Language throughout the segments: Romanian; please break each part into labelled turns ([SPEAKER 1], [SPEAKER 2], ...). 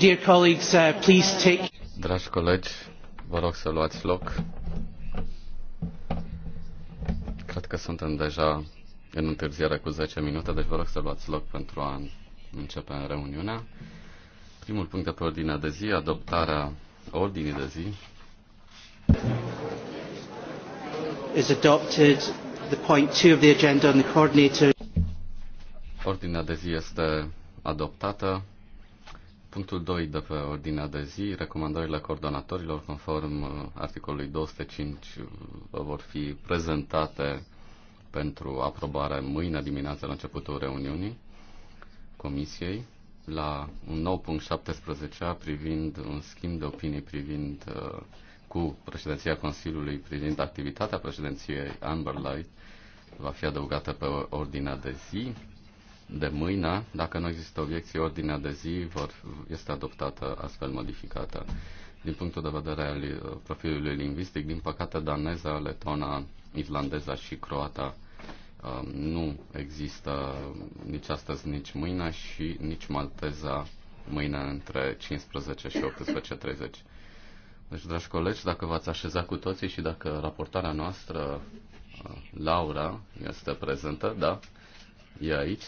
[SPEAKER 1] Dear colleagues, uh, please take...
[SPEAKER 2] Dragi colegi, vă rog să luați loc. Cred că suntem deja în întârziere cu 10 minute, deci vă rog să luați loc pentru a începe reuniunea. Primul punct de pe ordinea de zi, adoptarea ordinii de zi.
[SPEAKER 1] Is adopted the point two of the agenda on the coordinator.
[SPEAKER 2] Ordinea de zi este adoptată. Punctul 2 de pe ordinea de zi, recomandările coordonatorilor conform uh, articolului 205 uh, vor fi prezentate pentru aprobare mâine dimineața la începutul reuniunii Comisiei la un nou punct 17 privind un schimb de opinii privind uh, cu președinția Consiliului privind activitatea președinției Amber Light va fi adăugată pe ordinea de zi de mâine. Dacă nu există obiecții, ordinea de zi vor, este adoptată astfel modificată. Din punctul de vedere al uh, profilului lingvistic, din păcate, daneza, letona, irlandeza și croata um, nu există nici astăzi, nici mâine și nici malteza mâine între 15 și 18.30. Deci, dragi colegi, dacă v-ați așezat cu toții și dacă raportarea noastră, uh, Laura, este prezentă, da, e aici,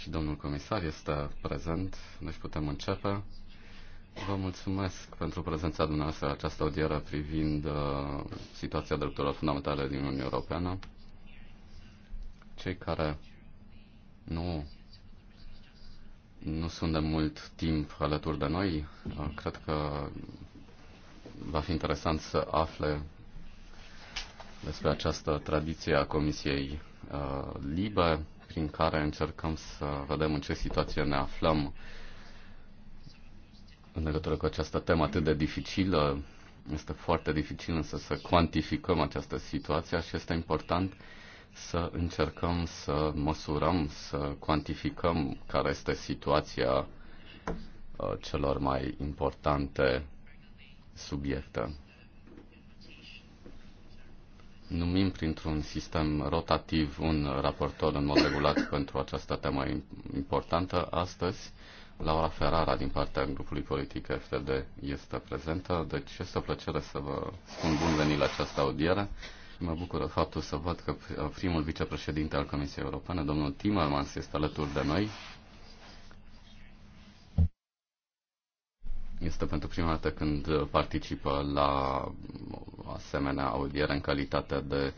[SPEAKER 2] și domnul comisar este prezent, deci putem începe. Vă mulțumesc pentru prezența dumneavoastră la această audieră privind uh, situația drepturilor fundamentale din Uniunea Europeană. Cei care nu, nu sunt de mult timp alături de noi, uh, cred că va fi interesant să afle despre această tradiție a Comisiei uh, Libe, prin care încercăm să vedem în ce situație ne aflăm în legătură cu această temă atât de dificilă. Este foarte dificil însă să cuantificăm această situație și este important să încercăm să măsurăm, să cuantificăm care este situația uh, celor mai importante subiecte numim printr-un sistem rotativ un raportor în mod regulat pentru această temă importantă. Astăzi, Laura Ferrara din partea grupului politic FTD este prezentă, deci este o plăcere să vă spun bun venit la această audiere. Mă bucură faptul să văd că primul vicepreședinte al Comisiei Europene, domnul Timmermans, este alături de noi. Este pentru prima dată când participă la asemenea audiere în calitate de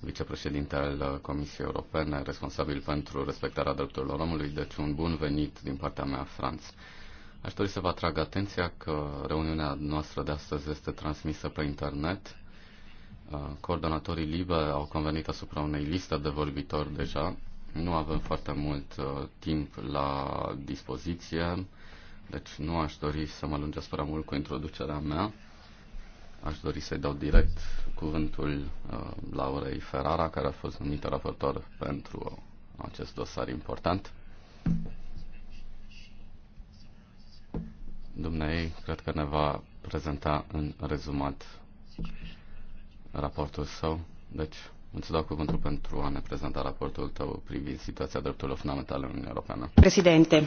[SPEAKER 2] vicepreședinte al Comisiei Europene, responsabil pentru respectarea drepturilor omului, deci un bun venit din partea mea, Franț. Aș dori să vă atrag atenția că reuniunea noastră de astăzi este transmisă pe internet. Coordonatorii LIBE au convenit asupra unei liste de vorbitori deja. Nu avem foarte mult uh, timp la dispoziție deci nu aș dori să mă lungesc prea mult cu introducerea mea. Aș dori să-i dau direct cuvântul uh, Laurei Ferrara, care a fost numită raportor pentru acest dosar important. Dumnezeu, cred că ne va prezenta în rezumat raportul său. Deci, îți dau cuvântul pentru a ne prezenta raportul tău privind situația drepturilor fundamentale în Uniunea Europeană. Președinte,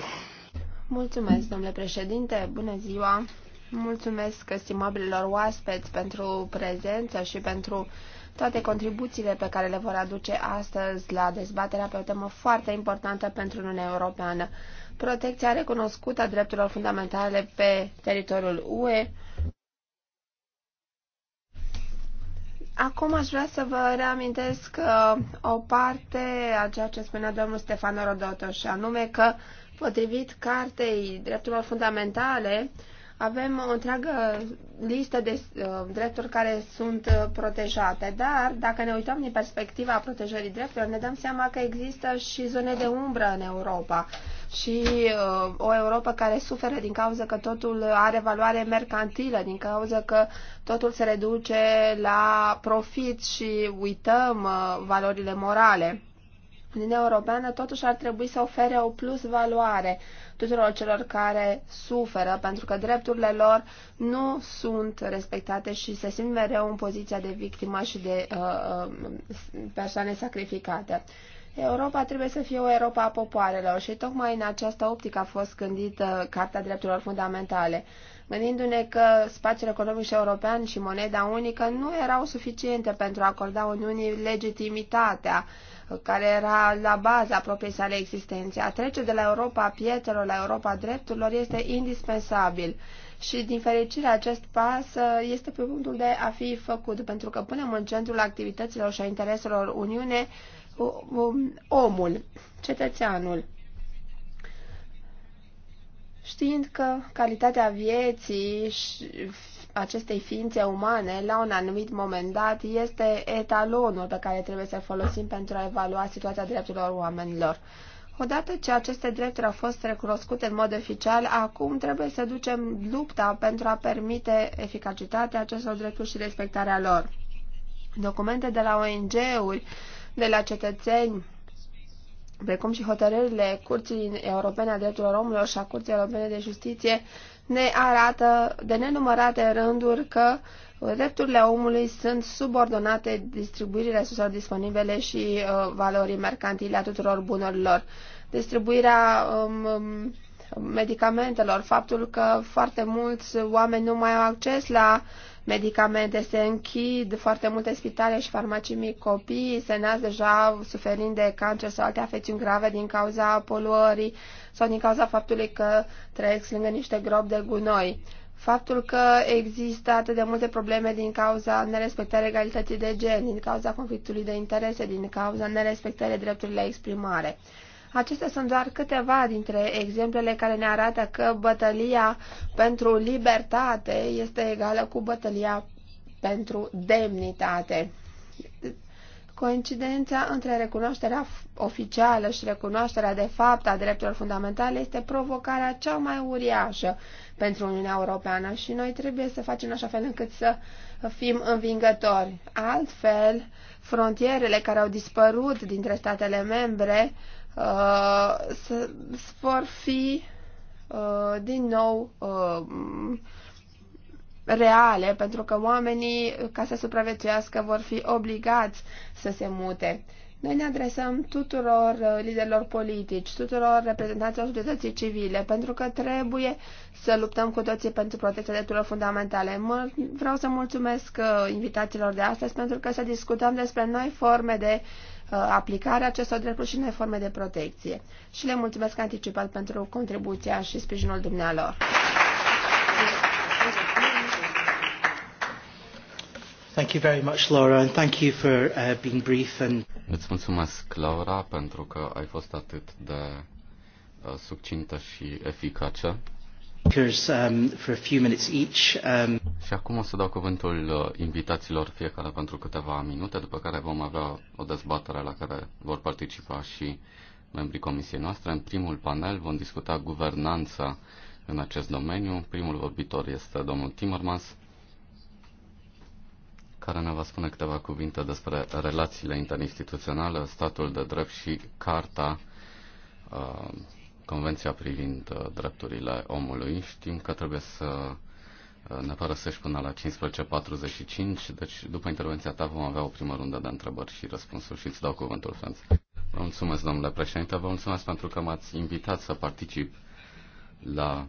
[SPEAKER 3] Mulțumesc, domnule președinte, bună ziua! Mulțumesc, estimabililor oaspeți, pentru prezență și pentru toate contribuțiile pe care le vor aduce astăzi la dezbaterea pe o temă foarte importantă pentru Uniunea Europeană. Protecția recunoscută a drepturilor fundamentale pe teritoriul UE. Acum aș vrea să vă reamintesc uh, o parte a ceea ce spunea domnul Stefano Rodotos, și anume că Potrivit Cartei Drepturilor Fundamentale, avem o întreagă listă de uh, drepturi care sunt uh, protejate, dar dacă ne uităm din perspectiva protejării drepturilor, ne dăm seama că există și zone de umbră în Europa și uh, o Europa care suferă din cauza că totul are valoare mercantilă, din cauza că totul se reduce la profit și uităm uh, valorile morale. Uniunea Europeană totuși ar trebui să ofere o plus valoare tuturor celor care suferă, pentru că drepturile lor nu sunt respectate și se simt mereu în poziția de victimă și de uh, uh, persoane sacrificate. Europa trebuie să fie o Europa a popoarelor și tocmai în această optică a fost gândită Carta Drepturilor Fundamentale, gândindu-ne că spațiul economic și european și moneda unică nu erau suficiente pentru a acorda Uniunii legitimitatea care era la baza propriei sale existențe. A trece de la Europa pietrelor, la Europa drepturilor este indispensabil și, din fericire, acest pas uh, este pe punctul de a fi făcut, pentru că punem în centrul activităților și a intereselor Uniune omul, cetățeanul. Știind că calitatea vieții acestei ființe umane, la un anumit moment dat, este etalonul pe care trebuie să-l folosim pentru a evalua situația drepturilor oamenilor. Odată ce aceste drepturi au fost recunoscute în mod oficial, acum trebuie să ducem lupta pentru a permite eficacitatea acestor drepturi și respectarea lor. Documente de la ONG-uri, de la cetățeni, precum și hotărârile Curții Europene a Drepturilor Omului și a Curții Europene de Justiție, ne arată de nenumărate rânduri că drepturile omului sunt subordonate distribuirii resurselor disponibile și uh, valorii mercantile a tuturor bunurilor. Distribuirea um, um, medicamentelor, faptul că foarte mulți oameni nu mai au acces la uh, medicamente, se închid foarte multe spitale și farmacii mici copii, se nasc deja suferind de cancer sau alte afecțiuni grave din cauza poluării sau din cauza faptului că trăiesc lângă niște gropi de gunoi. Faptul că există atât de multe probleme din cauza nerespectării egalității de gen, din cauza conflictului de interese, din cauza nerespectării drepturilor la exprimare. Acestea sunt doar câteva dintre exemplele care ne arată că bătălia pentru libertate este egală cu bătălia pentru demnitate. Coincidența între recunoașterea oficială și recunoașterea de fapt a drepturilor fundamentale este provocarea cea mai uriașă pentru Uniunea Europeană și noi trebuie să facem așa fel încât să fim învingători. Altfel, frontierele care au dispărut dintre statele membre Uh, să, vor fi uh, din nou uh, reale, pentru că oamenii, ca să supraviețuiască, vor fi obligați să se mute. Noi ne adresăm tuturor liderilor politici, tuturor reprezentanților societății civile, pentru că trebuie să luptăm cu toții pentru protecția drepturilor fundamentale. Mă, vreau să mulțumesc invitațiilor de astăzi pentru că să discutăm despre noi forme de uh, Uh, aplicarea acestor drepturi și noi forme de protecție. Și le mulțumesc anticipat pentru contribuția și sprijinul dumnealor.
[SPEAKER 1] Thank you very much, Laura, and thank you for uh, being brief and.
[SPEAKER 2] Îți mulțumesc, Laura, pentru că ai fost atât de uh, succintă și eficace. Um, um, și acum o să dau cuvântul uh, invitaților fiecare pentru câteva minute, după care vom avea o dezbatere la care vor participa și membrii comisiei noastre. În primul panel vom discuta guvernanța în acest domeniu. Primul vorbitor este domnul Timmermans, care ne va spune câteva cuvinte despre relațiile interinstituționale, statul de drept și carta uh, Convenția privind uh, drepturile omului. Știm că trebuie să uh, ne părăsești până la 15.45, deci după intervenția ta vom avea o primă rundă de întrebări și răspunsuri și îți dau cuvântul, Franț. Vă mulțumesc, domnule președinte, vă mulțumesc pentru că m-ați invitat să particip la,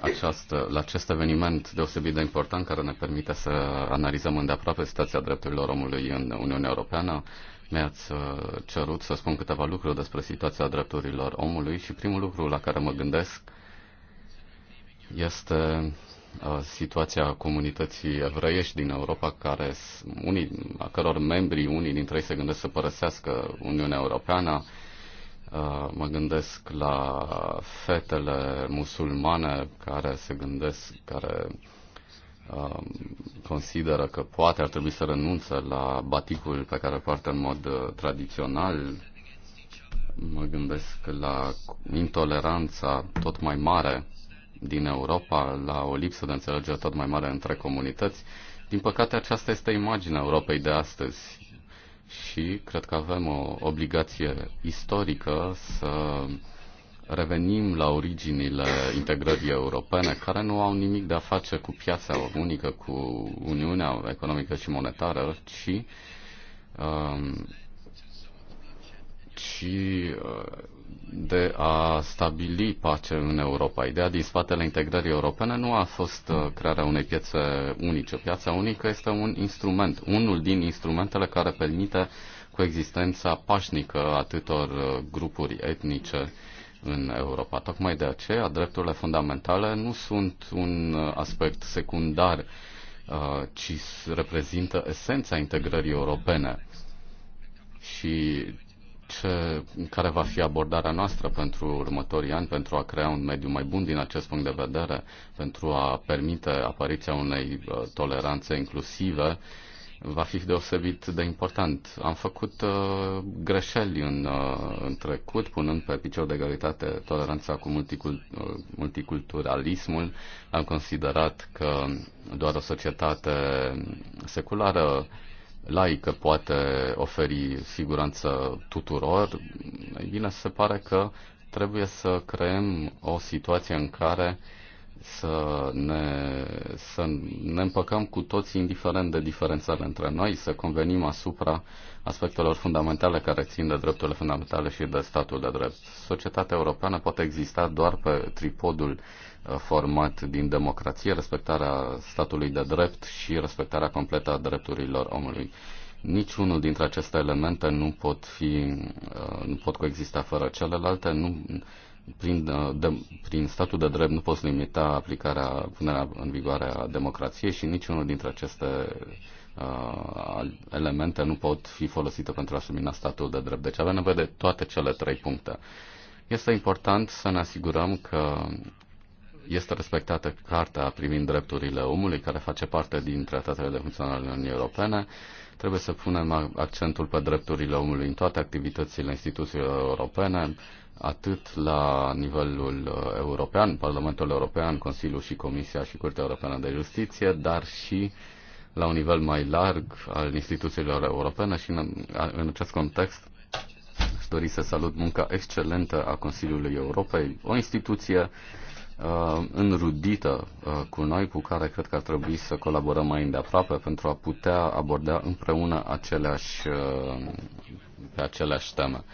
[SPEAKER 2] această, la acest eveniment deosebit de important care ne permite să analizăm îndeaproape situația drepturilor omului în Uniunea Europeană, mi-ați uh, cerut să spun câteva lucruri despre situația drepturilor omului și primul lucru la care mă gândesc este uh, situația comunității evreiești din Europa, care, unii, a căror membri, unii dintre ei se gândesc să părăsească Uniunea Europeană. Uh, mă gândesc la fetele musulmane care se gândesc, care Um, consideră că poate ar trebui să renunțe la baticul pe care îl poartă în mod uh, tradițional. Mă gândesc la intoleranța tot mai mare din Europa, la o lipsă de înțelegere tot mai mare între comunități. Din păcate, aceasta este imaginea Europei de astăzi și cred că avem o obligație istorică să revenim la originile integrării europene, care nu au nimic de a face cu piața unică, cu Uniunea Economică și Monetară, ci, um, ci uh, de a stabili pace în Europa. Ideea din spatele integrării europene nu a fost uh, crearea unei piețe unice. Piața unică este un instrument, unul din instrumentele care permite coexistența pașnică a atâtor uh, grupuri etnice în Europa. Tocmai de aceea, drepturile fundamentale nu sunt un uh, aspect secundar, uh, ci reprezintă esența integrării europene. Și ce, care va fi abordarea noastră pentru următorii ani, pentru a crea un mediu mai bun din acest punct de vedere, pentru a permite apariția unei uh, toleranțe inclusive va fi deosebit de important. Am făcut uh, greșeli în, uh, în trecut, punând pe picior de egalitate toleranța cu multicult, uh, multiculturalismul. Am considerat că doar o societate seculară laică poate oferi siguranță tuturor. Ei bine, se pare că trebuie să creăm o situație în care uh, să ne, să ne împăcăm cu toți, indiferent de diferențele între noi, să convenim asupra aspectelor fundamentale care țin de drepturile fundamentale și de statul de drept. Societatea europeană poate exista doar pe tripodul uh, format din democrație, respectarea statului de drept și respectarea completă a drepturilor omului. Niciunul dintre aceste elemente nu pot fi, uh, nu pot coexista fără celelalte, nu, prin, uh, de, prin statul de drept nu poți limita aplicarea, punerea în vigoare a democrației și niciunul dintre aceste uh, elemente nu pot fi folosite pentru a submina statul de drept. Deci avem nevoie de toate cele trei puncte. Este important să ne asigurăm că este respectată Carta privind drepturile omului, care face parte din tratatele de funcționare ale Uniunii Europene. Trebuie să punem accentul pe drepturile omului în toate activitățile instituțiilor europene, atât la nivelul uh, european, Parlamentul European, Consiliul și Comisia și Curtea Europeană de Justiție, dar și la un nivel mai larg al instituțiilor europene și în, în acest context aș dori să salut munca excelentă a Consiliului Europei, o instituție uh, înrudită uh, cu noi, cu care cred că ar trebui să colaborăm mai îndeaproape pentru a putea aborda împreună aceleași, uh, pe aceleași teme.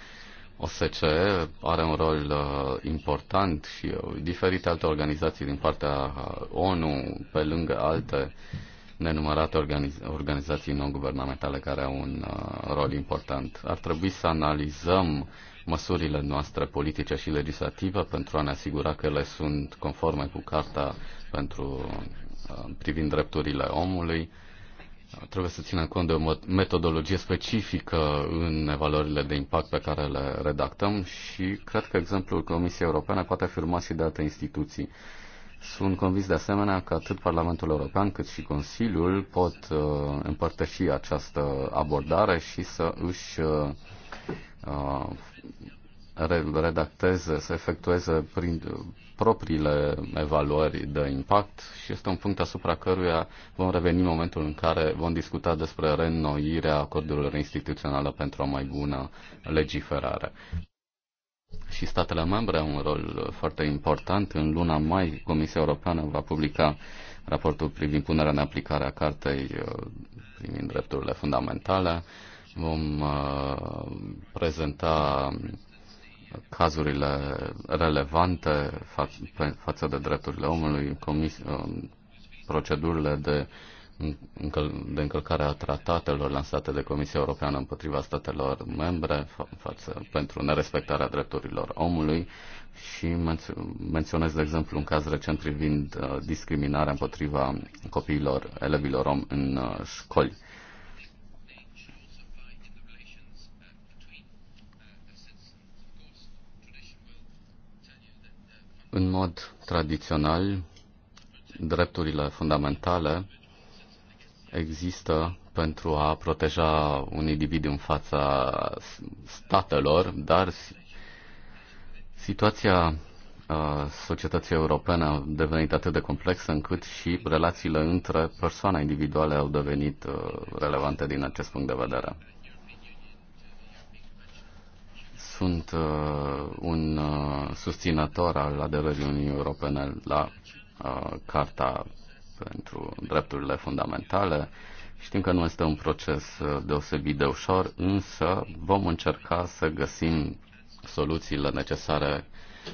[SPEAKER 2] OSCE are un rol uh, important și uh, diferite alte organizații din partea uh, ONU, pe lângă alte nenumărate organiz- organizații non-guvernamentale care au un uh, rol important. Ar trebui să analizăm măsurile noastre politice și legislative pentru a ne asigura că le sunt conforme cu Carta pentru, uh, privind drepturile omului, uh, trebuie să ținem cont de o metodologie specifică în evaluările de impact pe care le redactăm și cred că exemplul Comisiei Europene poate fi urmat și de alte instituții. Sunt convins de asemenea că atât Parlamentul European cât și Consiliul pot uh, împărtăși această abordare și să își uh, redacteze, să efectueze prin propriile evaluări de impact și este un punct asupra căruia vom reveni în momentul în care vom discuta despre reînnoirea acordurilor instituționale pentru o mai bună legiferare. Și statele membre au un rol foarte important. În luna mai, Comisia Europeană va publica raportul privind punerea în aplicare a cartei uh, privind drepturile fundamentale vom uh, prezenta cazurile relevante fa- față de drepturile omului, comis, uh, procedurile de, încăl- de încălcare a tratatelor lansate de Comisia Europeană împotriva statelor membre fa- față, pentru nerespectarea drepturilor omului și men- menționez, de exemplu, un caz recent privind uh, discriminarea împotriva copiilor, elevilor rom în uh, școli. Uh, În mod tradițional, drepturile fundamentale există pentru a proteja un individ în fața statelor, dar situația uh, societății europene a devenit atât de complexă încât și relațiile între persoane individuale au devenit uh, relevante din acest punct de vedere sunt uh, un uh, susținător al aderării Uniunii Europene la uh, Carta pentru Drepturile Fundamentale. Știm că nu este un proces uh, deosebit de ușor, însă vom încerca să găsim soluțiile necesare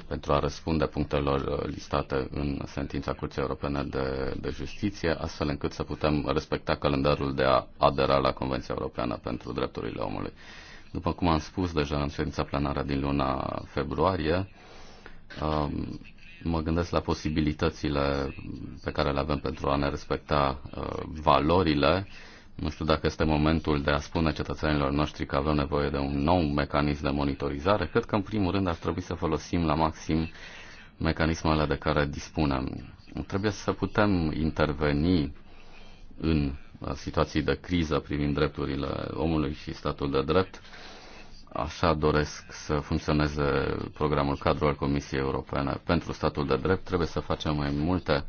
[SPEAKER 2] pentru a răspunde punctelor uh, listate în sentința Curții Europene de, de Justiție, astfel încât să putem respecta calendarul de a adera la Convenția Europeană pentru Drepturile Omului. După cum am spus deja în ședința plenară din luna februarie, um, mă gândesc la posibilitățile pe care le avem pentru a ne respecta uh, valorile. Nu știu dacă este momentul de a spune cetățenilor noștri că avem nevoie de un nou mecanism de monitorizare. Cred că, în primul rând, ar trebui să folosim la maxim mecanismele de care dispunem. Trebuie să putem interveni în situații de criză privind drepturile omului și statul de drept. Așa doresc să funcționeze programul cadru al Comisiei Europene pentru statul de drept. Trebuie să facem mai multe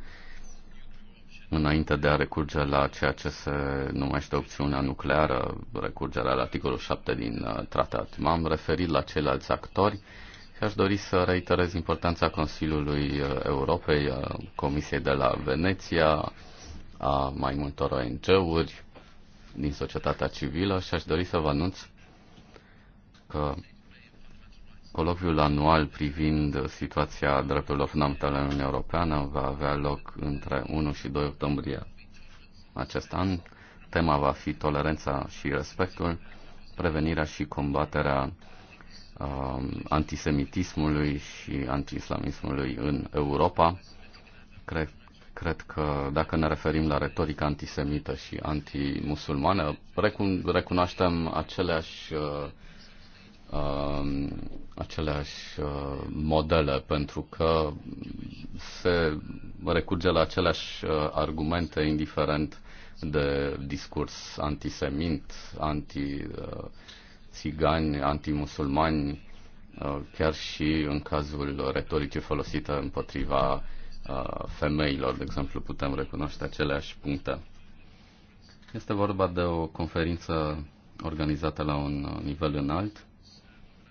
[SPEAKER 2] înainte de a recurge la ceea ce se numește opțiunea nucleară, recurgerea la articolul 7 din uh, tratat. M-am referit la ceilalți actori și aș dori să reiterez importanța Consiliului uh, Europei, uh, Comisiei de la Veneția, a mai multor ONG-uri din societatea civilă și aș dori să vă anunț că colocviul anual privind situația drepturilor fundamentale în Uniunea Europeană va avea loc între 1 și 2 octombrie acest an. Tema va fi toleranța și respectul, prevenirea și combaterea uh, antisemitismului și antiislamismului în Europa. Cred Cred că dacă ne referim la retorica antisemită și antimusulmană, recun- recunoaștem aceleași, uh, uh, aceleași uh, modele, pentru că se recurge la aceleași uh, argumente, indiferent de discurs antisemit, anti-țigani, uh, antimusulmani, uh, chiar și în cazul retoricii folosite împotriva femeilor, de exemplu, putem recunoaște aceleași puncte. Este vorba de o conferință organizată la un nivel înalt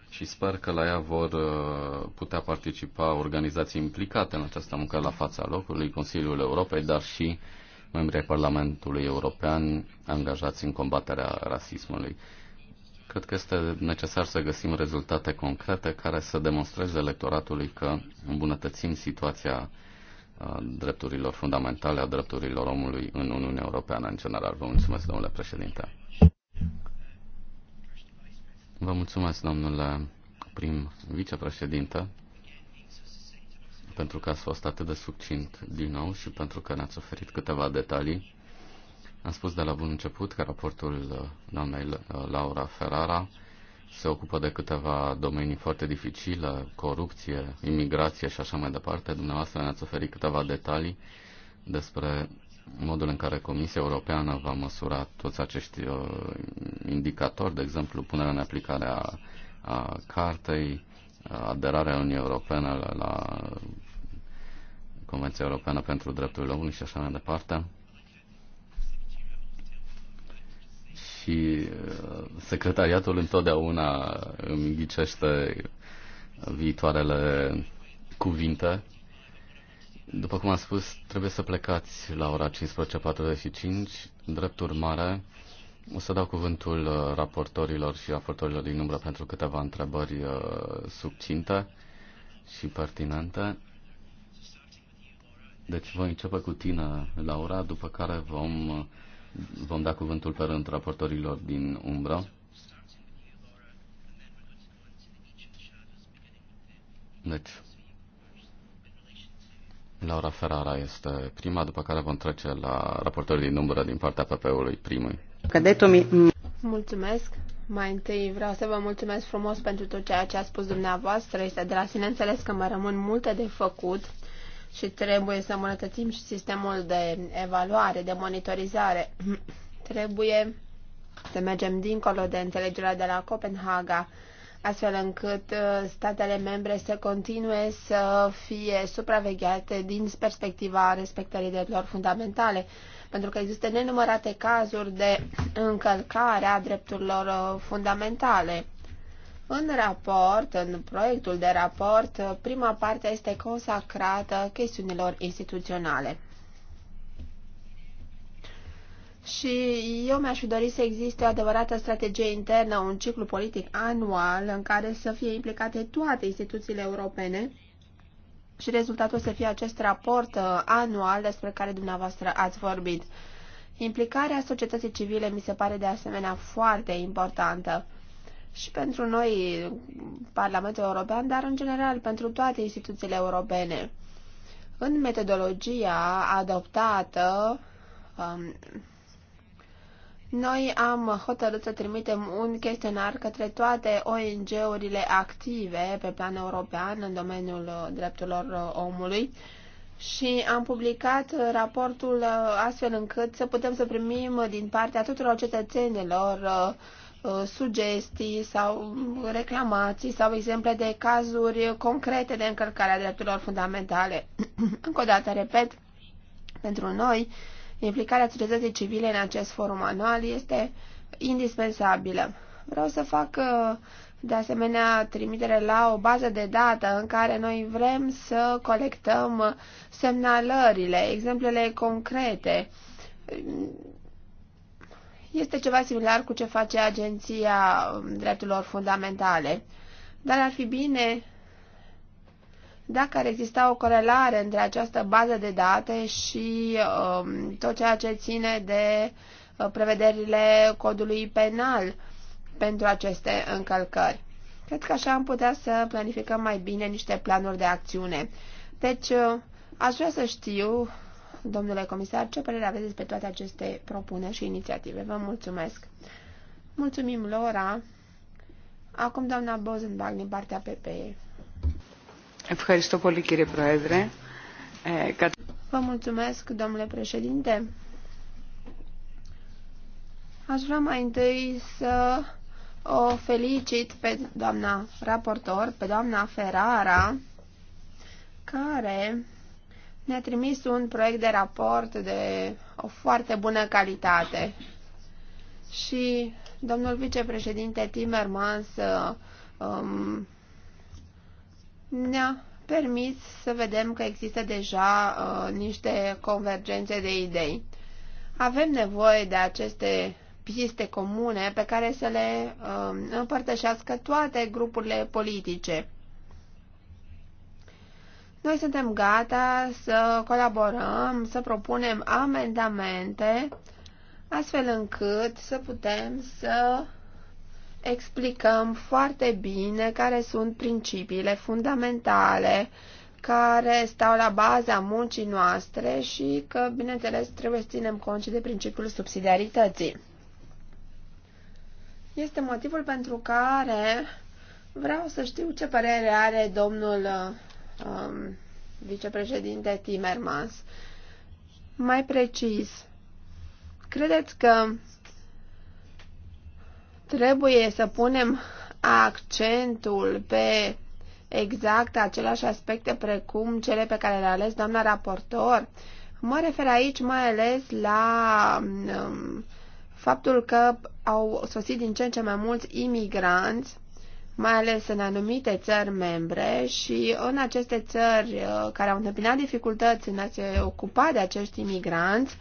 [SPEAKER 2] și sper că la ea vor uh, putea participa organizații implicate în această muncă la fața locului, Consiliul Europei, dar și membrii Parlamentului European angajați în combaterea rasismului. Cred că este necesar să găsim rezultate concrete care să demonstreze electoratului că îmbunătățim situația drepturilor fundamentale, a drepturilor omului în Uniunea Europeană în general. Vă mulțumesc, domnule președinte. Vă mulțumesc, domnule prim vicepreședinte, pentru că ați fost atât de succint din nou și pentru că ne-ați oferit câteva detalii. Am spus de la bun început că raportul uh, doamnei uh, Laura Ferrara se ocupă de câteva domenii foarte dificile, corupție, imigrație și așa mai departe. Dumneavoastră ne-ați oferit câteva detalii despre modul în care Comisia Europeană va măsura toți acești uh, indicatori, de exemplu, punerea în aplicare a, a cartei, aderarea Uniunii Europene la Convenția Europeană pentru Drepturile Omului și așa mai departe. și uh, secretariatul întotdeauna îmi ghicește viitoarele cuvinte. După cum am spus, trebuie să plecați la ora 15.45. Drept urmare, o să dau cuvântul uh, raportorilor și raportorilor din umbră pentru câteva întrebări uh, subținte și pertinente. Deci voi începe cu tine, Laura, după care vom Vom da cuvântul pe rând raportorilor din umbra. Deci, Laura Ferrara este prima, după care vom trece la raportorii din umbră din partea PP-ului primului.
[SPEAKER 3] Mulțumesc! Mai întâi vreau să vă mulțumesc frumos pentru tot ceea ce a spus dumneavoastră. Este de la sine înțeles că mă rămân multe de făcut și trebuie să îmbunătățim și sistemul de evaluare, de monitorizare. trebuie să mergem dincolo de înțelegerea de la Copenhaga, astfel încât uh, statele membre să continue să fie supravegheate din perspectiva respectării drepturilor fundamentale, pentru că există nenumărate cazuri de încălcare a drepturilor uh, fundamentale. În raport, în proiectul de raport, prima parte este consacrată chestiunilor instituționale. Și eu mi-aș fi dorit să existe o adevărată strategie internă, un ciclu politic anual în care să fie implicate toate instituțiile europene și rezultatul să fie acest raport uh, anual despre care dumneavoastră ați vorbit. Implicarea societății civile mi se pare de asemenea foarte importantă și pentru noi, Parlamentul European, dar în general pentru toate instituțiile europene. În metodologia adoptată, um, noi am hotărât să trimitem un chestionar către toate ONG-urile active pe plan european în domeniul uh, drepturilor uh, omului și am publicat uh, raportul astfel încât să putem să primim din partea tuturor cetățenilor uh, Uh, sugestii sau reclamații sau exemple de cazuri concrete de încălcare a drepturilor fundamentale. Încă o dată, repet, pentru noi, implicarea societății civile în acest forum anual este indispensabilă. Vreau să fac uh, de asemenea trimitere la o bază de dată în care noi vrem să colectăm semnalările, exemplele concrete este ceva similar cu ce face Agenția Drepturilor Fundamentale, dar ar fi bine dacă ar exista o corelare între această bază de date și um, tot ceea ce ține de uh, prevederile codului penal pentru aceste încălcări. Cred că așa am putea să planificăm mai bine niște planuri de acțiune. Deci, uh, aș vrea să știu domnule comisar, ce părere aveți despre toate aceste propuneri și inițiative. Vă mulțumesc! Mulțumim, Laura! Acum doamna Bozenbach din partea PPE. Vă mulțumesc, domnule președinte. Aș vrea mai întâi să o felicit pe doamna raportor, pe doamna Ferrara, care ne-a trimis un proiect de raport de o foarte bună calitate și domnul vicepreședinte Timmermans um, ne-a permis să vedem că există deja uh, niște convergențe de idei. Avem nevoie de aceste piste comune pe care să le uh, împărtășească toate grupurile politice. Noi suntem gata să colaborăm, să propunem amendamente, astfel încât să putem să explicăm foarte bine care sunt principiile fundamentale care stau la baza muncii noastre și că, bineînțeles, trebuie să ținem cont și de principiul subsidiarității. Este motivul pentru care vreau să știu ce părere are domnul um, vicepreședinte Timmermans. Mai precis, credeți că trebuie să punem accentul pe exact aceleași aspecte precum cele pe care le ales doamna raportor? Mă refer aici mai ales la um, faptul că au sosit din ce în ce mai mulți imigranți mai ales în anumite țări membre și în aceste țări uh, care au întâmpinat dificultăți în a se ocupa de acești imigranți,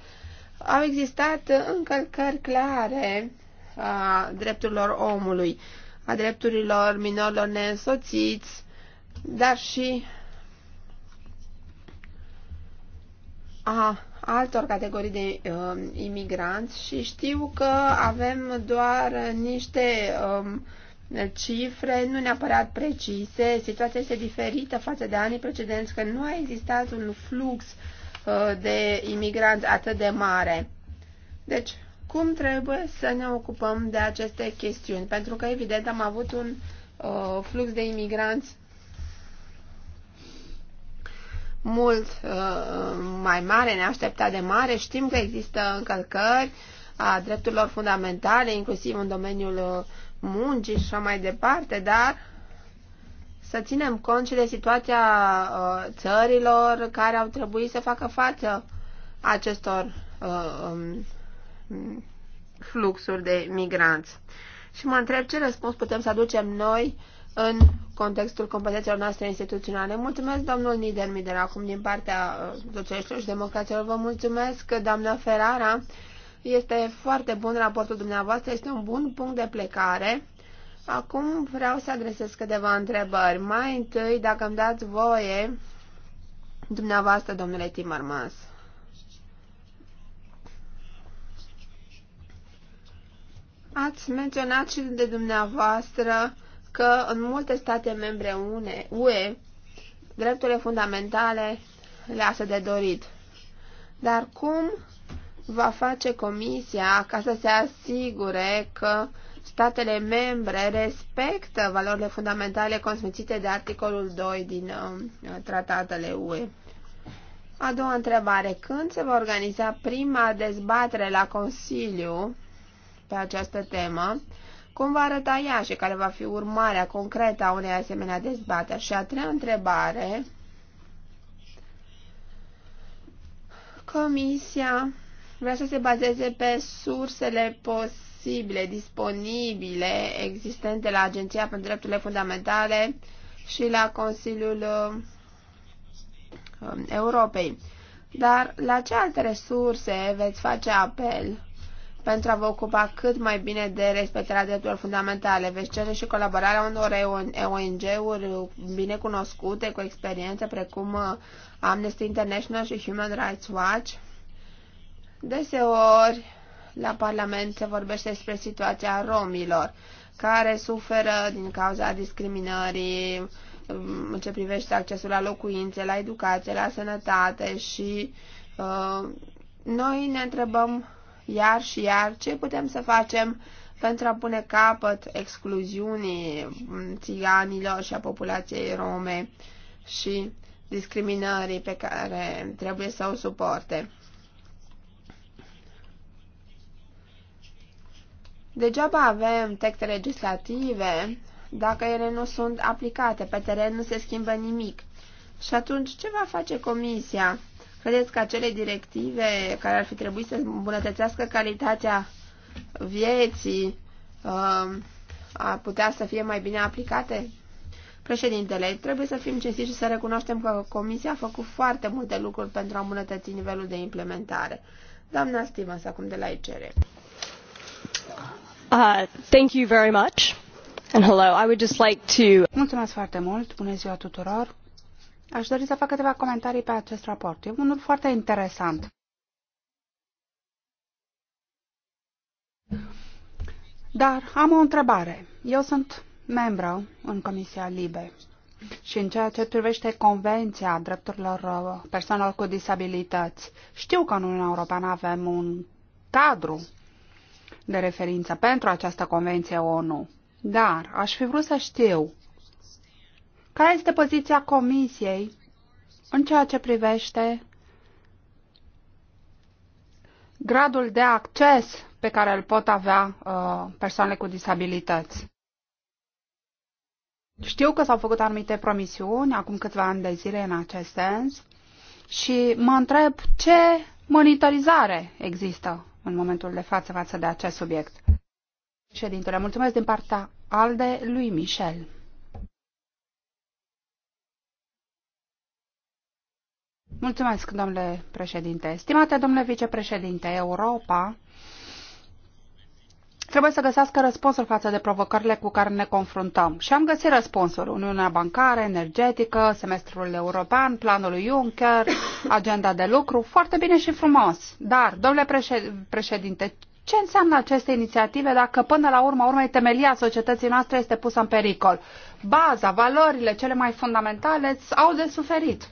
[SPEAKER 3] au existat încălcări clare a drepturilor omului, a drepturilor minorilor neînsoțiți, dar și a altor categorii de uh, imigranți și știu că avem doar niște uh, cifre nu neapărat precise, situația este diferită față de anii precedenți, că nu a existat un flux uh, de imigranți atât de mare. Deci, cum trebuie să ne ocupăm de aceste chestiuni? Pentru că, evident, am avut un uh, flux de imigranți mult uh, mai mare, neașteptat de mare. Știm că există încălcări a drepturilor fundamentale, inclusiv în domeniul uh, muncii și așa mai departe, dar să ținem cont și de situația uh, țărilor care au trebuit să facă față acestor uh, um, fluxuri de migranți. Și mă întreb ce răspuns putem să aducem noi în contextul competențelor noastre instituționale. Mulțumesc, domnul Niedermider, acum din partea uh, socialiștilor și democraților. Vă mulțumesc, doamna Ferrara. Este foarte bun raportul dumneavoastră, este un bun punct de plecare. Acum vreau să adresez câteva întrebări. Mai întâi, dacă îmi dați voie, dumneavoastră, domnule Timmermans. Ați menționat și de dumneavoastră că în multe state membre une, UE, drepturile fundamentale le lasă de dorit. Dar cum va face Comisia ca să se asigure că statele membre respectă valorile fundamentale consfințite de articolul 2 din uh, tratatele UE? A doua întrebare. Când se va organiza prima dezbatere la Consiliu pe această temă? Cum va arăta ea și care va fi urmarea concretă a unei asemenea dezbateri? Și a treia întrebare. Comisia vrea să se bazeze pe sursele posibile, disponibile, existente la Agenția pentru Drepturile Fundamentale și la Consiliul um, Europei. Dar la ce alte resurse veți face apel pentru a vă ocupa cât mai bine de respectarea drepturilor fundamentale? Veți cere și colaborarea unor ONG-uri bine cunoscute, cu experiență, precum uh, Amnesty International și Human Rights Watch? Deseori, la Parlament se vorbește despre situația romilor, care suferă din cauza discriminării mm, în ce privește accesul la locuințe, la educație, la sănătate și uh, noi ne întrebăm iar și iar ce putem să facem pentru a pune capăt excluziunii mm, țiganilor și a populației rome și discriminării pe care trebuie să o suporte. Degeaba avem texte legislative dacă ele nu sunt aplicate, pe teren nu se schimbă nimic. Și atunci ce va face Comisia? Credeți că acele directive care ar fi trebuit să îmbunătățească calitatea vieții uh, ar putea să fie mai bine aplicate? Președintele, trebuie să fim cinstiți și să recunoaștem că Comisia a făcut foarte multe lucruri pentru a îmbunătăți nivelul de implementare. Doamna Stimans, acum de la ICR. Uh, thank
[SPEAKER 4] you very much. And hello. I would just like to... Mulțumesc foarte mult. Bună ziua tuturor. Aș dori să fac câteva comentarii pe acest raport. E unul foarte interesant. Dar am o întrebare. Eu sunt membru în Comisia Libe și în ceea ce privește Convenția Drepturilor uh, Persoanelor cu Disabilități, știu că în Uniunea Europeană avem un cadru de referință pentru această convenție ONU. Dar aș fi vrut să știu care este poziția Comisiei în ceea ce privește gradul de acces pe care îl pot avea uh, persoanele cu disabilități. Știu că s-au făcut anumite promisiuni acum câțiva ani de zile în acest sens și mă întreb ce monitorizare există în momentul de față față de acest subiect. Președintele, mulțumesc din partea ALDE lui Michel. Mulțumesc, domnule președinte. Stimate domnule vicepreședinte, Europa trebuie să găsească răspunsuri față de provocările cu care ne confruntăm. Și am găsit răspunsuri. Uniunea bancară, energetică, semestrul european, planul Juncker, agenda de lucru, foarte bine și frumos. Dar, domnule președinte, ce înseamnă aceste inițiative dacă până la urmă urmei temelia societății noastre este pusă în pericol? Baza, valorile cele mai fundamentale au de suferit.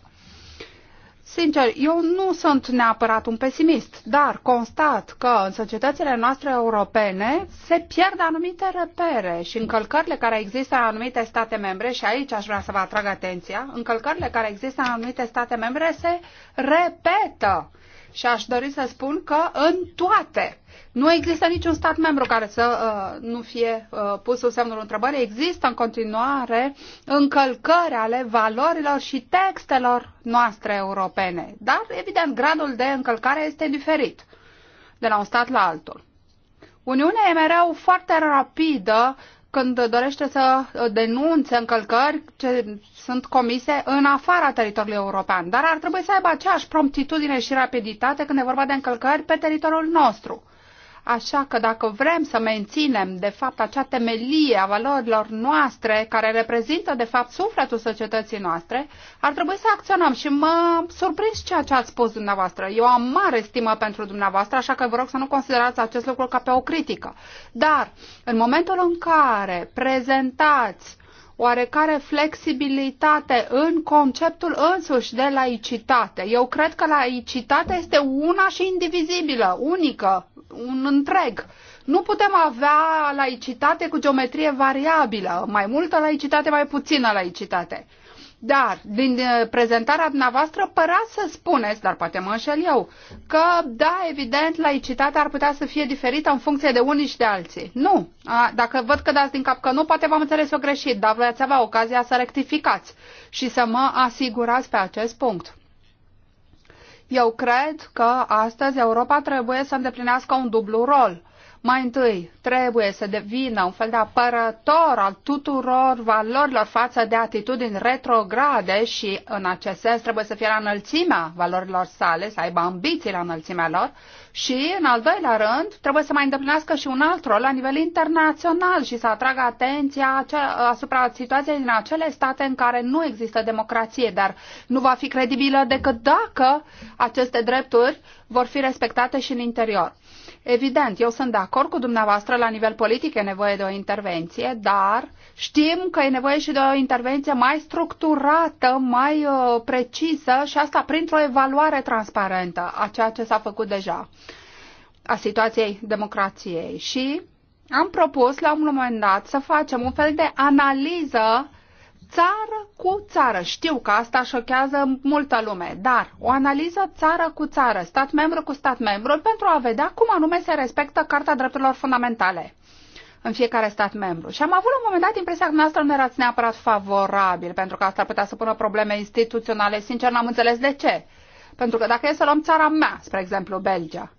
[SPEAKER 4] Sincer, eu nu sunt neapărat un pesimist, dar constat că în societățile noastre europene se pierd anumite repere și încălcările care există în anumite state membre, și aici aș vrea să vă atrag atenția, încălcările care există în anumite state membre se repetă și aș dori să spun că în toate nu există niciun stat membru care să uh, nu fie uh, pus sub semnul întrebării. Există în continuare încălcări ale valorilor și textelor noastre europene. Dar, evident, gradul de încălcare este diferit de la un stat la altul. Uniunea e mereu foarte rapidă când dorește să denunțe încălcări ce sunt comise în afara teritoriului european, dar ar trebui să aibă aceeași promptitudine și rapiditate când e vorba de încălcări pe teritoriul nostru. Așa că dacă vrem să menținem, de fapt, acea temelie a valorilor noastre, care reprezintă, de fapt, sufletul societății noastre, ar trebui să acționăm. Și mă surprins ceea ce ați spus dumneavoastră. Eu am mare stimă pentru dumneavoastră, așa că vă rog să nu considerați acest lucru ca pe o critică. Dar, în momentul în care prezentați oarecare flexibilitate în conceptul însuși de laicitate. Eu cred că laicitatea este una și indivizibilă, unică, un întreg. Nu putem avea laicitate cu geometrie variabilă, mai multă laicitate, mai puțină laicitate. Dar, din eh, prezentarea dumneavoastră, părea să spuneți, dar poate mă înșel eu, că, da, evident, laicitatea ar putea să fie diferită în funcție de unii și de alții. Nu. A, dacă văd că dați din cap că nu, poate v-am înțeles o greșit, dar ați avea ocazia să rectificați și să mă asigurați pe acest punct. Eu cred că astăzi Europa trebuie să îndeplinească un dublu rol. Mai întâi, trebuie să devină un fel de apărător al tuturor valorilor față de atitudini retrograde și, în acest sens, trebuie să fie la înălțimea valorilor sale, să aibă ambiții la înălțimea lor și, în al doilea rând, trebuie să mai îndeplinească și un alt rol la nivel internațional și să atragă atenția asupra situației din acele state în care nu există democrație, dar nu va fi credibilă decât dacă aceste drepturi vor fi respectate și în interior. Evident, eu sunt de acord cu dumneavoastră, la nivel politic e nevoie de o intervenție, dar Știm că e nevoie și de o intervenție mai structurată, mai uh, precisă și asta printr-o evaluare transparentă a ceea ce s-a făcut deja, a situației democrației. Și am propus la un moment dat să facem un fel de analiză țară cu țară. Știu că asta șochează multă lume, dar o analiză țară cu țară, stat membru cu stat membru, pentru a vedea cum anume se respectă Carta Drepturilor Fundamentale în fiecare stat membru. Și am avut la un moment dat impresia că noastră nu erați neapărat favorabil, pentru că asta ar putea să pună probleme instituționale. Sincer, n-am înțeles de ce. Pentru că dacă e să luăm țara mea, spre exemplu, Belgia,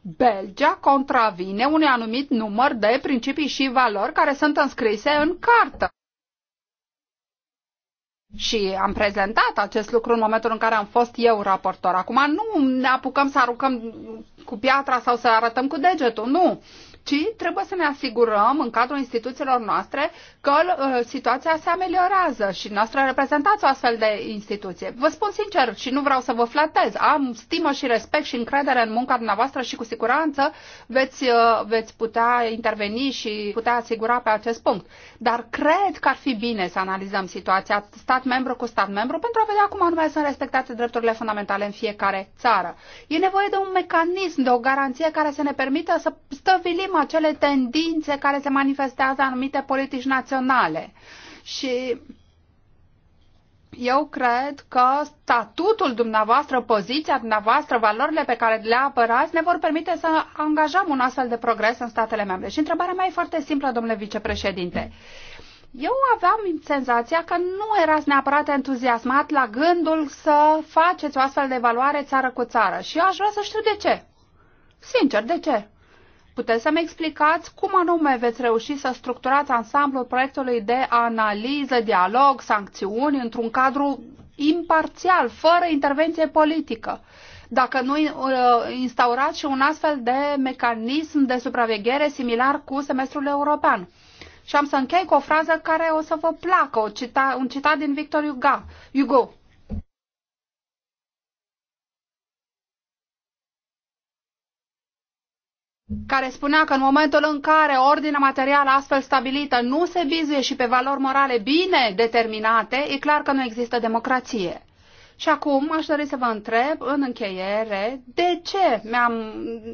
[SPEAKER 4] Belgia contravine unui anumit număr de principii și valori care sunt înscrise în cartă. Și am prezentat acest lucru în momentul în care am fost eu raportor. Acum nu ne apucăm să aruncăm cu piatra sau să arătăm cu degetul, nu ci trebuie să ne asigurăm în cadrul instituțiilor noastre că uh, situația se ameliorează și noastră reprezentați o astfel de instituție. Vă spun sincer și nu vreau să vă flatez, am stimă și respect și încredere în munca dumneavoastră și cu siguranță veți, uh, veți putea interveni și putea asigura pe acest punct. Dar cred că ar fi bine să analizăm situația stat membru cu stat membru pentru a vedea cum anume sunt respectate drepturile fundamentale în fiecare țară. E nevoie de un mecanism, de o garanție care să ne permită să stăvilim acele tendințe care se manifestează anumite politici naționale. Și eu cred că statutul dumneavoastră, poziția dumneavoastră, valorile pe care le apărați ne vor permite să angajăm un astfel de progres în statele membre. Și întrebarea mea e foarte simplă, domnule vicepreședinte. Eu aveam senzația că nu erați neapărat entuziasmat la gândul să faceți o astfel de evaluare țară cu țară și eu aș vrea să știu de ce. Sincer, de ce? Puteți să-mi explicați cum anume veți reuși să structurați ansamblul proiectului de analiză, dialog, sancțiuni într-un cadru imparțial, fără intervenție politică? Dacă nu uh, instaurați și un astfel de mecanism de supraveghere similar cu semestrul european. Și am să închei cu o frază care o să vă placă, o cita, un citat din Victor Hugo. care spunea că în momentul în care ordinea materială astfel stabilită nu se bizuie și pe valori morale bine determinate, e clar că nu există democrație. Și acum aș dori să vă întreb în încheiere de ce, mi-am,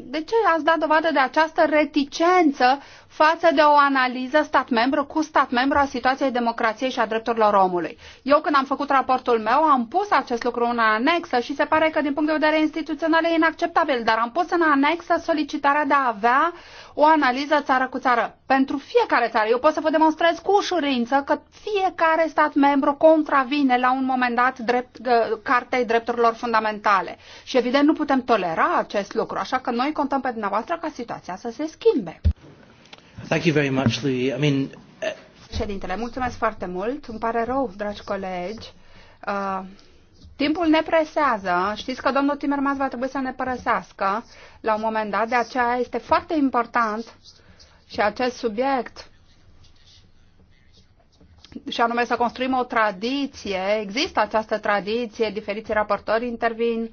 [SPEAKER 4] de ce ați dat dovadă de această reticență față de o analiză stat membru cu stat membru a situației democrației și a drepturilor omului. Eu când am făcut raportul meu am pus acest lucru în anexă și se pare că din punct de vedere instituțional e inacceptabil, dar am pus în anexă solicitarea de a avea o analiză țară cu țară. Pentru fiecare țară. Eu pot să vă demonstrez cu ușurință că fiecare stat membru contravine la un moment dat drept, cartei drepturilor fundamentale. Și evident nu putem tolera acest lucru, așa că noi contăm pe dumneavoastră ca situația să se schimbe.
[SPEAKER 1] Thank you very much, Louis. I mean, uh,
[SPEAKER 4] Președintele, mulțumesc foarte mult. Îmi pare rău, dragi colegi. Uh, timpul ne presează. Știți că domnul Timmermans va trebui să ne părăsească la un moment dat, de aceea este foarte important și acest subiect și anume să construim o tradiție. Există această tradiție, diferiți raportori intervin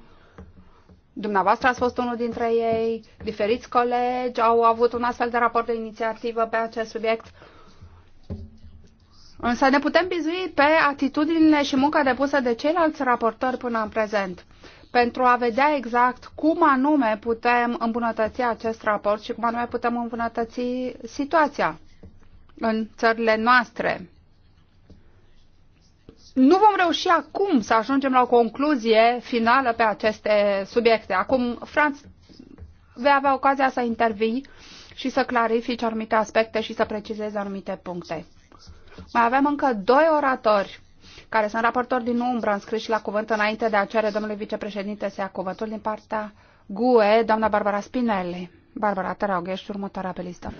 [SPEAKER 4] Dumneavoastră ați fost unul dintre ei, diferiți colegi au avut un astfel de raport de inițiativă pe acest subiect. Însă ne putem bizui pe atitudinile și munca depusă de ceilalți raportori până în prezent pentru a vedea exact cum anume putem îmbunătăți acest raport și cum anume putem îmbunătăți situația în țările noastre nu vom reuși acum să ajungem la o concluzie finală pe aceste subiecte. Acum, Franț, vei avea ocazia să intervii și să clarifici anumite aspecte și să precizezi anumite puncte. Mai avem încă doi oratori care sunt raportori din umbră înscriși la cuvânt înainte de a cere domnului vicepreședinte să ia cuvântul din partea GUE, doamna Barbara Spinelli. Barbara, te rog, ești următoarea pe listă.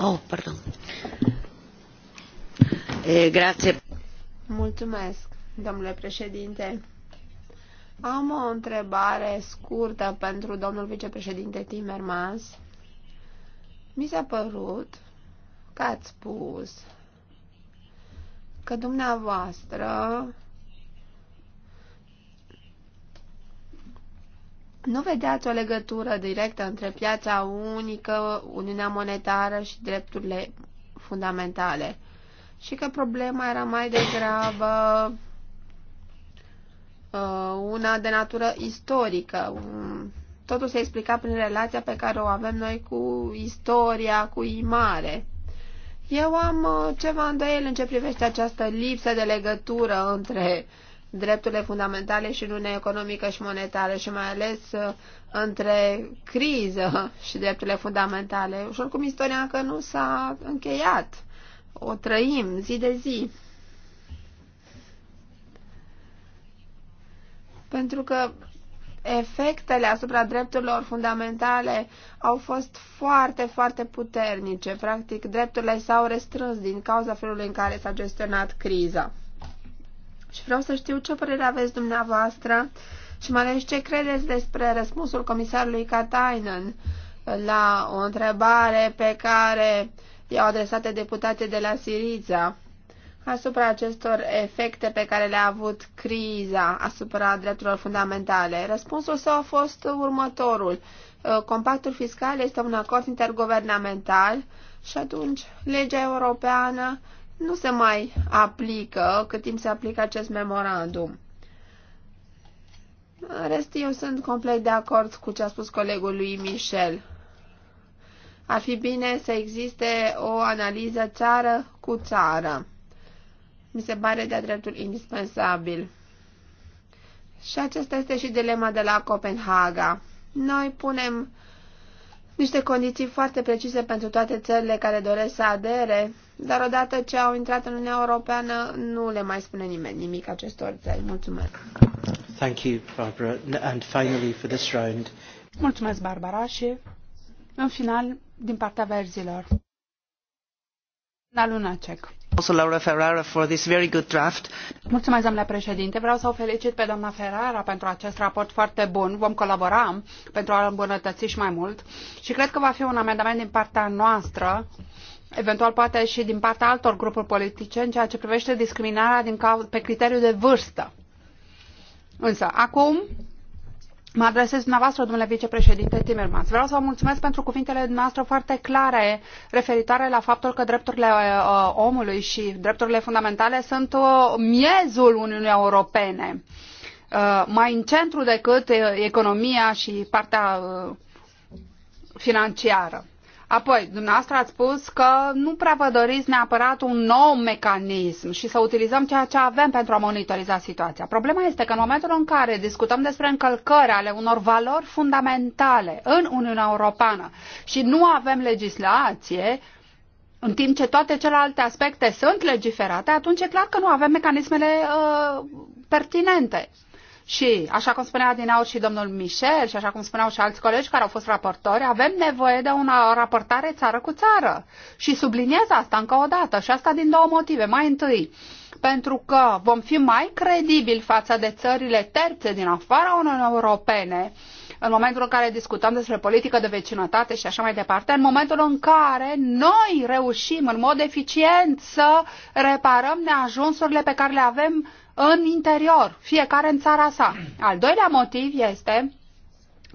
[SPEAKER 1] Oh, pardon.
[SPEAKER 3] Eh, Mulțumesc, domnule președinte. Am o întrebare scurtă pentru domnul vicepreședinte Timmermans. Mi s-a părut că ați spus că dumneavoastră Nu vedeați o legătură directă între piața unică, Uniunea Monetară și drepturile fundamentale și că problema era mai
[SPEAKER 4] degrabă
[SPEAKER 3] uh, una de natură istorică. Totul se explica prin relația pe care o avem noi cu istoria, cu imare. Eu am uh, ceva îndoiel în ce privește această lipsă de legătură între uh, drepturile fundamentale și în Economică și Monetară și mai ales uh, între criză și drepturile fundamentale. Și oricum istoria încă nu s-a încheiat. O trăim zi de zi. Pentru că efectele asupra drepturilor fundamentale au fost foarte, foarte puternice. Practic, drepturile s-au restrâns din cauza felului în care s-a gestionat criza. Și vreau să știu ce părere aveți dumneavoastră și mai ales ce credeți despre răspunsul comisarului Katainen la o întrebare pe care i-au adresat deputate de la Siriza asupra acestor efecte pe care le-a avut criza asupra drepturilor fundamentale. Răspunsul său a fost următorul. Uh, compactul fiscal este un acord interguvernamental și atunci legea europeană nu se mai aplică cât timp se aplică acest memorandum. În rest, eu sunt complet de acord cu ce a spus colegul lui Michel. Ar fi bine să existe o analiză țară cu țară. Mi se pare de-a dreptul indispensabil. Și aceasta este și dilema de la Copenhaga. Noi punem niște condiții foarte precise pentru toate țările care doresc să adere, dar odată ce au intrat în Uniunea Europeană, nu le mai spune nimeni nimic acestor
[SPEAKER 4] țări. Mulțumesc.
[SPEAKER 1] Thank you, Barbara. And finally for this round.
[SPEAKER 4] Mulțumesc, Barbara, și în final, din partea verzilor. La Lunacek domnule președinte. Vreau să o felicit pe doamna Ferrara pentru acest raport foarte bun. Vom colabora pentru a l îmbunătăți și mai mult și cred că va fi un amendament din partea noastră eventual poate și din partea altor grupuri politice în ceea ce privește discriminarea pe criteriu de vârstă. Însă, acum Mă adresez dumneavoastră, domnule vicepreședinte Timmermans. Vreau să vă mulțumesc pentru cuvintele dumneavoastră foarte clare referitoare la faptul că drepturile uh, omului și drepturile fundamentale sunt uh, miezul Uniunii Europene, uh, mai în centru decât economia și partea financiară. Apoi, dumneavoastră ați spus că nu prea vă doriți neapărat un nou mecanism și să utilizăm ceea ce avem pentru a monitoriza situația. Problema este că în momentul în care discutăm despre încălcări ale unor valori fundamentale în Uniunea Europeană și nu avem legislație, în timp ce toate celelalte aspecte sunt legiferate, atunci e clar că nu avem mecanismele uh, pertinente. Și, așa cum spunea din aur și domnul Michel și așa cum spuneau și alți colegi care au fost raportori, avem nevoie de una, o raportare țară cu țară. Și subliniez asta încă o dată și asta din două motive. Mai întâi, pentru că vom fi mai credibili față de țările terțe din afara Uniunii Europene, în momentul în care discutăm despre politică de vecinătate și așa mai departe, în momentul în care noi reușim în mod eficient să reparăm neajunsurile pe care le avem în interior, fiecare în țara sa. Al doilea motiv este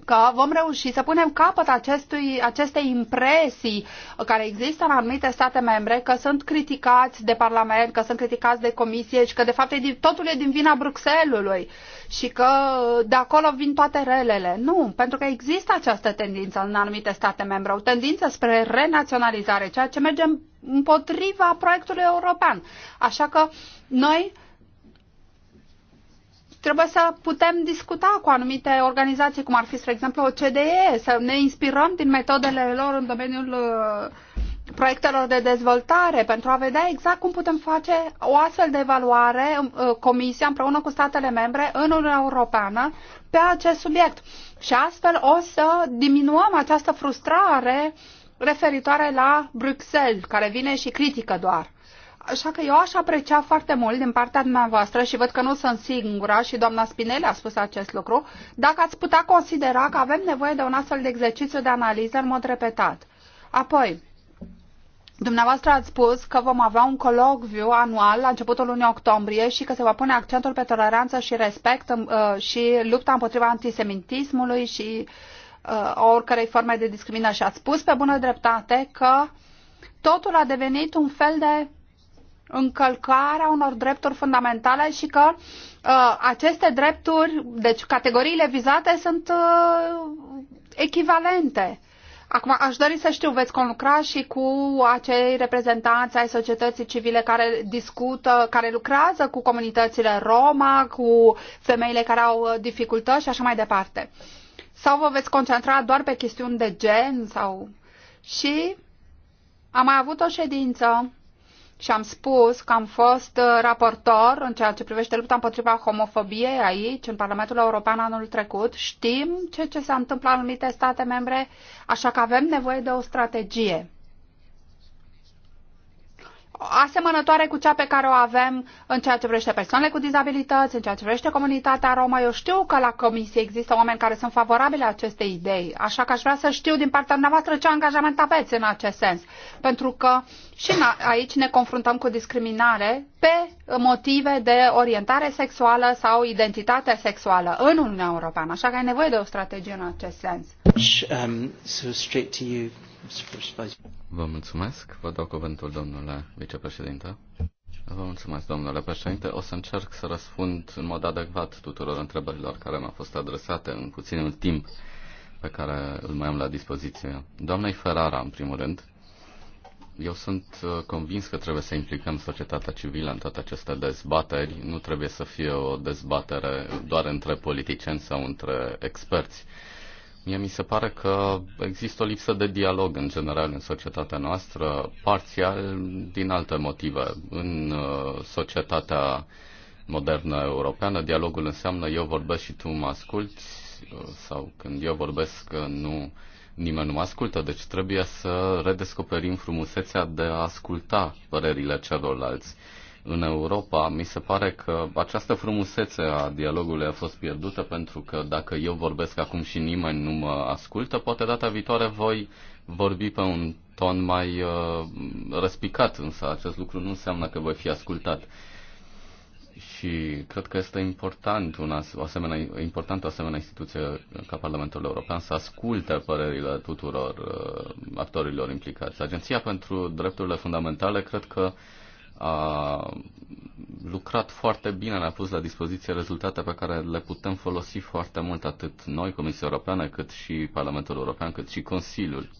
[SPEAKER 4] că vom reuși să punem capăt acestui, acestei impresii care există în anumite state membre că sunt criticați de Parlament, că sunt criticați de Comisie și că de fapt e din, totul e din vina Bruxelului și că de acolo vin toate relele. Nu, pentru că există această tendință în anumite state membre, o tendință spre renaționalizare, ceea ce merge împotriva proiectului european. Așa că noi trebuie să putem discuta cu anumite organizații, cum ar fi, spre exemplu, OCDE, să ne inspirăm din metodele lor în domeniul uh, proiectelor de dezvoltare pentru a vedea exact cum putem face o astfel de evaluare uh, Comisia împreună cu statele membre în Uniunea Europeană pe acest subiect. Și astfel o să diminuăm această frustrare referitoare la Bruxelles, care vine și critică doar. Așa că eu aș aprecia foarte mult din partea dumneavoastră și văd că nu sunt singura și doamna Spinelli a spus acest lucru, dacă ați putea considera că avem nevoie de un astfel de exercițiu de analiză în mod repetat. Apoi, Dumneavoastră ați spus că vom avea un colocviu anual la începutul lunii octombrie și că se va pune accentul pe toleranță și respect uh, și lupta împotriva antisemitismului și uh, oricărei forme de discriminare. Și ați spus pe bună dreptate că totul a devenit un fel de încălcarea unor drepturi fundamentale și că uh, aceste drepturi, deci categoriile vizate sunt uh, echivalente. Acum, aș dori să știu, veți conlucra și cu acei reprezentanți ai societății civile care discută, care lucrează cu comunitățile Roma, cu femeile care au uh, dificultăți și așa mai departe. Sau vă veți concentra doar pe chestiuni de gen sau... Și am mai avut o ședință și am spus că am fost uh, raportor în ceea ce privește lupta împotriva homofobiei aici, în Parlamentul European anul trecut. Știm ce, ce s-a întâmplat în anumite state membre, așa că avem nevoie de o strategie asemănătoare cu cea pe care o avem în ceea ce privește persoanele cu dizabilități, în ceea ce privește comunitatea Roma. Eu știu că la comisie există oameni care sunt favorabili acestei idei, așa că aș vrea să știu din partea dumneavoastră ce angajament aveți în acest sens. Pentru că și aici ne confruntăm cu discriminare pe motive de orientare sexuală sau identitate sexuală în Uniunea Europeană, așa că ai nevoie de o strategie în acest sens.
[SPEAKER 2] Um, so straight to you, Vă mulțumesc. Vă dau cuvântul, domnule vicepreședinte. Vă mulțumesc, domnule președinte. O să încerc să răspund în mod adecvat tuturor întrebărilor care mi-au fost adresate în puținul timp pe care îl mai am la dispoziție. Doamnei Ferrara, în primul rând, eu sunt uh, convins că trebuie să implicăm societatea civilă în toate aceste dezbateri. Nu trebuie să fie o dezbatere doar între politicieni sau între experți. Mie mi se pare că există o lipsă de dialog în general în societatea noastră, parțial din alte motive. În uh, societatea modernă europeană, dialogul înseamnă eu vorbesc și tu mă asculti uh, sau când eu vorbesc uh, nu, nimeni nu mă ascultă, deci trebuie să redescoperim frumusețea de a asculta părerile celorlalți în Europa, mi se pare că această frumusețe a dialogului a fost pierdută pentru că dacă eu vorbesc acum și nimeni nu mă ascultă, poate data viitoare voi vorbi pe un ton mai uh, răspicat, însă acest lucru nu înseamnă că voi fi ascultat. Și cred că este important una, o asemenea, important o asemenea instituție ca Parlamentul European să asculte părerile tuturor uh, actorilor implicați. Agenția pentru Drepturile Fundamentale cred că uh, a lucrat foarte bine, ne-a pus la dispoziție rezultate pe care le putem folosi foarte mult, atât noi, Comisia Europeană, cât și Parlamentul European, cât și Consiliul.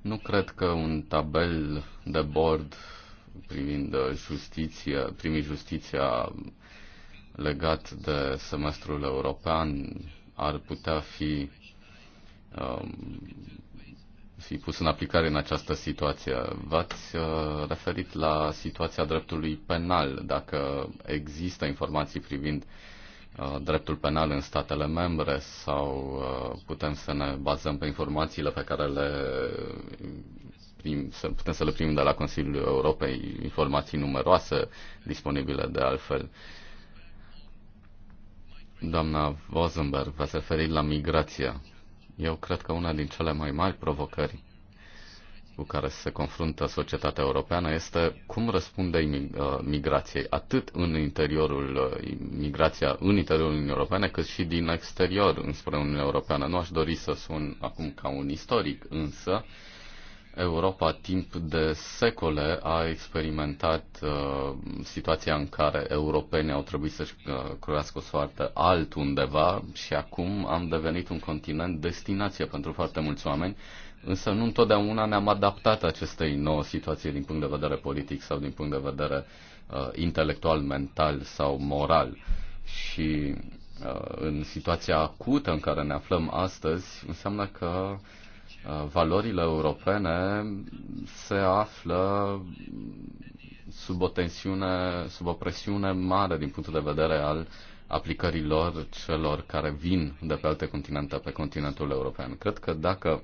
[SPEAKER 2] Nu cred că un tabel de bord privind justiția, primii justiția legat de semestrul european ar putea fi um, fi pus în aplicare în această situație. V-ați uh, referit la situația dreptului penal, dacă există informații privind uh, dreptul penal în statele membre sau uh, putem să ne bazăm pe informațiile pe care le prim, să putem să le primim de la Consiliul Europei, informații numeroase disponibile de altfel. Doamna Vozenberg, v-ați referit la migrația eu cred că una din cele mai mari provocări cu care se confruntă societatea europeană este cum răspunde uh, migrației, atât în interiorul, uh, migrația în interiorul Uniunii Europene, cât și din exterior înspre Uniunea Europeană. Nu aș dori să sun acum ca un istoric, însă uh, Europa timp de secole a experimentat uh, situația în care europenii au trebuit să-și uh, croiască o soartă altundeva și acum am devenit un continent destinație pentru foarte mulți oameni, însă nu întotdeauna ne-am adaptat acestei nouă situații din punct de vedere politic sau din punct de vedere uh, intelectual, mental sau moral. Și uh, în situația acută în care ne aflăm astăzi, înseamnă că uh, Uh, valorile europene se află sub o tensiune, sub o presiune mare din punctul de vedere al aplicărilor celor care vin de pe alte continente pe continentul european. Cred că dacă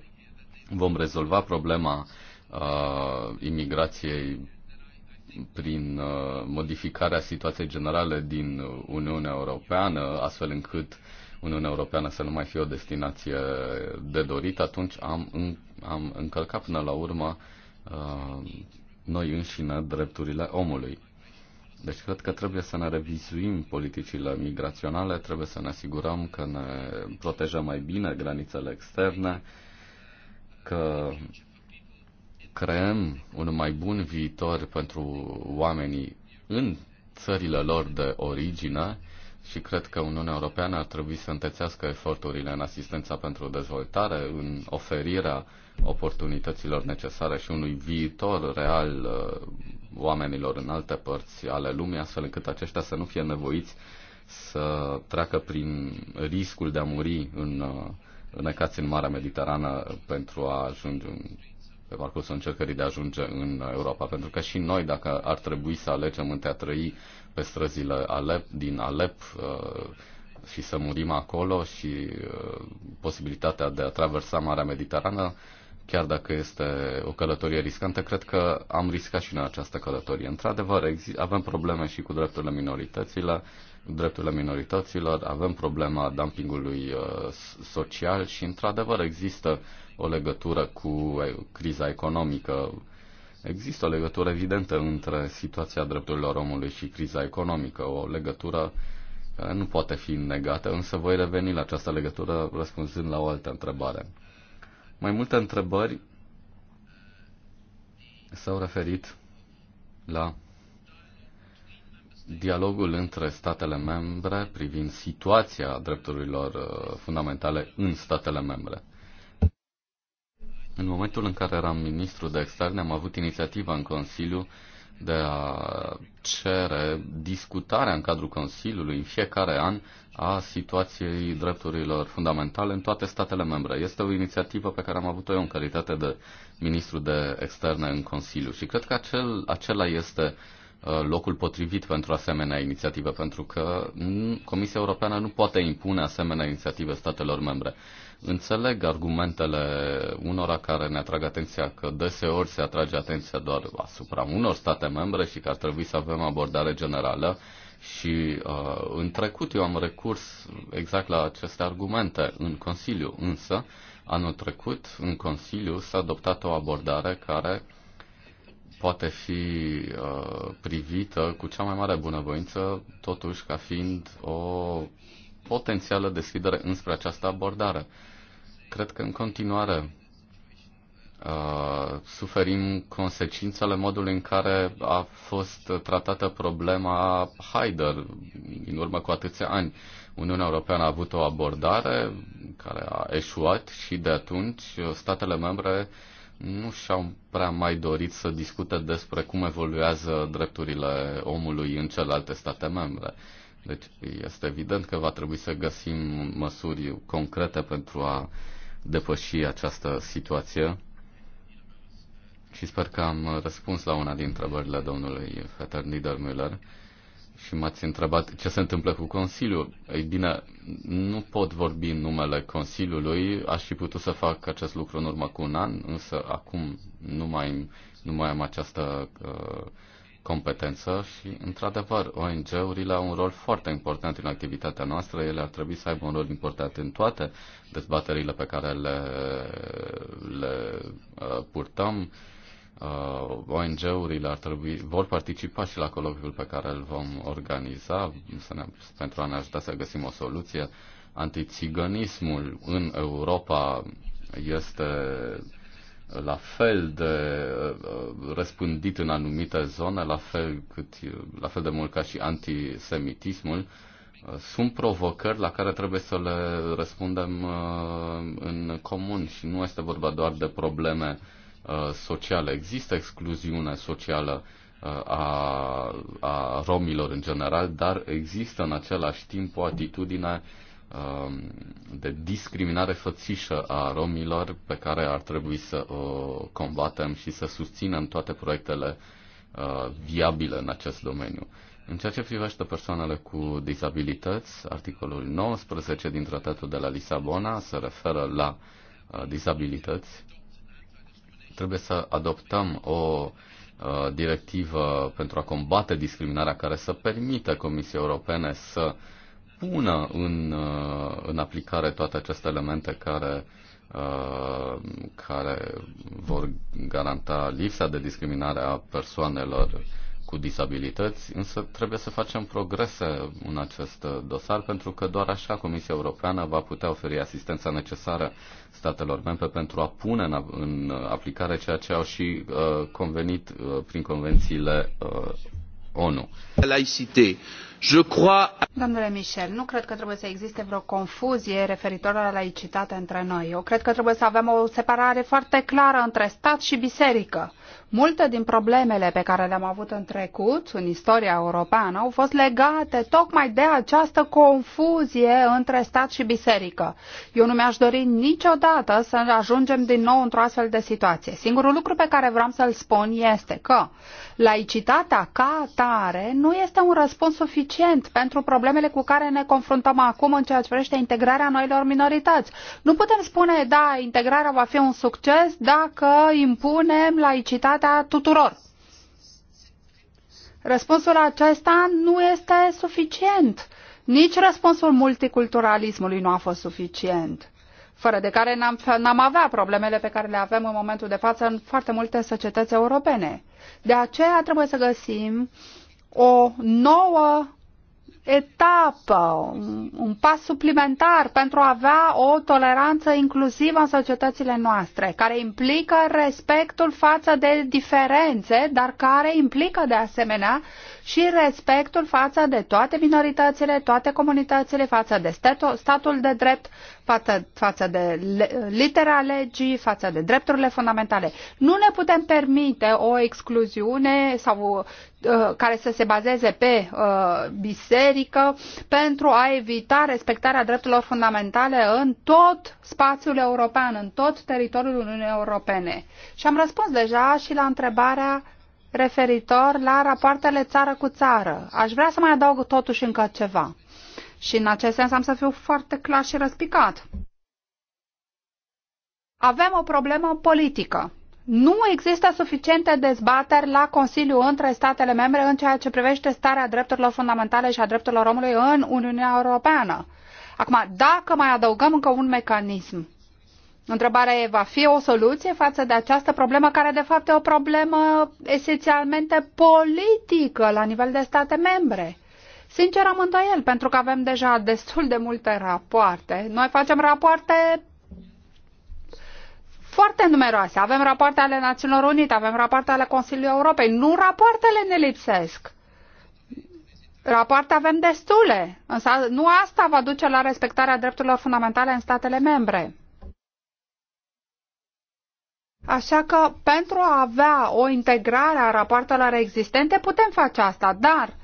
[SPEAKER 2] vom rezolva problema uh, imigrației prin uh, modificarea situației generale din Uniunea Europeană, astfel încât uh, Uniunea Europeană să nu mai fie o destinație de dorit, atunci am, am încălcat până la urmă uh, noi înșine drepturile omului. Deci cred că trebuie să ne revizuim politicile migraționale, trebuie să ne asigurăm că ne protejăm mai bine granițele externe, că creăm un mai bun viitor pentru oamenii în țările lor de origine și cred că Uniunea Europeană ar trebui să întețească eforturile în asistența pentru dezvoltare, în oferirea oportunităților necesare și unui viitor real uh, oamenilor în alte părți ale lumii, astfel încât aceștia să nu fie nevoiți să treacă prin riscul de a muri în, uh, înecați în Marea Mediterană pentru a ajunge în, pe parcursul încercării de a ajunge în Europa. Pentru că și noi, dacă ar trebui să alegem între a trăi pe străzile Alep, din Alep uh, și să murim acolo și uh, posibilitatea de a traversa Marea Mediterană, chiar dacă este o călătorie riscantă, cred că am riscat și noi această călătorie. Într-adevăr, avem probleme și cu drepturile minorităților, drepturile minorităților, avem problema dumpingului uh, social și, într-adevăr, există o legătură cu criza economică Există o legătură evidentă între situația drepturilor omului și criza economică, o legătură care eh, nu poate fi negată, însă voi reveni la această legătură răspunzând la o altă întrebare. Mai multe întrebări s-au referit la dialogul între statele membre privind situația drepturilor eh, fundamentale în statele membre. În momentul în care eram ministru de externe, am avut inițiativa în Consiliu de a cere discutarea în cadrul Consiliului în fiecare an a situației drepturilor fundamentale în toate statele membre. Este o inițiativă pe care am avut-o eu în calitate de ministru de externe în Consiliu și cred că acel, acela este uh, locul potrivit pentru asemenea inițiativă, pentru că Comisia Europeană nu poate impune asemenea inițiative statelor membre. Înțeleg argumentele unora care ne atrag atenția că deseori se atrage atenția doar asupra unor state membre și că ar trebui să avem abordare generală și uh, în trecut eu am recurs exact la aceste argumente în Consiliu, însă anul trecut în Consiliu s-a adoptat o abordare care poate fi uh, privită cu cea mai mare bunăvoință, totuși ca fiind o potențială deschidere înspre această abordare. Cred că în continuare uh, suferim consecințele modului în care a fost tratată problema Haider în urmă cu atâția ani. Uniunea Europeană a avut o abordare care a eșuat și de atunci statele membre nu și-au prea mai dorit să discute despre cum evoluează drepturile omului în celelalte state membre. Deci este evident că va trebui să găsim măsuri concrete pentru a depăși această situație. Și sper că am răspuns la una din întrebările domnului Fetter Niedermüller și m-ați întrebat ce se întâmplă cu Consiliul. Ei bine, nu pot vorbi în numele Consiliului, aș fi putut să fac acest lucru în urmă cu un an, însă acum nu mai, nu mai am această uh, competență și, într-adevăr, ONG-urile au un rol foarte important în activitatea noastră. Ele ar trebui să aibă un rol important în toate dezbaterile pe care le, le uh, purtăm. Uh, ONG-urile ar trebui, vor participa și la colocul pe care îl vom organiza să ne, pentru a ne ajuta să găsim o soluție. Antițiganismul în Europa este la fel de uh, răspândit în anumite zone, la fel, cât, uh, la fel de mult ca și antisemitismul, uh, sunt provocări la care trebuie să le răspundem în comun și nu este vorba doar de probleme sociale. Există excluziune socială a, a romilor în general, dar există în același timp o atitudine uh, Um, de discriminare fățișă a romilor pe care ar trebui să o combatem și să susținem toate proiectele uh, viabile în acest domeniu. În ceea ce privește persoanele cu dizabilități, articolul 19 din Tratatul de la Lisabona se referă la uh, dizabilități. Trebuie să adoptăm o uh, directivă pentru a combate discriminarea care să permită Comisiei Europene să uh, pună în, uh, în aplicare toate aceste elemente care, uh, care vor garanta lipsa de discriminare a persoanelor cu disabilități, însă trebuie să facem progrese în acest dosar, pentru că doar așa Comisia Europeană va putea oferi asistența necesară statelor membre pentru a pune în, în aplicare ceea ce au și uh, convenit uh, prin convențiile uh, ONU. La
[SPEAKER 4] Domnule Michel, nu cred că trebuie să existe vreo confuzie referitoare la laicitate între noi. Eu cred că trebuie să avem o separare foarte clară între stat și biserică. Multe din problemele pe care le-am avut în trecut, în istoria europeană, au fost legate tocmai de această confuzie între stat și biserică. Eu nu mi-aș dori niciodată să ajungem din nou într-o astfel de situație. Singurul lucru pe care vreau să-l spun este că laicitatea ca atare nu este un răspuns suficient suficient pentru problemele cu care ne confruntăm acum în ceea ce privește integrarea noilor minorități. Nu putem spune, da, integrarea va fi un succes dacă impunem laicitatea tuturor. Răspunsul acesta nu este suficient. Nici răspunsul multiculturalismului nu a fost suficient fără de care n-am avea problemele pe care le avem în momentul de față în foarte multe societăți europene. De aceea trebuie să găsim o nouă etapă, un pas suplimentar pentru a avea o toleranță inclusivă în societățile noastre, care implică respectul față de diferențe, dar care implică de asemenea și respectul față de toate minoritățile, toate comunitățile, față de statul de drept, față, față de litera legii, față de drepturile fundamentale. Nu ne putem permite o excluziune sau uh, care să se bazeze pe uh, biserică pentru a evita respectarea drepturilor fundamentale în tot spațiul european, în tot teritoriul Uniunii Europene. Și am răspuns deja și la întrebarea referitor la rapoartele țară cu țară. Aș vrea să mai adaug totuși încă ceva. Și în acest sens am să fiu foarte clar și răspicat. Avem o problemă politică. Nu există suficiente dezbateri la Consiliu între statele membre în ceea ce privește starea drepturilor fundamentale și a drepturilor omului în Uniunea Europeană. Acum, dacă mai adăugăm încă un mecanism, întrebarea e, va fi o soluție față de această problemă care de fapt e o problemă esențialmente politică la nivel de state membre? Sincer, am el, pentru că avem deja destul de multe rapoarte. Noi facem rapoarte foarte numeroase. Avem rapoarte ale Națiunilor Unite, avem rapoarte ale Consiliului Europei. Nu rapoartele ne lipsesc. Rapoarte avem destule, însă nu asta va duce la respectarea drepturilor fundamentale în statele membre. Așa că, pentru a avea o integrare a rapoartelor existente, putem face asta, dar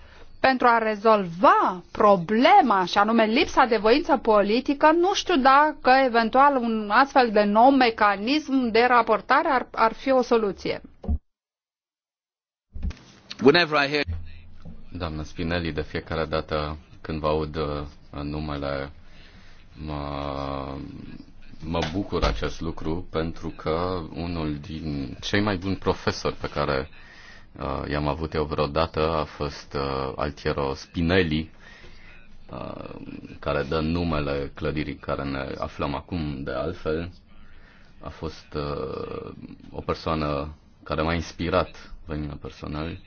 [SPEAKER 4] pentru a rezolva problema, și anume lipsa de voință politică, nu știu dacă eventual un astfel de nou mecanism de raportare ar, ar fi o soluție.
[SPEAKER 2] Whenever I hear... Spinelli, de fiecare dată când vă aud uh, numele, mă, mă bucur acest lucru pentru că unul din cei mai buni profesori pe care uh, i-am avut eu vreodată a fost uh, Altiero Spinelli, uh, care dă numele clădirii care ne aflăm acum de altfel. A fost uh, o persoană care m-a inspirat pe mine personal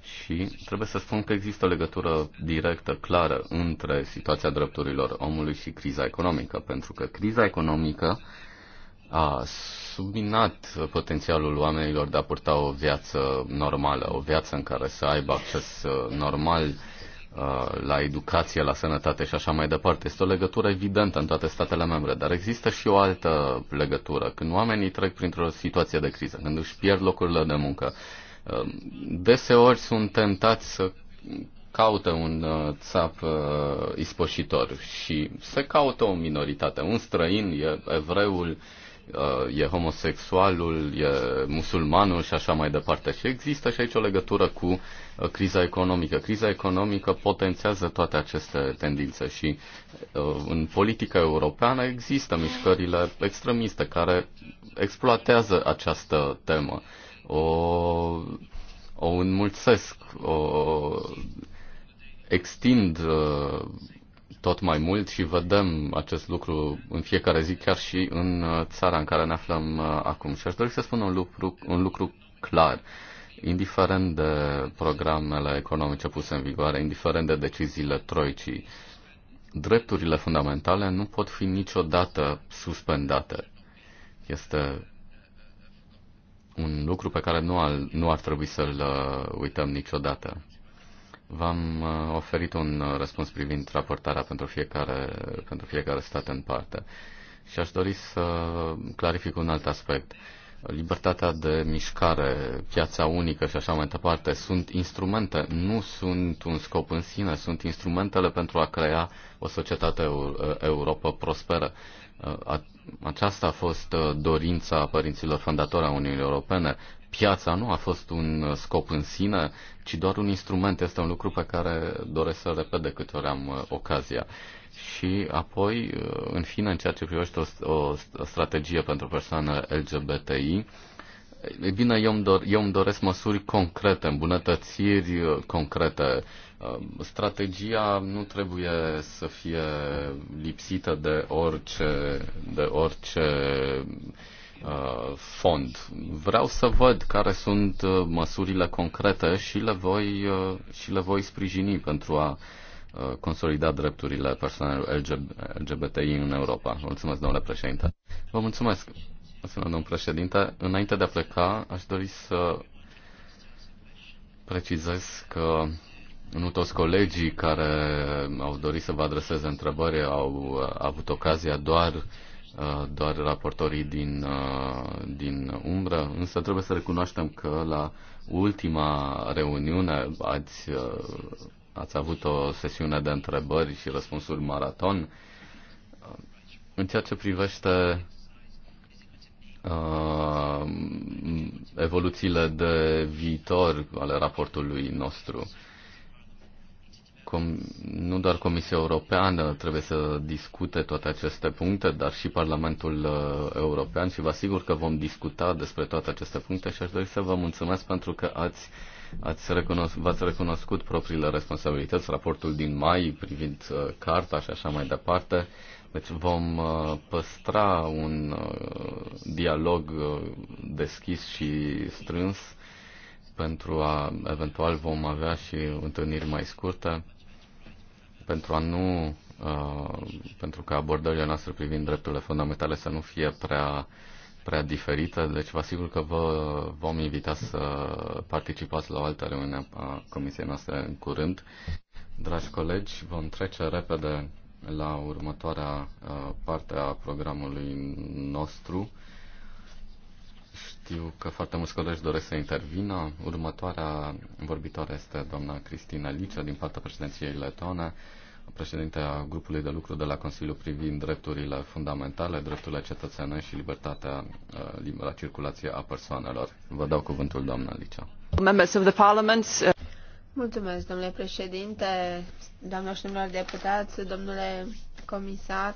[SPEAKER 2] și trebuie să spun că există o legătură directă, clară, între situația drepturilor omului și criza economică, pentru că criza economică a subminat potențialul oamenilor de a purta o viață normală, o viață în care să aibă acces uh, normal uh, la educație, la sănătate și așa mai departe. Este o legătură evidentă în toate statele membre, dar există și o altă legătură. Când oamenii trec printr-o situație de criză, când își pierd locurile de muncă, uh, deseori sunt tentați să caută un țap ispășitor și se caută o minoritate. Un străin e evreul, Uh, e homosexualul, e musulmanul și așa mai departe. Și există și aici o legătură cu uh, criza economică. Criza economică potențează toate aceste tendințe și uh, în politica europeană există mișcările extremiste care exploatează această temă. O, o înmulțesc, o extind tot mai mult și vedem acest lucru în fiecare zi, chiar și în uh, țara în care ne aflăm uh, acum. Și aș dori să spun un lucru, un lucru clar. Indiferent de programele economice puse în vigoare, indiferent de deciziile troicii, drepturile fundamentale nu pot fi niciodată suspendate. Este un lucru pe care nu ar, nu ar trebui să-l uh, uităm niciodată. V-am uh, oferit un uh, răspuns privind raportarea pentru fiecare, pentru fiecare stat în parte. Și aș dori să clarific un alt aspect. Libertatea de mișcare, piața unică și așa mai departe sunt instrumente, nu sunt un scop în sine, sunt instrumentele pentru a crea o societate uh, Europa prosperă. Aceasta a fost dorința părinților fondatori a Uniunii Europene, piața nu a fost un uh, scop în sine, ci doar un instrument. Este un lucru pe care doresc să repet de câte ori am uh, ocazia. Și apoi, uh, în fine, în ceea ce privește o, o strategie pentru persoană LGBTI, e bine, eu îmi, dor, eu îmi doresc măsuri concrete, îmbunătățiri concrete. Strategia nu trebuie să fie lipsită de orice, de orice uh, Uh, fond. Vreau să văd care sunt uh, măsurile concrete și le voi, uh, și le voi sprijini pentru a consolida drepturile persoanelor LGBTI în Europa. Mulțumesc, domnule președinte. Vă mulțumesc, domnule președinte. Înainte de a pleca, aș dori să precizez că nu toți colegii care au dorit să vă adreseze întrebări au avut ocazia doar uh, Uh, doar raportorii din, uh, din umbră, însă trebuie să recunoaștem că la ultima reuniune ați, uh, ați avut o sesiune de întrebări și răspunsuri maraton. În ceea ce privește uh, evoluțiile de viitor ale raportului nostru, com- nu doar Comisia Europeană trebuie să discute toate aceste puncte, dar și Parlamentul uh, European și vă asigur că vom discuta despre toate aceste puncte și aș dori să vă mulțumesc pentru că ați, ați recunos- v-ați recunoscut propriile responsabilități, raportul din mai privind uh, carta și așa mai departe. Deci vom uh, păstra un uh, dialog uh, deschis și strâns pentru a eventual vom avea și întâlniri mai scurte pentru a nu uh, pentru ca abordările noastre privind drepturile fundamentale să nu fie prea, prea diferite. Deci vă asigur că vă vom invita să participați la o altă reuniune a comisiei noastre în curând. Dragi colegi, vom trece repede la următoarea uh, parte a programului nostru. Știu că foarte mulți colegi doresc să intervină. Următoarea vorbitoare este doamna Cristina Licea din partea președinției letone, președintea grupului de lucru de la Consiliu privind drepturile fundamentale, drepturile cetățene și libertatea uh, la circulație a persoanelor. Vă dau cuvântul, doamna Licea.
[SPEAKER 4] Members of the Parliament. Uh,
[SPEAKER 3] Mulțumesc, domnule președinte, doamnelor și domnilor deputați, domnule comisar.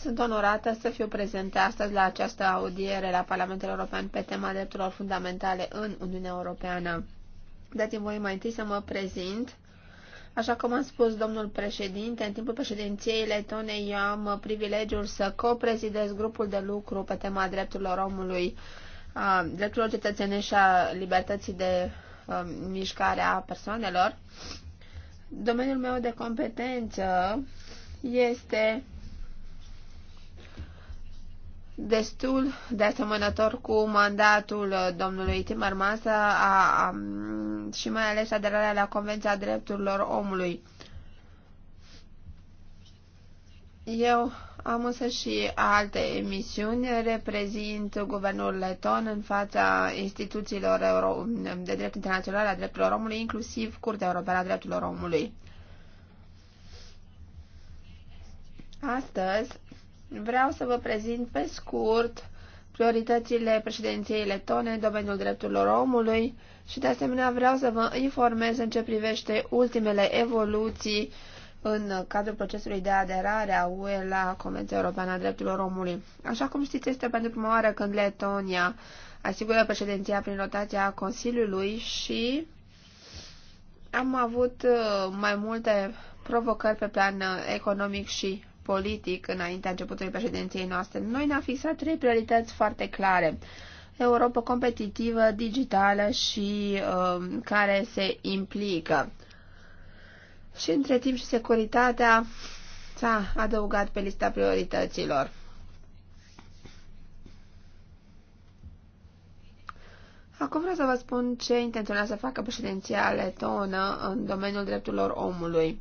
[SPEAKER 3] Sunt onorată să fiu prezentă astăzi la această audiere la Parlamentul European pe tema drepturilor fundamentale în Uniunea Europeană. Dați-mi voi mai întâi să mă prezint. Așa cum a spus domnul președinte, în timpul președinției letone eu am privilegiul să coprezidez grupul de lucru pe tema drepturilor omului, a drepturilor cetățenești și a libertății de a, mișcare a persoanelor. Domeniul meu de competență este destul de asemănător cu mandatul uh, domnului Timmermans uh, a, a, și mai ales aderarea la Convenția Drepturilor Omului. Eu am însă și alte emisiuni, reprezint guvernul leton în fața instituțiilor Euro de drept internațional a drepturilor omului, inclusiv Curtea Europeană a Drepturilor Omului. Astăzi Vreau să vă prezint pe scurt prioritățile președinției letone în domeniul drepturilor omului și de asemenea vreau să vă informez în ce privește ultimele evoluții în cadrul procesului de aderare a UE la Convenția Europeană a Drepturilor Omului. Așa cum știți, este pentru prima oară când Letonia asigură președinția prin rotația Consiliului și am avut uh, mai multe provocări pe plan uh, economic și politic înaintea începutului președinției noastre. Noi ne-am fixat trei priorități foarte clare. Europa competitivă, digitală și uh, care se implică. Și între timp și securitatea s-a adăugat pe lista priorităților. Acum vreau să vă spun ce intenționează să facă președinția letonă în domeniul drepturilor omului.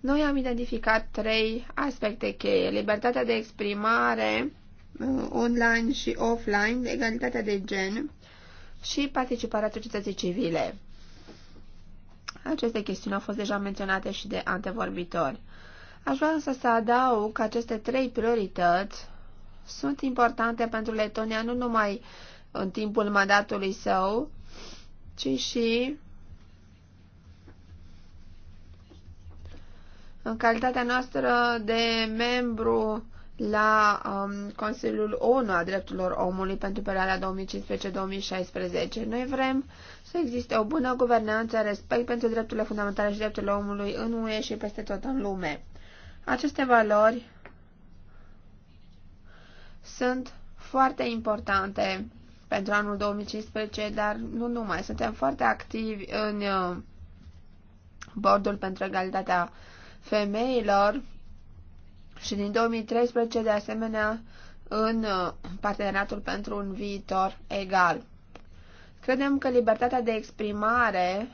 [SPEAKER 3] Noi am identificat trei aspecte cheie. Libertatea de exprimare mm, online și offline, egalitatea de gen și participarea societății civile. Aceste chestiuni au fost deja menționate și de antevorbitori. Aș vrea însă să adaug că aceste trei priorități sunt importante pentru Letonia nu numai în timpul mandatului său, ci și În calitatea noastră de membru la um, Consiliul ONU a Drepturilor Omului pentru perioada 2015-2016. Noi vrem să existe o bună guvernanță, respect pentru drepturile fundamentale și drepturile omului în UE și peste tot în lume. Aceste valori sunt foarte importante pentru anul 2015, dar nu numai. Suntem foarte activi în uh, bordul pentru egalitatea femeilor și din 2013 de asemenea în uh, parteneriatul pentru un viitor egal. Credem că libertatea de exprimare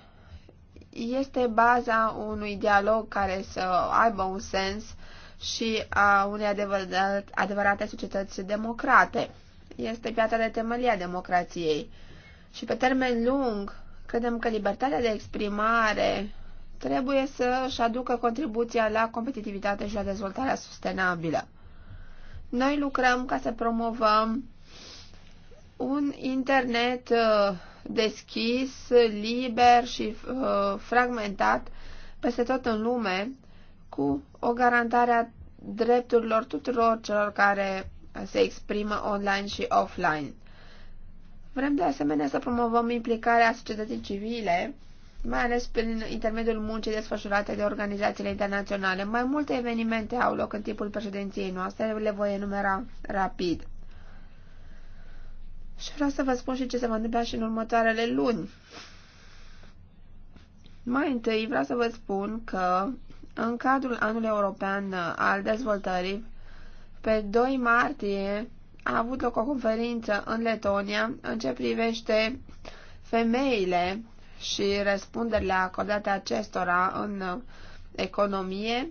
[SPEAKER 3] este baza unui dialog care să aibă un sens și a unei adevărate societăți democrate. Este piața de temelie a democrației. Și pe termen lung, credem că libertatea de exprimare trebuie să își aducă contribuția la competitivitate și la dezvoltarea sustenabilă. Noi lucrăm ca să promovăm un internet uh, deschis, liber și uh, fragmentat peste tot în lume, cu o garantare a drepturilor tuturor celor care se exprimă online și offline. Vrem de asemenea să promovăm implicarea societății civile mai ales prin intermediul muncii desfășurate de organizațiile internaționale. Mai multe evenimente au loc în timpul președinției noastre, le voi enumera rapid. Și vreau să vă spun și ce se va întâmpla și în următoarele luni. Mai întâi vreau să vă spun că în cadrul anului european al dezvoltării, pe 2 martie a avut loc o conferință în Letonia în ce privește femeile și răspunderile acordate acestora în economie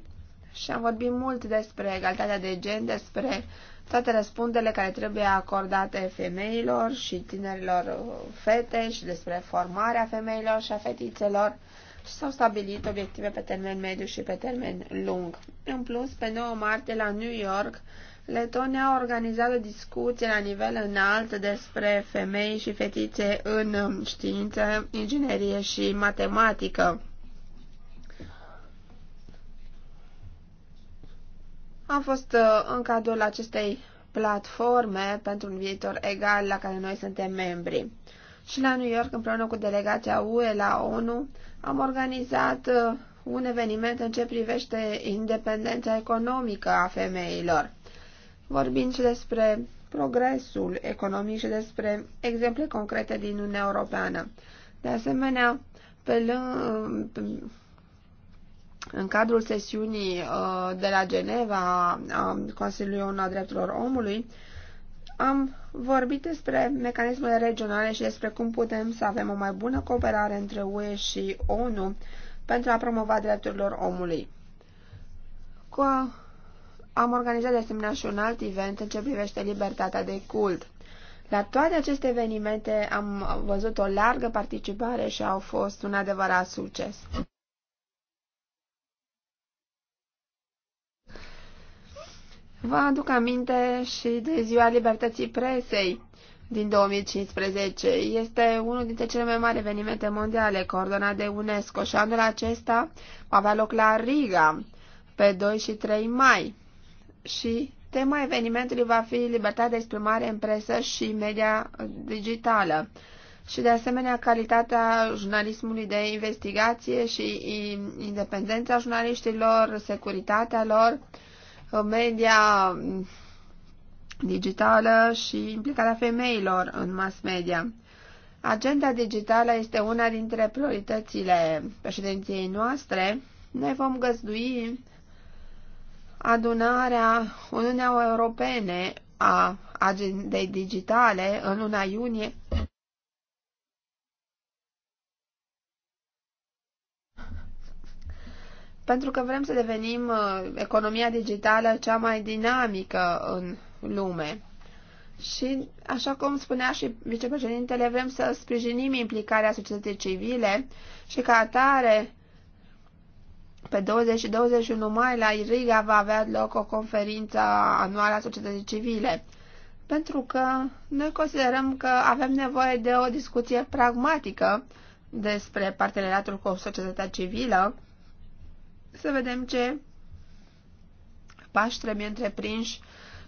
[SPEAKER 3] și am vorbit mult despre egalitatea de gen, despre toate răspunderile care trebuie acordate femeilor și tinerilor uh, fete și despre formarea femeilor și a fetițelor și s-au stabilit obiective pe termen mediu și pe termen lung. În plus, pe 9 martie la New York Letonia a organizat o discuție la nivel înalt despre femei și fetițe în um, știință, inginerie și matematică. Am fost uh, în cadrul acestei platforme pentru un viitor egal la care noi suntem membri. Și la New York, împreună cu delegația UE la ONU, am organizat uh, un eveniment în ce privește independența economică a femeilor vorbind și despre progresul economic și despre exemple concrete din Uniunea Europeană. De asemenea, pe în cadrul sesiunii uh, de la Geneva a Consiliului a Drepturilor Omului, am vorbit despre mecanismele regionale și despre cum putem să avem o mai bună cooperare între UE și ONU pentru a promova drepturilor omului. Cu am organizat de asemenea și un alt event în ce privește libertatea de cult. La toate aceste evenimente am văzut o largă participare și au fost un adevărat succes. Vă aduc aminte și de Ziua Libertății Presei din 2015. Este unul dintre cele mai mari evenimente mondiale coordonat de UNESCO și anul acesta va avea loc la Riga pe 2 și 3 mai și tema evenimentului va fi libertatea de exprimare în presă și media digitală și de asemenea calitatea jurnalismului de investigație și independența jurnaliștilor, securitatea lor, media digitală și implicarea femeilor în mass media. Agenda digitală este una dintre prioritățile președinției noastre. Noi vom găzdui adunarea Uniunea Europene a agendei digitale în luna iunie pentru că vrem să devenim uh, economia digitală cea mai dinamică în lume. Și, așa cum spunea și vicepreședintele, vrem să sprijinim implicarea societății civile și ca atare pe 20 și 21 mai la Riga va avea loc o conferință anuală a societății civile, pentru că noi considerăm că avem nevoie de o discuție pragmatică despre parteneriatul cu societatea civilă, să vedem ce pași trebuie întreprinși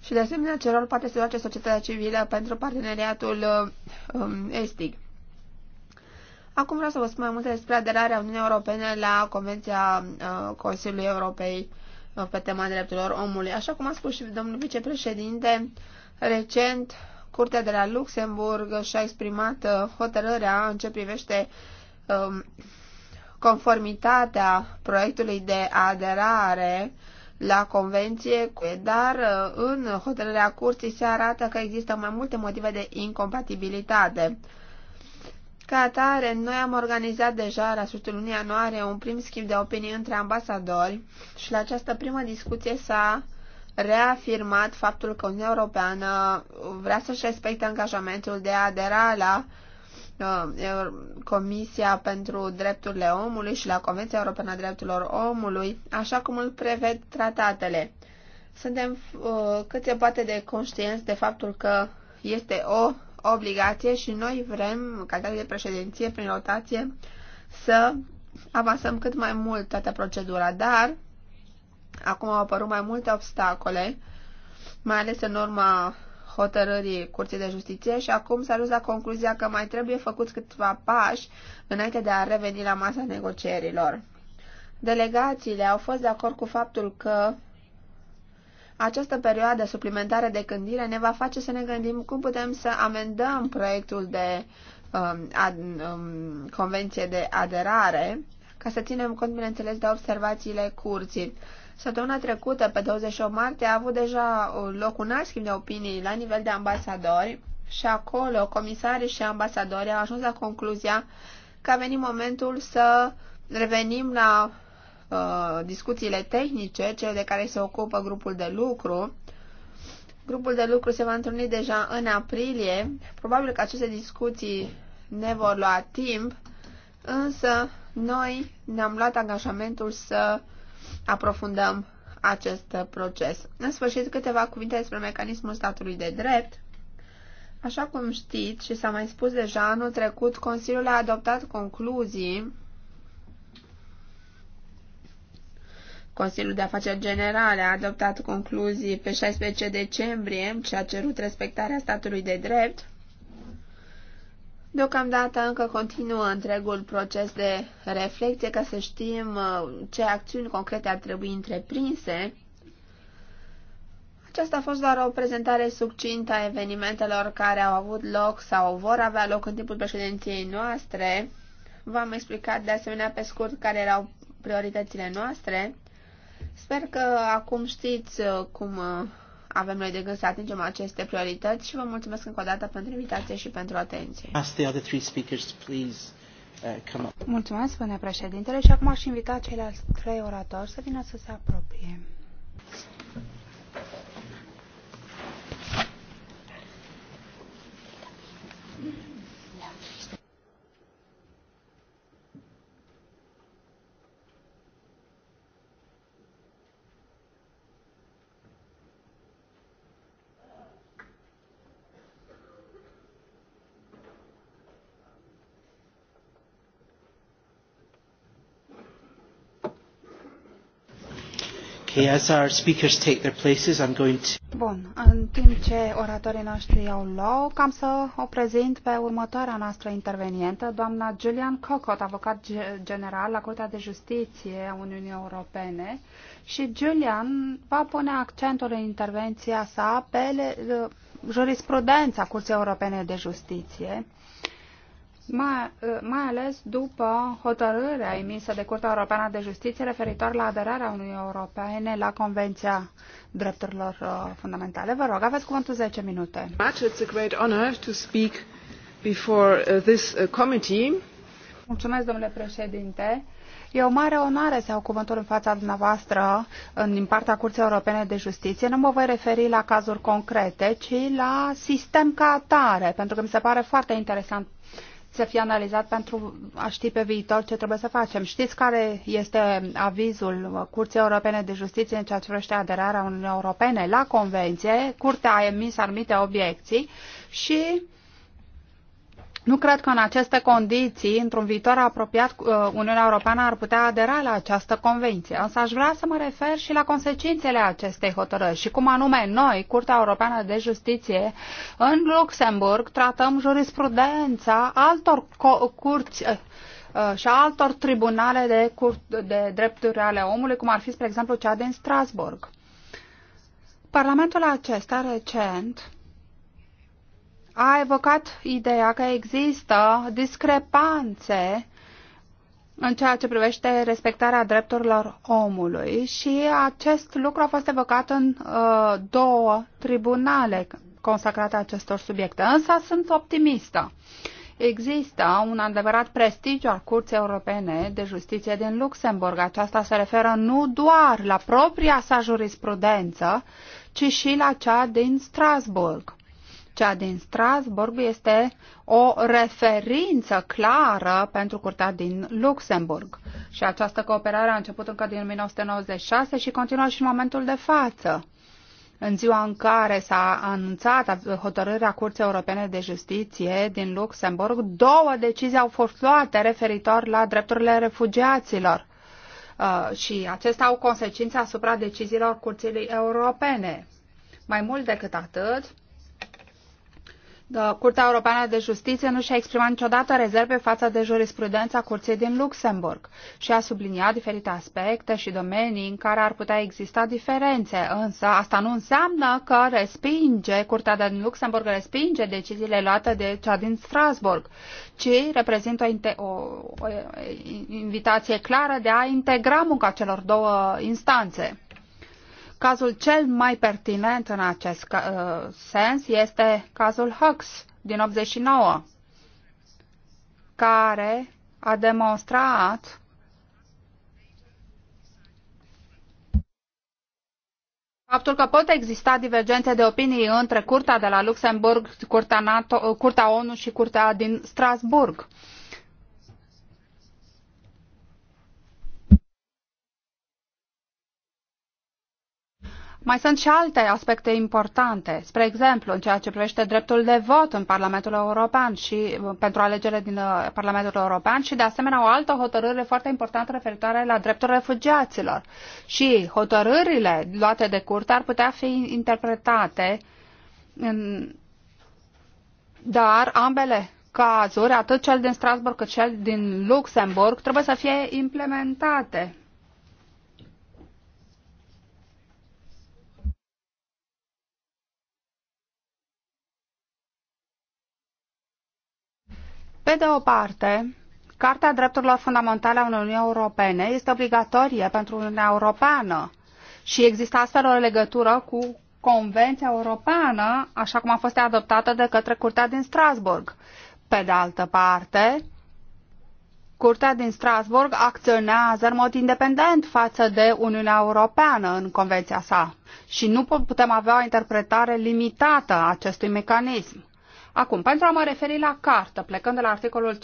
[SPEAKER 3] și de asemenea ce rol poate să joace societatea civilă pentru parteneriatul um, estic. Acum vreau să vă spun mai multe despre aderarea Uniunii Europene la Convenția uh, Consiliului Europei uh, pe tema drepturilor omului. Așa cum a spus și domnul vicepreședinte, recent Curtea de la Luxemburg și-a exprimat uh, hotărârea în ce privește um, conformitatea proiectului de aderare la convenție, dar în hotărârea curții se arată că există mai multe motive de incompatibilitate ca atare, noi am organizat deja la sfârșitul lunii ianuarie un prim schimb de opinii între ambasadori și la această primă discuție s-a reafirmat faptul că Uniunea Europeană vrea să-și respecte angajamentul de a adera la uh, Comisia pentru Drepturile Omului și la Convenția Europeană a Drepturilor Omului, așa cum îl preved tratatele. Suntem uh, cât se poate de conștienți de faptul că este o obligație și noi vrem, în calitate de președinție, prin rotație, să avansăm cât mai mult toată procedura, dar acum au apărut mai multe obstacole, mai ales în urma hotărârii Curții de Justiție și acum s-a ajuns la concluzia că mai trebuie făcut câțiva pași înainte de a reveni la masa negocierilor. Delegațiile au fost de acord cu faptul că această perioadă suplimentară de gândire ne va face să ne gândim cum putem să amendăm proiectul de um, ad, um, convenție de aderare, ca să ținem cont, bineînțeles, de observațiile curții. Săptămâna trecută, pe 28 martie, a avut deja loc un alt schimb de opinii la nivel de ambasadori și acolo comisarii și ambasadorii au ajuns la concluzia că a venit momentul să revenim la Uh, discuțiile tehnice, cele de care se ocupă grupul de lucru. Grupul de lucru se va întâlni deja în aprilie. Probabil că aceste discuții ne vor lua timp, însă noi ne-am luat angajamentul să aprofundăm acest proces. În sfârșit, câteva cuvinte despre mecanismul statului de drept. Așa cum știți și s-a mai spus deja, anul trecut Consiliul a adoptat concluzii Consiliul de Afaceri Generale a adoptat concluzii pe 16 decembrie ce a cerut respectarea statului de drept. Deocamdată încă continuă întregul proces de reflecție ca să știm uh, ce acțiuni concrete ar trebui întreprinse. Aceasta a fost doar o prezentare succintă a evenimentelor care au avut loc sau vor avea loc în timpul președinției noastre. V-am explicat de asemenea pe scurt care erau prioritățile noastre Sper că acum știți uh, cum uh, avem noi de gând să atingem aceste priorități și vă mulțumesc încă o dată pentru invitație și pentru atenție.
[SPEAKER 1] Uh,
[SPEAKER 4] mulțumesc, spune președintele, și acum aș invita ceilalți trei oratori să vină să se apropie.
[SPEAKER 1] as our speakers take their places, I'm going to...
[SPEAKER 4] Bun, în timp ce oratorii noștri au loc, am să o prezint pe următoarea noastră intervenientă, doamna Julian Cocot, avocat general la Curtea de Justiție a Uniunii Europene. Și Julian va pune accentul în intervenția sa pe jurisprudența Curții Europene de Justiție mai, eh, mai ales după hotărârea emisă de Curtea Europeană de Justiție referitor la aderarea Uniunii Europene la Convenția Drepturilor eh, Fundamentale. Vă rog, aveți cuvântul 10 minute. Eh, Mulțumesc, domnule președinte. E o mare onoare să iau cuvântul în fața dumneavoastră în, din partea Curții Europene de Justiție. Nu mă voi referi la cazuri concrete, ci la sistem ca atare, pentru că mi se pare foarte interesant să fie analizat pentru a ști pe viitor ce trebuie să facem. Știți care este avizul Curții Europene de Justiție în ceea ce privește aderarea Uniunii Europene la Convenție? Curtea a emis anumite obiecții și nu cred că în aceste condiții, într-un viitor apropiat, uh, Uniunea Europeană ar putea adera la această convenție. Însă aș vrea să mă refer și la consecințele acestei hotărâri și cum anume noi, Curtea Europeană de Justiție, în Luxemburg, tratăm jurisprudența altor curți uh, uh, și a altor tribunale de, cur- de drepturi ale omului, cum ar fi, spre exemplu, cea din Strasburg. Parlamentul acesta recent a evocat ideea că există discrepanțe în ceea ce privește respectarea drepturilor omului și acest lucru a fost evocat în uh, două tribunale consacrate acestor subiecte. Însă sunt optimistă. Există un adevărat prestigiu al Curții Europene de Justiție din Luxemburg. Aceasta se referă nu doar la propria sa jurisprudență, ci și la cea din Strasburg. Cea din Strasburg este o referință clară pentru curtea din Luxemburg. Și această cooperare a început încă din 1996 și continuă și în momentul de față. În ziua în care s-a anunțat hotărârea Curții Europene de Justiție din Luxemburg, două decizii au fost luate referitor la drepturile refugiaților. Uh, și acestea au consecințe asupra deciziilor Curții Europene. Mai mult decât atât, da, Curtea Europeană de Justiție nu și-a exprimat niciodată rezerve față de jurisprudența Curții din Luxemburg și a subliniat diferite aspecte și domenii în care ar putea exista diferențe, însă asta nu înseamnă că respinge, Curtea din Luxemburg respinge deciziile luate de cea din Strasburg, ci reprezintă o, o, o invitație clară de a integra munca celor două instanțe. Cazul cel mai pertinent în acest uh, sens este cazul Hux din 89, care a demonstrat faptul că pot exista divergențe de opinii între Curtea de la Luxemburg, Curtea, NATO, Curtea ONU și Curtea din Strasburg. Mai sunt și alte aspecte importante, spre exemplu, în ceea ce privește dreptul de vot în Parlamentul European și uh, pentru alegerile din uh, Parlamentul European și, de asemenea, o altă hotărâre foarte importantă referitoare la dreptul refugiaților. Și hotărârile luate de curte ar putea fi interpretate, în... dar ambele cazuri, atât cel din Strasbourg cât cel din Luxemburg, trebuie să fie implementate Pe de o parte, Carta Drepturilor Fundamentale a Uniunii Europene este obligatorie pentru Uniunea Europeană și există astfel o legătură cu Convenția Europeană, așa cum a fost adoptată de către Curtea din Strasburg. Pe de altă parte, Curtea din Strasburg acționează în mod independent față de Uniunea Europeană în convenția sa și nu putem avea o interpretare limitată a acestui mecanism. Acum, pentru a mă referi la cartă, plecând de la articolul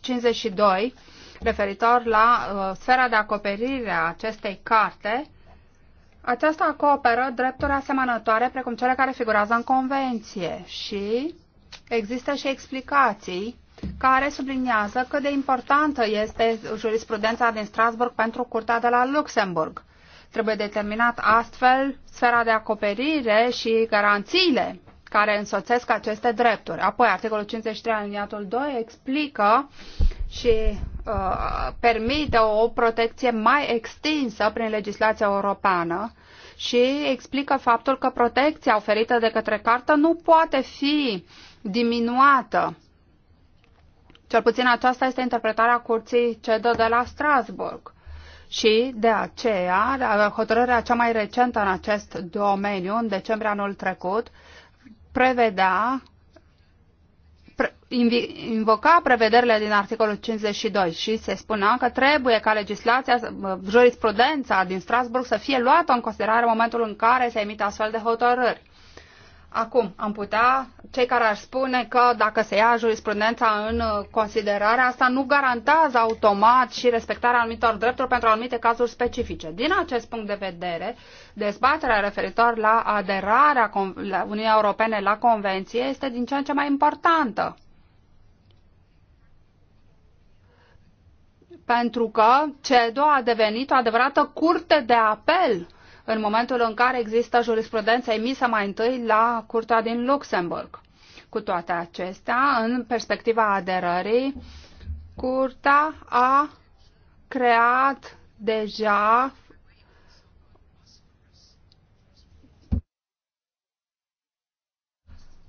[SPEAKER 4] 52, referitor la uh, sfera de acoperire a acestei carte, aceasta acoperă drepturi asemănătoare precum cele care figurează în Convenție și există și explicații care subliniază cât de importantă este jurisprudența din Strasburg pentru Curtea de la Luxemburg. Trebuie determinat astfel sfera de acoperire și garanțiile care însoțesc aceste drepturi. Apoi, articolul 53 aliniatul 2 explică și uh, permite o protecție mai extinsă prin legislația europeană și explică faptul că protecția oferită de către cartă nu poate fi diminuată. Cel puțin aceasta este interpretarea curții CEDO de la Strasburg. Și de aceea, hotărârea cea mai recentă în acest domeniu, în decembrie anul trecut, prevedea invoca prevederile din articolul 52 și se spunea că trebuie ca legislația, jurisprudența din Strasburg să fie luată în considerare în momentul în care se emite astfel de hotărâri. Acum, am putea, cei care ar spune că dacă se ia jurisprudența în uh, considerare, asta nu garantează automat și respectarea anumitor drepturi pentru anumite cazuri specifice. Din acest punct de vedere, dezbaterea referitor la aderarea Uniunii Europene la Convenție este din ce în ce mai importantă. Pentru că CEDO a devenit o adevărată curte de apel în momentul în care există jurisprudența emisă mai întâi la Curtea din Luxemburg. Cu toate acestea, în perspectiva aderării, Curtea a creat deja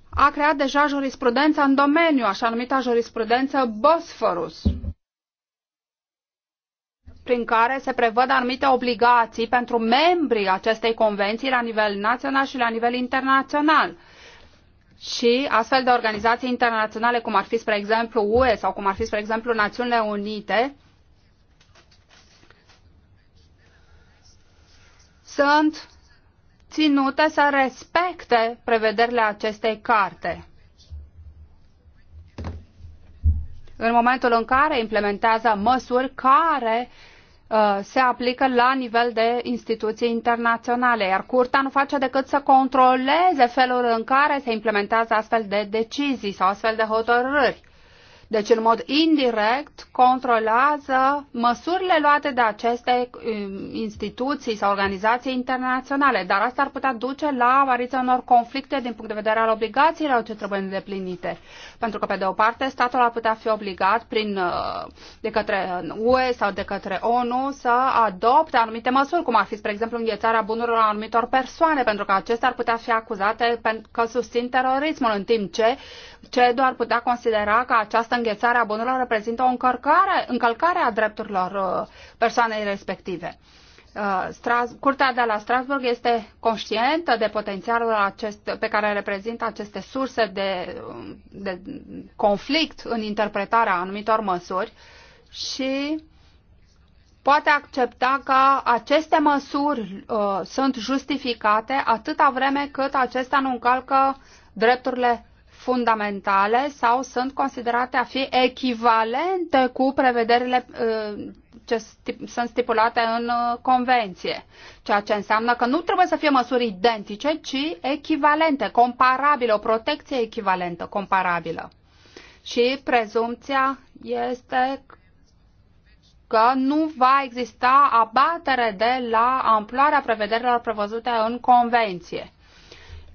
[SPEAKER 4] a creat deja jurisprudența în domeniu, așa numita jurisprudență Bosforus prin care se prevăd anumite obligații pentru membrii acestei convenții la nivel național și la nivel internațional. Și astfel de organizații internaționale, cum ar fi, spre exemplu, UE sau cum ar fi, spre exemplu, Națiunile Unite, sunt ținute să respecte prevederile acestei carte. În momentul în care implementează măsuri care uh, Uh, se aplică la nivel de instituții internaționale, iar curtea nu face decât să controleze felul în care se implementează astfel de decizii sau astfel de hotărâri. Deci, în mod indirect, controlează măsurile luate de aceste um, instituții sau organizații internaționale, dar asta ar putea duce la apariția unor conflicte din punct de vedere al obligațiilor ce trebuie îndeplinite. Pentru că, pe de o parte, statul ar putea fi obligat prin, uh, de către UE sau de către ONU să adopte anumite măsuri, cum ar fi, spre exemplu, înghețarea bunurilor anumitor persoane, pentru că acestea ar putea fi acuzate că susțin terorismul, în timp ce CEDO ar putea considera că această înghețare a bunurilor reprezintă o încălcare, încălcare a drepturilor uh, persoanei respective. Uh, Stras, Curtea de la Strasburg este conștientă de potențialul acest, pe care reprezintă aceste surse de, uh, de conflict în interpretarea anumitor măsuri și poate accepta că aceste măsuri uh, sunt justificate atâta vreme cât acestea nu încalcă drepturile fundamentale sau sunt considerate a fi echivalente cu prevederile uh, ce sunt stipulate în uh, convenție, ceea ce înseamnă că nu trebuie să fie măsuri identice, ci echivalente, comparabile, o protecție echivalentă, comparabilă. Și prezumția este că nu va exista abatere de la amploarea prevederilor prevăzute în convenție.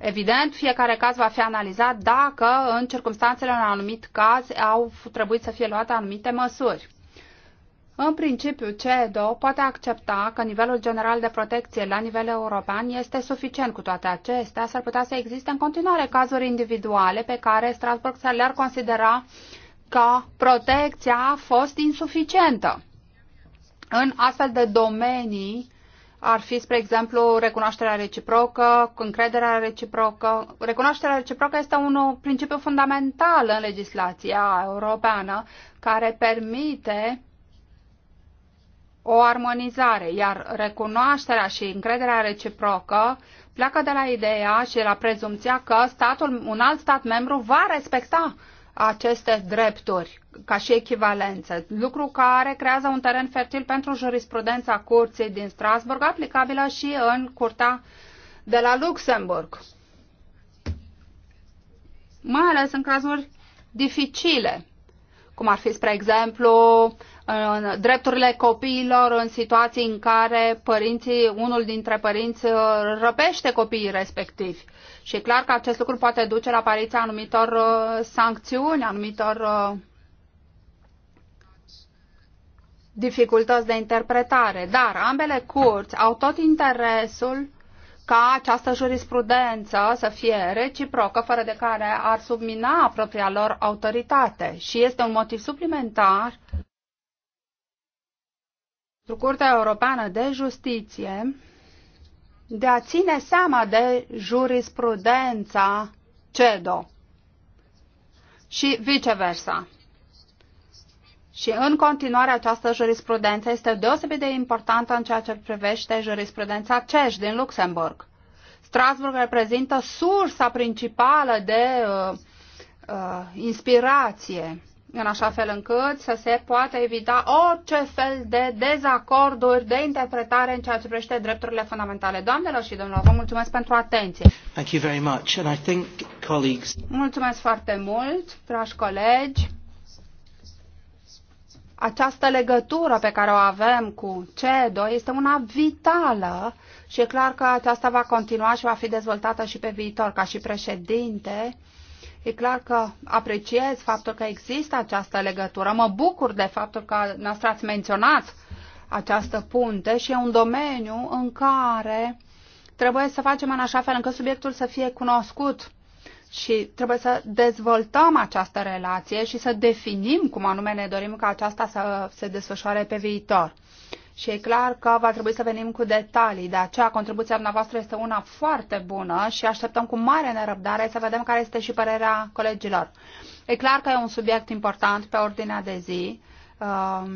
[SPEAKER 4] Evident, fiecare caz va fi analizat dacă în circunstanțele în anumit caz au trebuit să fie luate anumite măsuri. În principiu, CEDO poate accepta că nivelul general de protecție la nivel european este suficient. Cu toate acestea, s-ar putea să existe în continuare cazuri individuale pe care Strasburg să le-ar considera că protecția a fost insuficientă. În astfel de domenii, ar fi, spre exemplu, recunoașterea reciprocă, încrederea reciprocă. Recunoașterea reciprocă este un principiu fundamental în legislația europeană care permite o armonizare, iar recunoașterea și încrederea reciprocă pleacă de la ideea și la prezumția că statul, un alt stat membru va respecta aceste drepturi ca și echivalență, lucru care creează un teren fertil pentru jurisprudența curții din Strasburg, aplicabilă și în curtea de la Luxemburg, mai ales în cazuri dificile, cum ar fi, spre exemplu, drepturile copiilor în situații în care părinții, unul dintre părinți uh, răpește copiii respectivi. Și e clar că acest lucru poate duce la apariția anumitor uh, sancțiuni, anumitor uh, dificultăți de interpretare. Dar ambele curți au tot interesul ca această jurisprudență să fie reciprocă, fără de care ar submina propria lor autoritate. Și este un motiv suplimentar Curtea Europeană de Justiție de a ține seama de jurisprudența CEDO și viceversa. Și în continuare această jurisprudență este deosebit de importantă în ceea ce privește jurisprudența CEJ din Luxemburg. Strasburg reprezintă sursa principală de uh, uh, inspirație în așa fel încât să se poată evita orice fel de dezacorduri de interpretare în ceea ce privește drepturile fundamentale. Doamnelor și domnilor, vă mulțumesc pentru atenție.
[SPEAKER 1] Thank you very much. And I think, colleagues...
[SPEAKER 4] Mulțumesc foarte mult, dragi colegi. Această legătură pe care o avem cu CEDO este una vitală și e clar că aceasta va continua și va fi dezvoltată și pe viitor. Ca și președinte, E clar că apreciez faptul că există această legătură. Mă bucur de faptul că noastră ați menționat această punte și e un domeniu în care trebuie să facem în așa fel încât subiectul să fie cunoscut și trebuie să dezvoltăm această relație și să definim cum anume ne dorim ca aceasta să se desfășoare pe viitor. Și e clar că va trebui să venim cu detalii, de aceea contribuția dumneavoastră este una foarte bună și așteptăm cu mare nerăbdare să vedem care este și părerea colegilor. E clar că e un subiect important pe ordinea de zi um,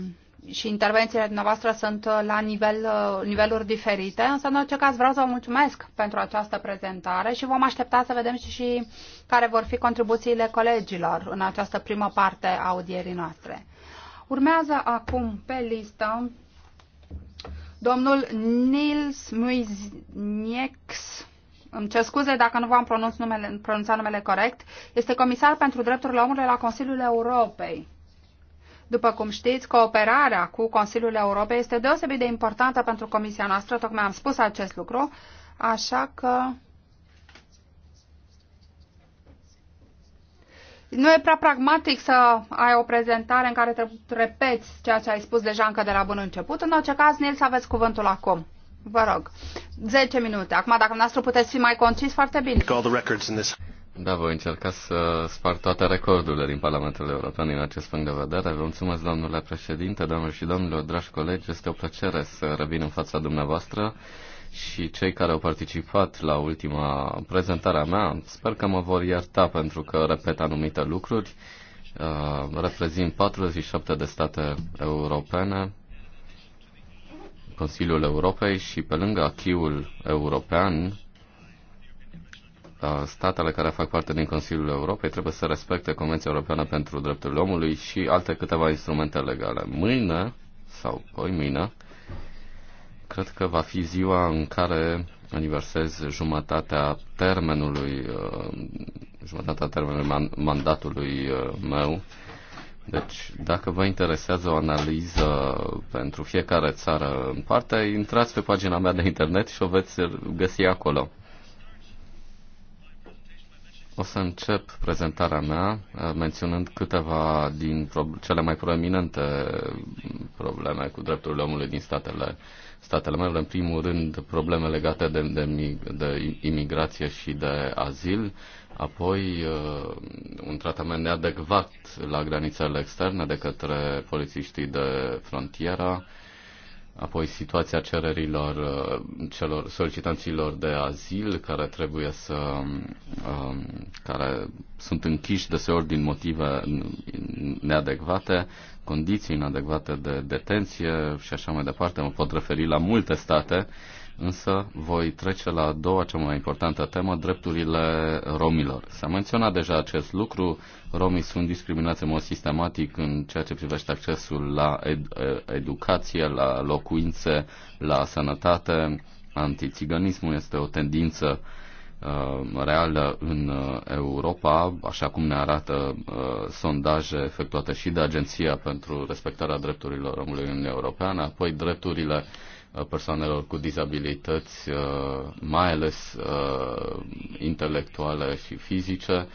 [SPEAKER 4] și intervențiile dumneavoastră sunt la nivel, uh, niveluri diferite, însă în orice caz vreau să vă mulțumesc pentru această prezentare și vom aștepta să vedem și care vor fi contribuțiile colegilor în această primă parte a audierii noastre. Urmează acum pe listă Domnul Nils Muiznieks, îmi cer scuze dacă nu v-am pronunț numele, pronunțat numele corect, este comisar pentru drepturile omului la Consiliul Europei. După cum știți, cooperarea cu Consiliul Europei este deosebit de importantă pentru comisia noastră, tocmai am spus acest lucru, așa că nu e prea pragmatic să ai o prezentare în care te repeți ceea ce ai spus deja încă de la bun început. În orice caz, Nils, aveți cuvântul acum. Vă rog. 10 minute. Acum, dacă noastră puteți fi mai concis, foarte bine.
[SPEAKER 2] Da, voi încerca să spar toate recordurile din Parlamentul European din acest punct de vedere. Vă mulțumesc, domnule președinte, doamnelor și domnilor, dragi colegi. Este o plăcere să revin în fața dumneavoastră și cei care au participat la ultima prezentare a mea, sper că mă vor ierta pentru că repet anumite lucruri. Uh, reprezint 47 de state europene, Consiliul Europei și pe lângă achiul european, uh, statele care fac parte din Consiliul Europei trebuie să respecte Convenția Europeană pentru Drepturile Omului și alte câteva instrumente legale. Mâine sau poi mâine Cred că va fi ziua în care aniversez jumătatea termenului, uh, jumătatea termenului mandatului uh, meu. Deci, dacă vă interesează o analiză pentru fiecare țară în parte, intrați pe pagina mea de internet și o veți găsi acolo. O să încep prezentarea mea uh, menționând câteva din cele mai proeminente probleme cu drepturile omului din statele statele membre, în primul rând probleme legate de, de, de imigrație și de azil, apoi uh, un tratament neadecvat la granițele externe de către polițiștii de frontieră, apoi situația cererilor uh, celor solicitanților de azil care trebuie să um, care sunt închiși deseori din motive neadecvate, condiții inadecvate de detenție și așa mai departe. Mă pot referi la multe state, însă voi trece la a doua cea mai importantă temă, drepturile romilor. S-a menționat deja acest lucru, romii sunt discriminați în mod sistematic în ceea ce privește accesul la ed- educație, la locuințe, la sănătate. Antiziganismul este o tendință uh, Uh, reală în uh, Europa, așa cum ne arată uh, sondaje efectuate și de Agenția pentru respectarea drepturilor omului în Europeană, apoi drepturile persoanelor cu dizabilități, mai ales intelectuale și fizice,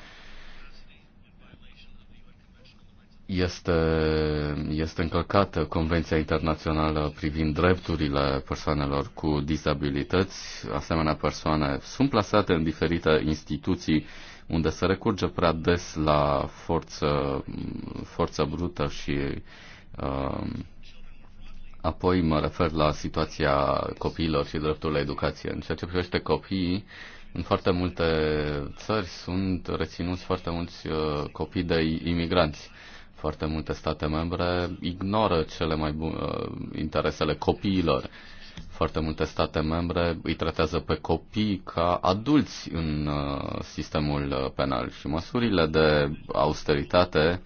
[SPEAKER 2] este, este încălcată Convenția Internațională privind drepturile persoanelor cu dizabilități. Asemenea persoane sunt plasate în diferite instituții unde se recurge prea des la forță, forță brută și uh, apoi mă refer la situația copiilor și dreptul la educație. În ceea ce privește copiii, în foarte multe țări sunt reținuți foarte mulți uh, copii de imigranți foarte multe state membre ignoră cele mai bune uh, interesele copiilor. Foarte multe state membre îi tratează pe copii ca adulți în uh, sistemul uh, penal și măsurile de austeritate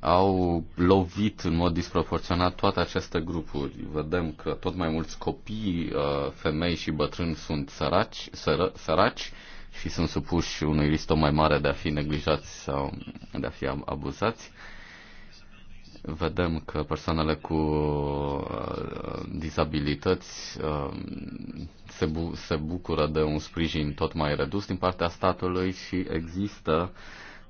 [SPEAKER 2] au lovit în mod disproporționat toate aceste grupuri. Vedem că tot mai mulți copii, femei și bătrâni sunt săraci, sără, săraci și sunt supuși unui risc mai mare de a fi neglijați sau de a fi abuzați vedem că persoanele cu uh, dizabilități uh, se, bu- se bucură de un sprijin tot mai redus din partea statului și există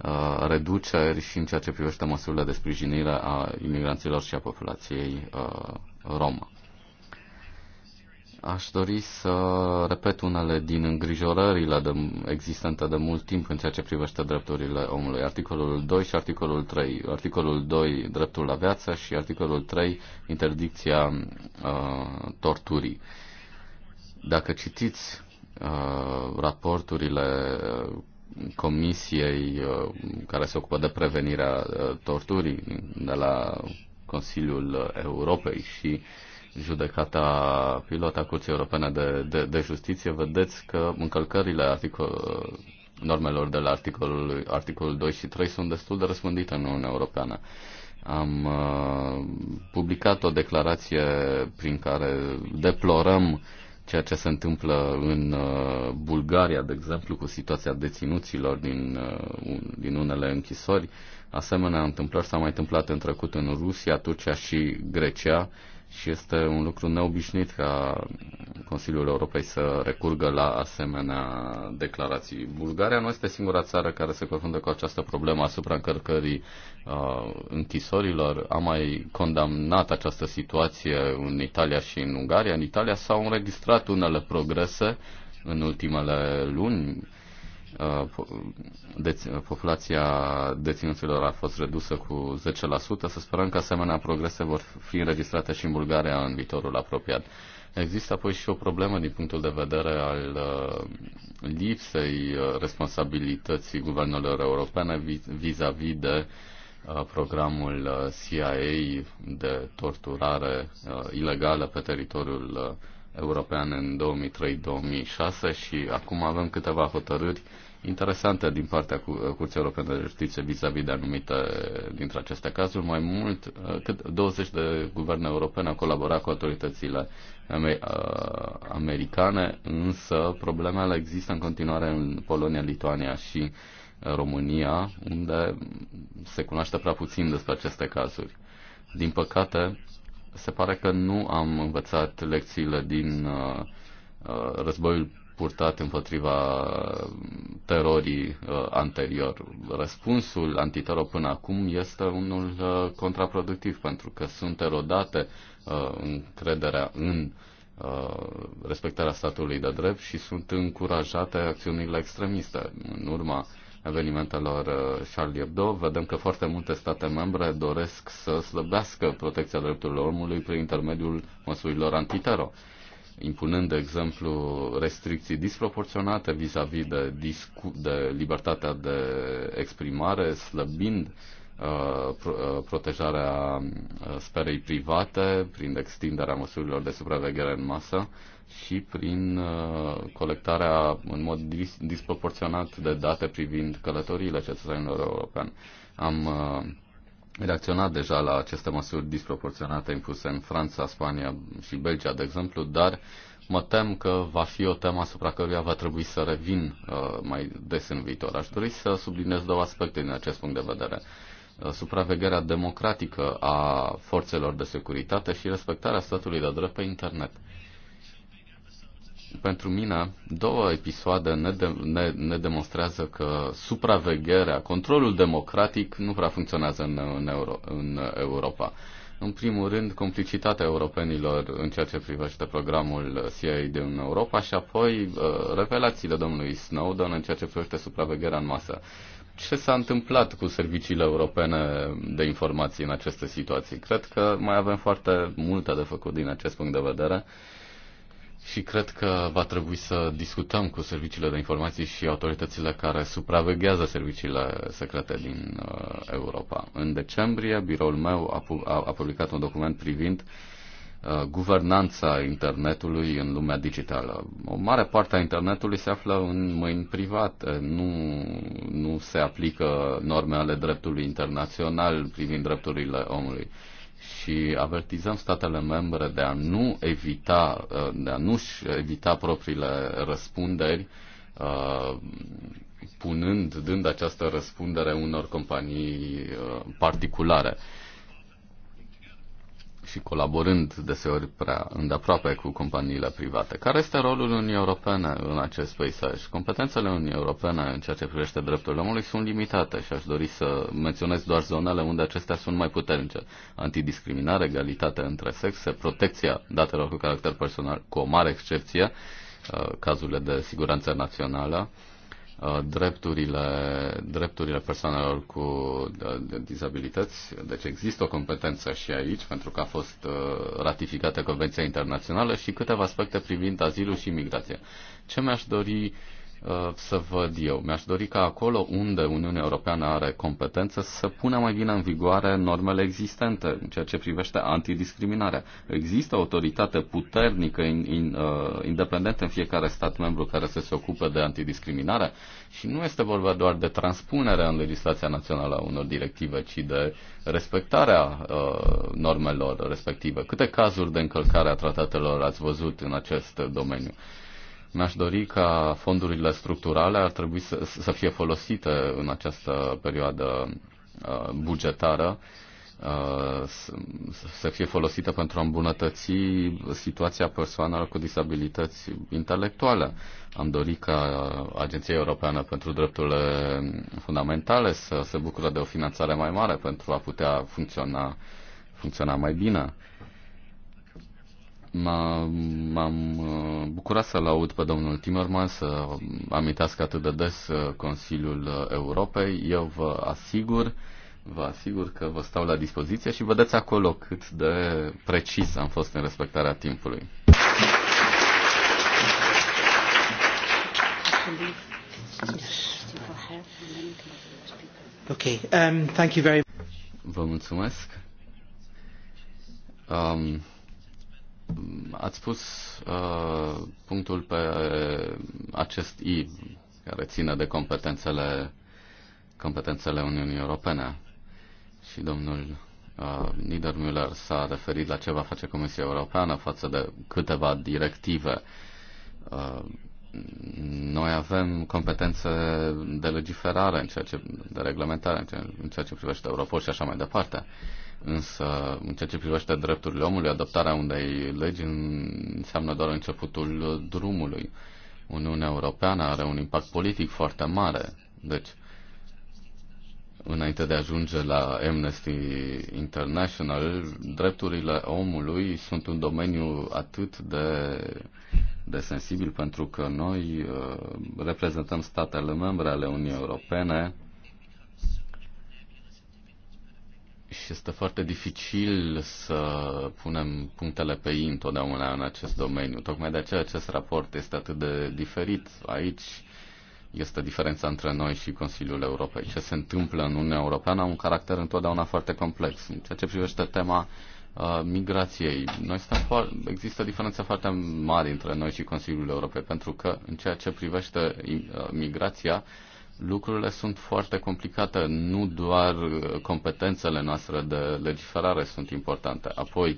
[SPEAKER 2] uh, reduceri și în ceea ce privește măsurile de sprijinire a imigranților și a populației romă. Aș dori să repet unele din îngrijorările de, existente de mult timp în ceea ce privește drepturile omului. Articolul 2 și articolul 3. Articolul 2, dreptul la viață și articolul 3, interdicția uh, torturii. Dacă citiți uh, raporturile uh, comisiei uh, care se ocupă de prevenirea uh, torturii de la Consiliul Europei și uh, judecata pilota a Curții Europene de, de, de Justiție, vedeți că încălcările articol, normelor de la articolul, articolul 2 și 3 sunt destul de răspândite în Uniunea Europeană. Am uh, publicat o declarație prin care deplorăm ceea ce se întâmplă în uh, Bulgaria, de exemplu, cu situația deținuților din, uh, din unele închisori. Asemenea, întâmplări s-au mai întâmplat în trecut în Rusia, Turcia și Grecia. Uh, și este un lucru neobișnuit ca Consiliul Europei să recurgă la asemenea declarații. Bulgaria nu este singura țară care se confruntă cu această problemă asupra încărcării uh, închisorilor. A mai condamnat această situație în Italia și în Ungaria. În Italia s-au înregistrat unele progrese în ultimele luni Uh, uh, populația deținuților a fost redusă cu 10%. Să sperăm că asemenea progrese vor fi înregistrate și în Bulgaria în viitorul apropiat. Există apoi și o problemă din punctul de vedere al uh, lipsei responsabilității guvernelor europene vis-a-vis -vis de programul CIA de torturare ilegală pe teritoriul european în 2003-2006 și acum avem câteva hotărâri interesante din partea uh, Curții Europene de Justiție vis-a-vis de anumite dintre aceste cazuri. Mai mult, uh, cât 20 de guverne europene au colaborat cu autoritățile uh, americane, însă problemele există în continuare în Polonia, Lituania și România, unde se cunoaște prea puțin despre aceste cazuri. Din păcate, se pare că nu am învățat lecțiile din uh, uh, războiul purtat împotriva terorii uh, anterior. Răspunsul antiteror până acum este unul contraproductiv, pentru că sunt erodate încrederea în respectarea statului de drept și sunt încurajate acțiunile extremiste. În urma uh, evenimentelor uh, Charlie Hebdo, vedem că foarte multe state membre doresc să slăbească protecția drepturilor omului prin intermediul măsurilor antitero impunând, de exemplu, restricții disproporționate vis-a-vis -vis de, discu- de libertatea de exprimare, slăbind uh, uh, protejarea sferei private prin extinderea măsurilor de supraveghere în masă și prin uh, colectarea în mod dis- disproporționat de date privind călătoriile cetățenilor europeni. Am uh, reacționat deja la aceste măsuri disproporționate impuse în Franța, Spania și Belgia, de exemplu, dar mă tem că va fi o temă asupra căruia va trebui să revin uh, mai des în viitor. Aș dori să subliniez două aspecte din acest punct de vedere. Supravegherea democratică a forțelor de securitate și respectarea statului de drept pe internet pentru mine, două episoade ne, de, ne, ne demonstrează că supravegherea, controlul democratic nu prea funcționează în, în, Euro, în Europa. În primul rând, complicitatea europenilor în ceea ce privește programul CIA din Europa și apoi uh, revelațiile domnului Snowden în ceea ce privește supravegherea în masă. Ce s-a întâmplat cu serviciile europene de informații în aceste situații? Cred că mai avem foarte multe de făcut din acest punct de vedere și cred că va trebui să discutăm cu serviciile de informații și autoritățile care supraveghează serviciile secrete din uh, Europa. În decembrie, biroul meu a, pu- a, a publicat un document privind uh, guvernanța internetului în lumea digitală. O mare parte a internetului se află în mâini private, nu, nu se aplică norme ale dreptului internațional privind drepturile omului. Uh, și avertizăm statele membre de a nu evita, uh, de a nu-și evita propriile răspunderi, uh, punând, dând această răspundere unor companii uh, particulare și colaborând deseori prea îndeaproape cu companiile private. Care este rolul Uniunii Europene în acest peisaj? Competențele Uniunii Europene în ceea ce privește drepturile omului sunt limitate și aș dori să menționez doar zonele unde acestea sunt mai puternice. Antidiscriminare, egalitate între sexe, protecția datelor cu caracter personal, cu o mare excepție, uh, cazurile de siguranță națională, Uh, drepturile, drepturile persoanelor cu dizabilități. Deci există o competență și aici, pentru că a fost uh, ratificată Convenția Internațională și câteva aspecte privind azilul și imigrația. Ce mi-aș dori Uh, să văd eu. Mi-aș dori ca acolo unde Uniunea Europeană are competență să pună mai bine în vigoare normele existente în ceea ce privește antidiscriminarea. Există o autoritate puternică, in, in, uh, independentă în fiecare stat membru care să se ocupe de antidiscriminare și nu este vorba doar de transpunerea în legislația națională a unor directive, ci de respectarea uh, normelor respective. Câte cazuri de încălcare a tratatelor ați văzut în acest domeniu? Mi-aș dori ca fondurile structurale ar trebui să, să fie folosite în această perioadă uh, bugetară uh, să fie folosite pentru a îmbunătăți situația persoanelor cu disabilități intelectuale. Am dorit ca Agenția Europeană pentru Drepturile Fundamentale să se bucure de o finanțare mai mare pentru a putea funcționa, funcționa mai bine. M-am uh, bucurat să-l aud pe domnul Timerman să amintească atât de des uh, Consiliul Europei. Eu vă asigur, vă asigur că vă stau la dispoziție și vedeți acolo cât de precis am fost în respectarea timpului. Okay, um, thank you very... Vă mulțumesc. Um, Ați pus uh, punctul pe acest I care ține de competențele, competențele Uniunii Europene și domnul uh, Niedermüller s-a referit la ce va face Comisia Europeană față de câteva directive. Uh, noi avem competențe de legiferare, în ceea ce, de reglementare, în ceea, în ceea ce privește Europol și așa mai departe. Uh, Însă, în ceea ce privește drepturile omului, adoptarea unei legi înseamnă doar începutul drumului. Uniunea Europeană are un impact politic foarte mare. Deci, înainte de a ajunge la Amnesty International, drepturile omului sunt un domeniu atât de, de sensibil pentru că noi uh, reprezentăm statele membre ale Uniunii Europene Și este foarte dificil să punem punctele pe i întotdeauna în acest domeniu. Tocmai de aceea acest raport este atât de diferit. Aici este diferența între noi și Consiliul Europei. Ce se întâmplă în Uniunea Europeană are un caracter întotdeauna foarte complex. În ceea ce privește tema uh, migrației, noi stăm există diferențe foarte mari între noi și Consiliul Europei, pentru că în ceea ce privește uh, migrația, uh, lucrurile sunt foarte complicate. Nu doar uh, competențele noastre de legiferare sunt importante. Apoi,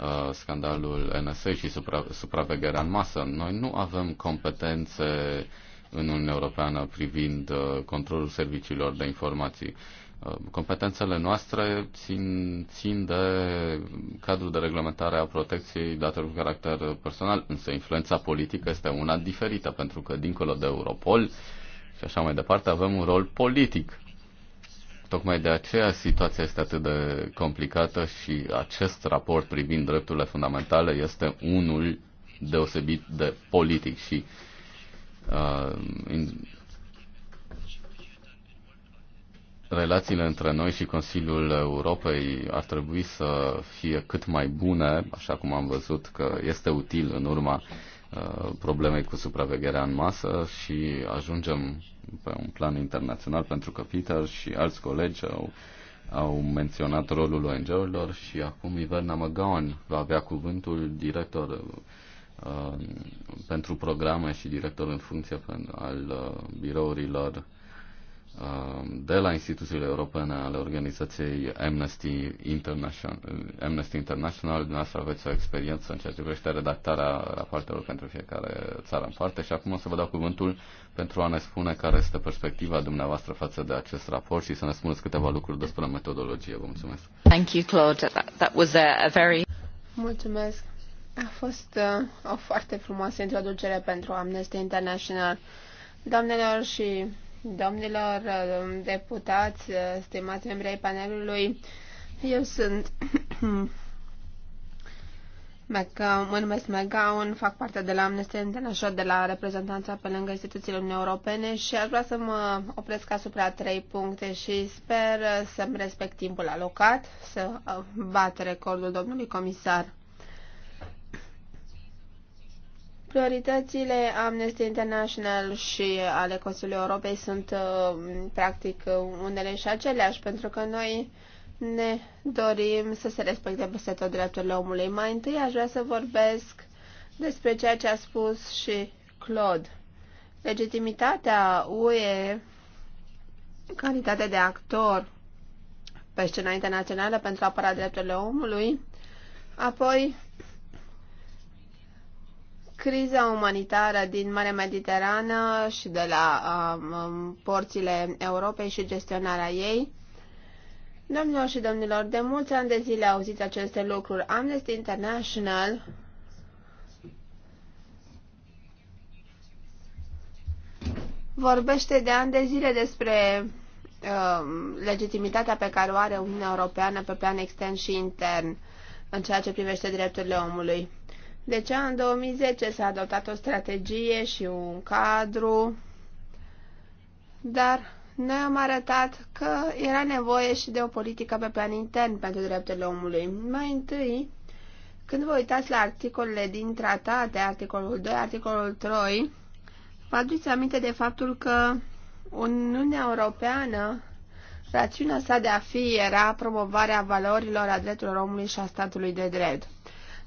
[SPEAKER 2] uh, scandalul NSA și supra, supravegherea în masă. Noi nu avem competențe în Uniunea Europeană privind uh, controlul serviciilor de informații. Competențele noastre țin, țin de cadrul de reglementare a protecției datelor cu caracter personal, însă influența politică este una diferită, pentru că dincolo de Europol, uh, și așa mai departe, avem un rol politic. Tocmai de aceea situația este atât de complicată și acest raport privind drepturile fundamentale este unul deosebit de politic și uh, in, relațiile între noi și Consiliul Europei ar trebui să fie cât mai bune, așa cum am văzut că este util în urma Uh, problemei cu supravegherea în masă și ajungem pe un plan internațional pentru că Peter și alți colegi au, au menționat rolul ONG-urilor și acum Iverna McGowan va avea cuvântul director uh, pentru programe și director în funcție al uh, birourilor Um, de la instituțiile europene ale organizației Amnesty International, Amnesty International dumneavoastră aveți o experiență în ceea ce privește redactarea rapoartelor pentru fiecare țară în parte și acum o să vă dau cuvântul pentru a ne spune care este perspectiva dumneavoastră față de acest raport și să ne spuneți câteva lucruri despre metodologie. Vă mulțumesc.
[SPEAKER 3] Thank you, Claude. That, that was a, a very... Mulțumesc. A fost uh, o foarte frumoasă introducere pentru Amnesty International. Doamnelor și domnilor um, deputați, uh, stimați membri ai panelului, eu sunt mă numesc McGowan, fac parte de la Amnesty International, de la reprezentanța pe lângă instituțiile Uniunii Europene și aș vrea să mă opresc asupra trei puncte și sper să-mi respect timpul alocat, să uh, bat recordul domnului comisar. Prioritățile Amnesty International și ale Consiliului Europei sunt uh, practic uh, unele și aceleași, pentru că noi ne dorim să se respecte peste tot drepturile omului. Mai întâi aș vrea să vorbesc despre ceea ce a spus și Claude. Legitimitatea UE, calitate de actor pe scena internațională pentru apărarea drepturilor omului, apoi Criza umanitară din Marea Mediterană și de la um, um, porțile Europei și gestionarea ei. Domnilor și domnilor, de mulți ani de zile auziți aceste lucruri. Amnesty International vorbește de ani de zile despre um, legitimitatea pe care o are Uniunea Europeană pe plan extern și intern în ceea ce privește drepturile omului. De deci, ce în 2010 s-a adoptat o strategie și un cadru, dar noi am arătat că era nevoie și de o politică pe plan intern pentru drepturile omului. Mai întâi, când vă uitați la articolele din tratate, articolul 2, articolul 3, vă aduceți aminte de faptul că Uniunea Europeană, rațiunea sa de a fi era promovarea valorilor, a drepturilor omului și a statului de drept.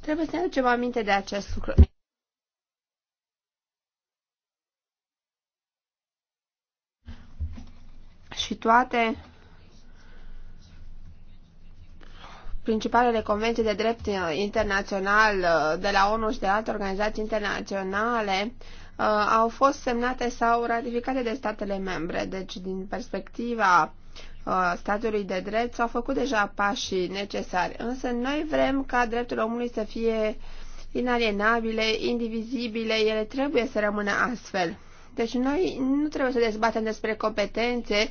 [SPEAKER 3] Trebuie să ne aducem aminte de acest lucru. Și toate principalele convenții de drept internațional uh, de la ONU și de alte organizații internaționale uh, au fost semnate sau ratificate de statele membre. Deci, din perspectiva Uh, statului de drept s-au făcut deja pașii necesari, însă noi vrem ca dreptul omului să fie inalienabile, indivizibile, ele trebuie să rămână astfel. Deci noi nu trebuie să dezbatem despre competențe,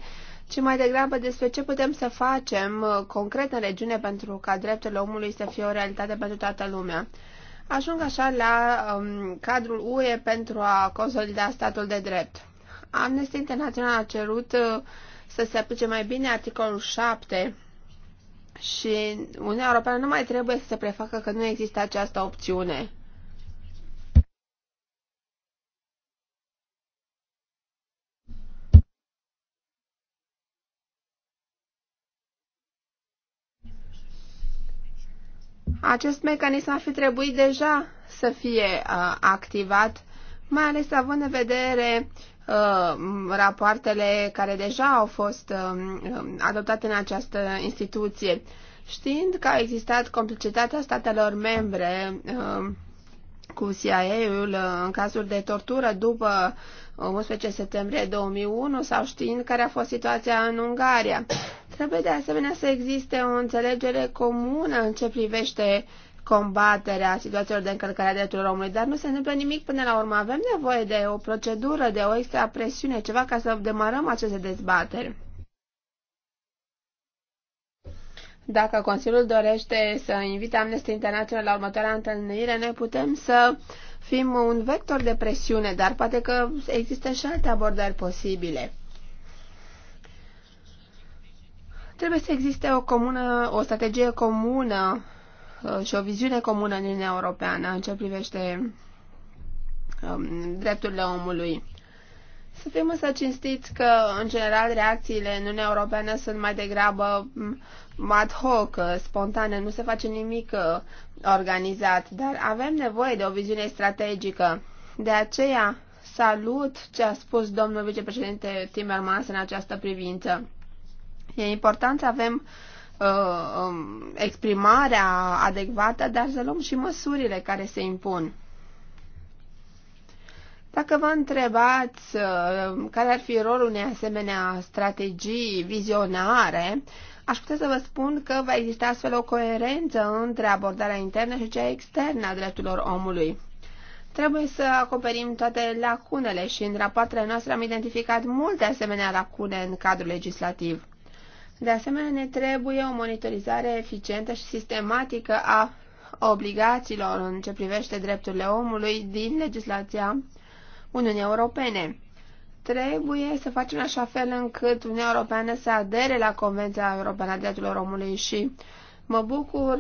[SPEAKER 3] ci mai degrabă despre ce putem să facem uh, concret în regiune pentru ca drepturile omului să fie o realitate pentru toată lumea. Ajung așa la um, cadrul UE pentru a consolida statul de drept. Amnesty International a cerut uh, să se aplice mai bine articolul 7 și Uniunea Europeană nu mai trebuie să se prefacă că nu există această opțiune. Acest mecanism ar fi trebuit deja să fie uh, activat mai ales având în vedere uh, rapoartele care deja au fost uh, adoptate în această instituție, știind că a existat complicitatea statelor membre um, uh, cu CIA-ul în cazul de tortură după 11 septembrie 2001 sau știind care a fost situația în Ungaria. Trebuie de asemenea să existe o înțelegere comună în ce privește uh, combaterea situațiilor de încălcare a drepturilor omului, dar nu se întâmplă nimic până la urmă. Avem nevoie de o procedură, de o extra presiune, ceva ca să demarăm aceste dezbateri. Dacă Consiliul dorește să invite Amnesty International la următoarea întâlnire, noi putem să fim un vector de presiune, dar poate că există și alte abordări posibile. Trebuie să existe o, comună, o strategie comună Uh, și o viziune comună în Uniunea Europeană în ce privește um, drepturile omului. Să fim însă cinstiți că, în general, reacțiile în Uniunea Europeană sunt mai degrabă mm, ad hoc, uh, spontane, nu se face nimic uh, organizat, dar avem nevoie de o viziune strategică. De aceea salut ce a spus domnul vicepreședinte Timmermans în această privință. E important să avem uh, Uh, um, exprimarea adecvată, dar să luăm și măsurile care se impun. Dacă vă întrebați uh, care ar fi rolul unei asemenea strategii vizionare, aș putea să vă spun că va exista astfel o coerență între abordarea internă și cea externă a drepturilor omului. Trebuie să acoperim toate lacunele și în rapoartele noastre am identificat multe asemenea lacune în cadrul legislativ. De asemenea, ne trebuie o monitorizare eficientă și sistematică a obligațiilor în ce privește drepturile omului din legislația Uniunii Europene. Trebuie să facem așa fel încât Uniunea Europeană să adere la Convenția Europeană a Drepturilor Omului și mă bucur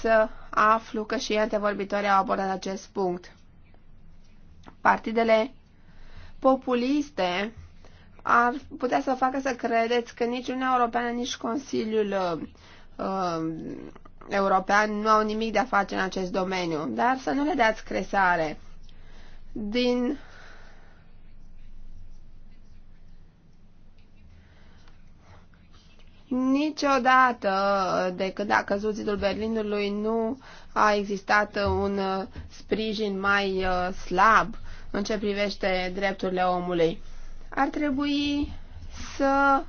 [SPEAKER 3] să aflu că și antevorbitorii au abordat acest punct. Partidele populiste ar putea să facă să credeți că nici Uniunea Europeană, nici Consiliul uh, European nu au nimic de a face în acest domeniu, dar să nu le dați cresare. Din Niciodată de când a căzut zidul Berlinului nu a existat un sprijin mai uh, slab în ce privește drepturile omului ar trebui să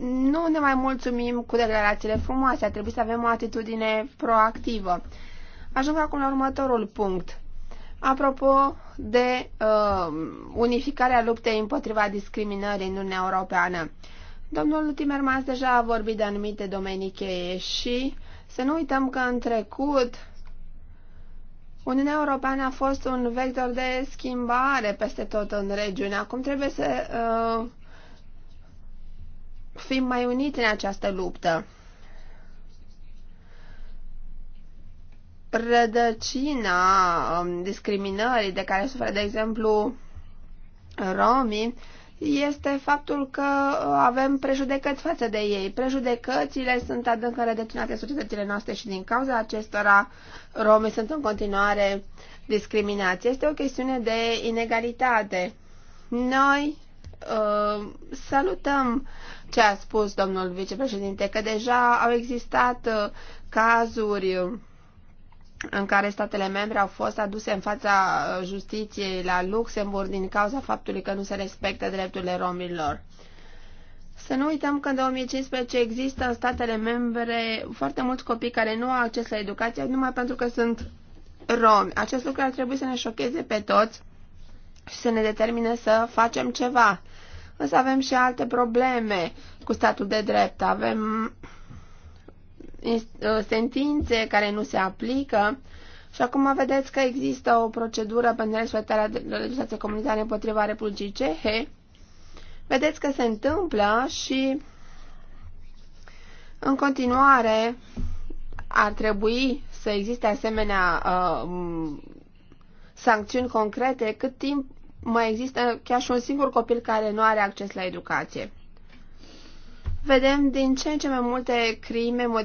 [SPEAKER 3] nu ne mai mulțumim cu declarațiile frumoase, ar trebui să avem o atitudine proactivă. Ajung acum la următorul punct. Apropo de uh, unificarea luptei împotriva discriminării în Uniunea Europeană, domnul Timmermans deja a vorbit de anumite domenii cheie și să nu uităm că în trecut Uniunea Europeană a fost un vector de schimbare peste tot în regiune. Acum trebuie să uh, fim mai uniți în această luptă. Rădăcina um, discriminării de care suferă, de exemplu, romii, este faptul că uh, avem prejudecăți față de ei. Prejudecățile sunt adânc rădăcinate societățile noastre și din cauza acestora romii sunt în continuare discriminați. Este o chestiune de inegalitate. Noi uh, salutăm ce a spus domnul vicepreședinte, că deja au existat uh, cazuri uh, în care statele membre au fost aduse în fața uh, justiției la Luxemburg din cauza faptului că nu se respectă drepturile romilor. Să nu uităm că în 2015 există în statele membre foarte mulți copii care nu au acces la educație numai pentru că sunt romi. Acest lucru ar trebui să ne șocheze pe toți și să ne determine să facem ceva. Însă avem și alte probleme cu statul de drept. Avem Ă, sentințe care nu se aplică și acum vedeți că există o procedură pentru respectarea legislației comunitare împotriva Republicii Cehe. Vedeți că se întâmplă și în continuare ar trebui să existe asemenea uh, sancțiuni concrete cât timp mai există chiar și un singur copil care nu are acces la educație vedem din ce în ce mai multe crime uh,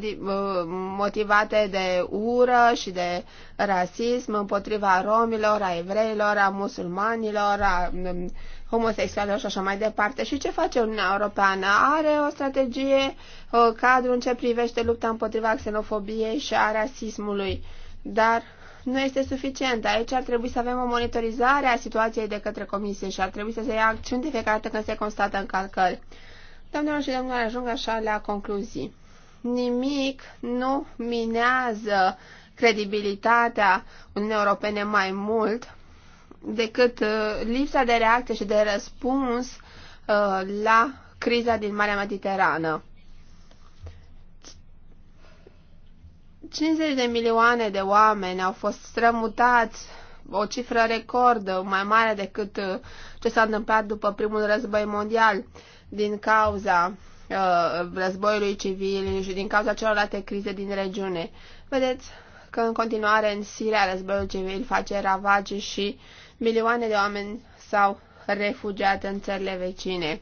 [SPEAKER 3] motivate de ură și de rasism împotriva romilor, a evreilor, a musulmanilor, a um, homosexualilor și așa mai departe. Și ce face Uniunea Europeană? Are o strategie o uh, cadru în ce privește lupta împotriva xenofobiei și a rasismului, dar nu este suficient. Aici ar trebui să avem o monitorizare a situației de către Comisie și ar trebui să se ia acțiuni de fiecare dată când se constată încălcări. Doamnelor și domnilor, ajung așa la concluzii. Nimic nu minează credibilitatea Uniunii Europene mai mult decât uh, lipsa de reacție și de răspuns uh, la criza din Marea Mediterană. 50 de milioane de oameni au fost strămutați, o cifră record mai mare decât uh, ce s-a întâmplat după primul război mondial din cauza uh, războiului civil și din cauza celorlalte crize din regiune. Vedeți că în continuare în Siria războiul civil face ravagii și milioane de oameni s-au refugiat în țările vecine.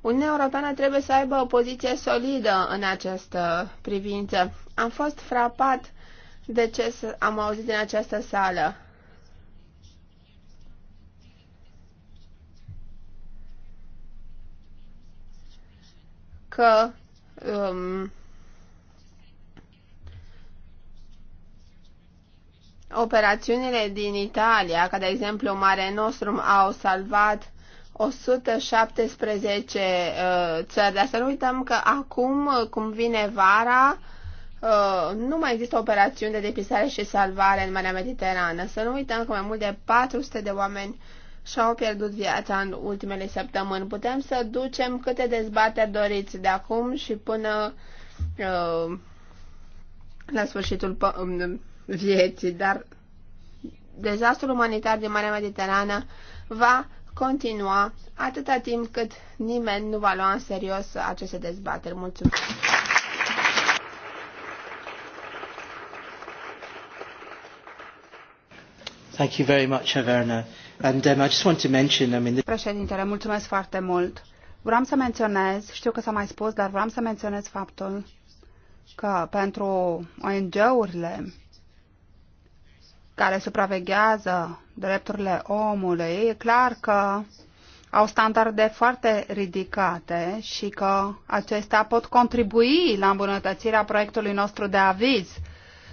[SPEAKER 3] Uniunea Europeană trebuie să aibă o poziție solidă în această privință. Am fost frapat de ce am auzit din această sală. că um, operațiunile din Italia, ca de exemplu Mare Nostrum, au salvat 117 uh, țări, dar să nu uităm că acum, cum vine vara, Uh, nu mai există operațiuni de depistare și salvare în Marea Mediterană. Să nu uităm că mai mult de 400 de oameni și-au pierdut viața în ultimele săptămâni. Putem să ducem câte dezbateri doriți de acum și până uh, la sfârșitul um, vieții, dar dezastrul umanitar din Marea Mediterană va continua atâta timp cât nimeni nu va lua în serios aceste dezbateri. Mulțumesc!
[SPEAKER 1] Thank you very much, Averna.
[SPEAKER 4] Președintele, mulțumesc foarte mult. Vreau să menționez, știu că s-a mai spus, dar vreau să menționez faptul că pentru ONG-urile care supraveghează drepturile omului, e clar că au standarde foarte ridicate și că acestea pot contribui la îmbunătățirea proiectului nostru de aviz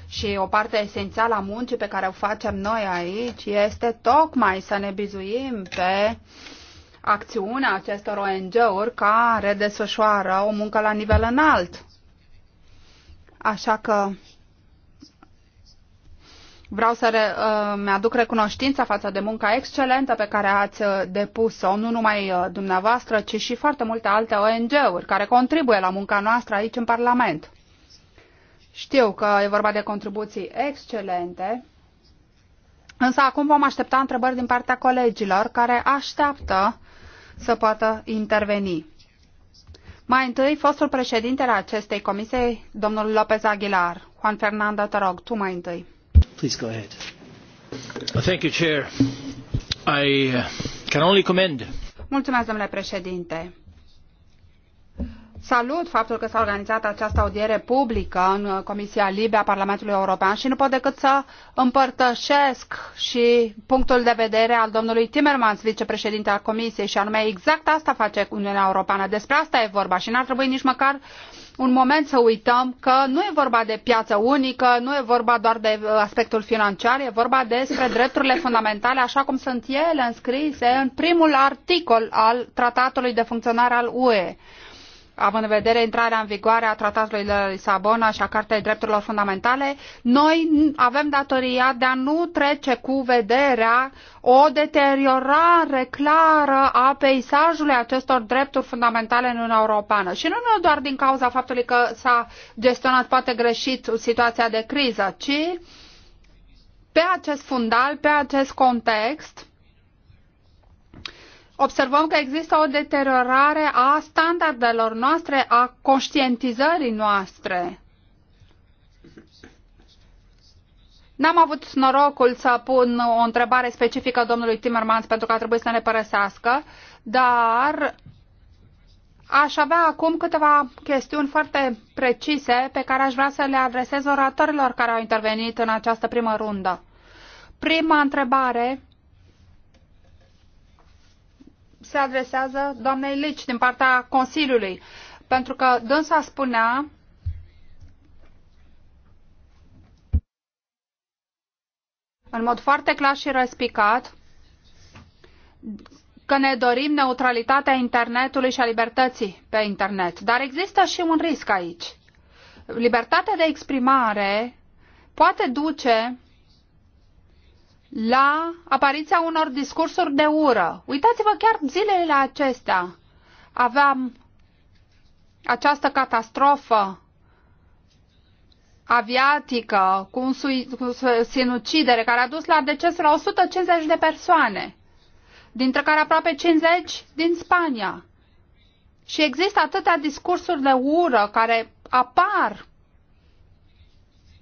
[SPEAKER 4] și o parte esențială a muncii pe care o facem noi aici este tocmai să ne bizuim pe acțiunea acestor ONG-uri care desfășoară o muncă la nivel înalt. Așa că vreau să re, uh, mi-aduc recunoștința față de munca excelentă pe care ați uh, depus-o, nu numai uh, dumneavoastră, ci și foarte multe alte ONG-uri care contribuie la munca noastră aici în Parlament. Știu că e vorba de contribuții excelente, însă acum vom aștepta întrebări din partea colegilor care așteaptă să poată interveni. Mai întâi, fostul președinte al acestei comisii, domnul López Aguilar. Juan Fernando, te rog, tu mai întâi.
[SPEAKER 1] Please go ahead. Thank you, Chair. I uh, can only commend.
[SPEAKER 4] Mulțumesc, domnule președinte. Salut faptul că s-a organizat această audiere publică în Comisia Libe a Parlamentului European și nu pot decât să împărtășesc și punctul de vedere al domnului Timmermans, vicepreședinte al Comisiei, și anume exact asta face Uniunea Europeană. Despre asta e vorba și n-ar trebui nici măcar un moment să uităm că nu e vorba de piață unică, nu e vorba doar de uh, aspectul financiar, e vorba despre drepturile fundamentale așa cum sunt ele înscrise în primul articol al Tratatului de Funcționare al UE având în vedere intrarea în vigoare a Tratatului de Lisabona și a Cartei Drepturilor Fundamentale, noi avem datoria de a nu trece cu vederea o deteriorare clară a peisajului acestor drepturi fundamentale în Uniunea Europeană. Și nu, nu doar din cauza faptului că s-a gestionat poate greșit situația de criză, ci pe acest fundal, pe acest context, observăm că există o deteriorare a standardelor noastre, a conștientizării noastre. N-am avut norocul să pun o întrebare specifică domnului Timmermans pentru că a trebuit să ne părăsească, dar aș avea acum câteva chestiuni foarte precise pe care aș vrea să le adresez oratorilor care au intervenit în această primă rundă. Prima întrebare se adresează doamnei Lici din partea Consiliului, pentru că dânsa spunea în mod foarte clar și răspicat că ne dorim neutralitatea internetului și a libertății pe internet. Dar există și un risc aici. Libertatea de exprimare poate duce la apariția unor discursuri de ură. Uitați-vă chiar zilele acestea. Aveam această catastrofă aviatică cu, un sui, cu sinucidere care a dus la decesul la 150 de persoane, dintre care aproape 50 din Spania. Și există atâtea discursuri de ură care apar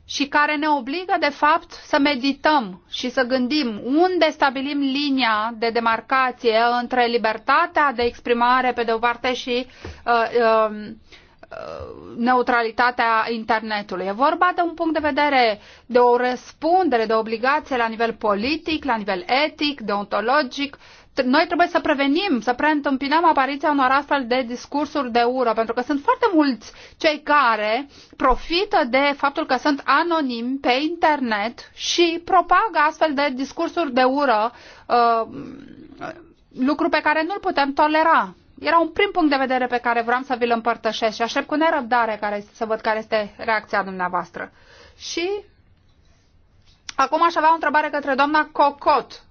[SPEAKER 4] și care ne obligă, de fapt, să medităm și să gândim unde stabilim linia de demarcație între libertatea de exprimare, pe de o parte, și uh, um, uh, neutralitatea internetului. E vorba de un punct de vedere, de o răspundere, de o obligație la nivel politic, la nivel etic, deontologic, uh, noi trebuie să prevenim, să preîntâmpinăm apariția unor astfel de discursuri de ură, pentru că sunt foarte mulți cei care profită de faptul că sunt anonimi pe internet și propagă astfel de discursuri de ură, uh, lucru pe care nu-l putem tolera. Era un prim punct de vedere pe care vreau să vi-l împărtășesc și aștept cu nerăbdare care, să văd care este reacția dumneavoastră. Și Acum aș avea o întrebare către doamna Cocot.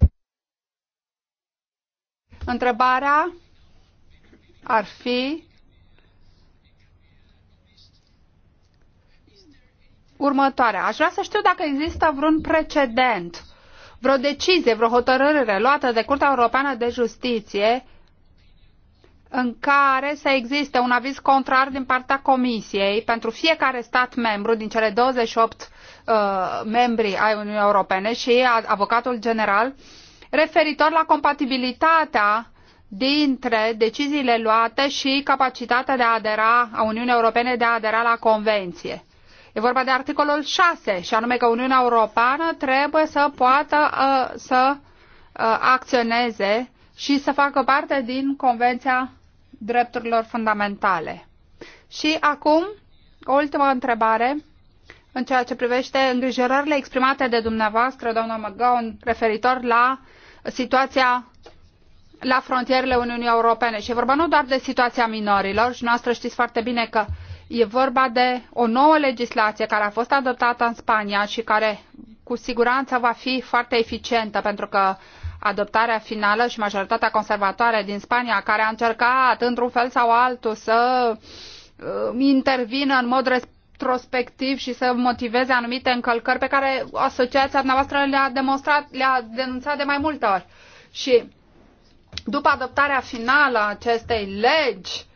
[SPEAKER 4] Întrebarea ar fi următoarea. Aș vrea să știu dacă există vreun precedent, vreo decizie, vreo hotărâre luată de Curtea Europeană de Justiție în care să existe un aviz contrar din partea Comisiei pentru fiecare stat membru din cele 28 uh, membri ai Uniunii Europene și avocatul general uh, referitor la compatibilitatea dintre deciziile luate și capacitatea de a adera a Uniunii Europene de a adera la convenție. E vorba de articolul 6 și anume că Uniunea Europeană trebuie să poată uh, să uh, acționeze și să facă parte din Convenția Drepturilor Fundamentale. Și acum, o ultimă întrebare în ceea ce privește îngrijorările exprimate de dumneavoastră, doamna McGowan, referitor la uh, situația la frontierele Uniunii Europene. Și e vorba nu doar de situația minorilor, și noastră știți foarte bine că e vorba de o nouă legislație care a fost adoptată în Spania și care cu siguranță va fi foarte eficientă, pentru că adoptarea finală și majoritatea conservatoare din Spania, care a încercat într-un fel sau altul să uh, intervină în mod retrospectiv și să motiveze anumite încălcări pe care asociația noastră le-a demonstrat, le-a denunțat de mai multe ori. Și după adoptarea finală a acestei legi,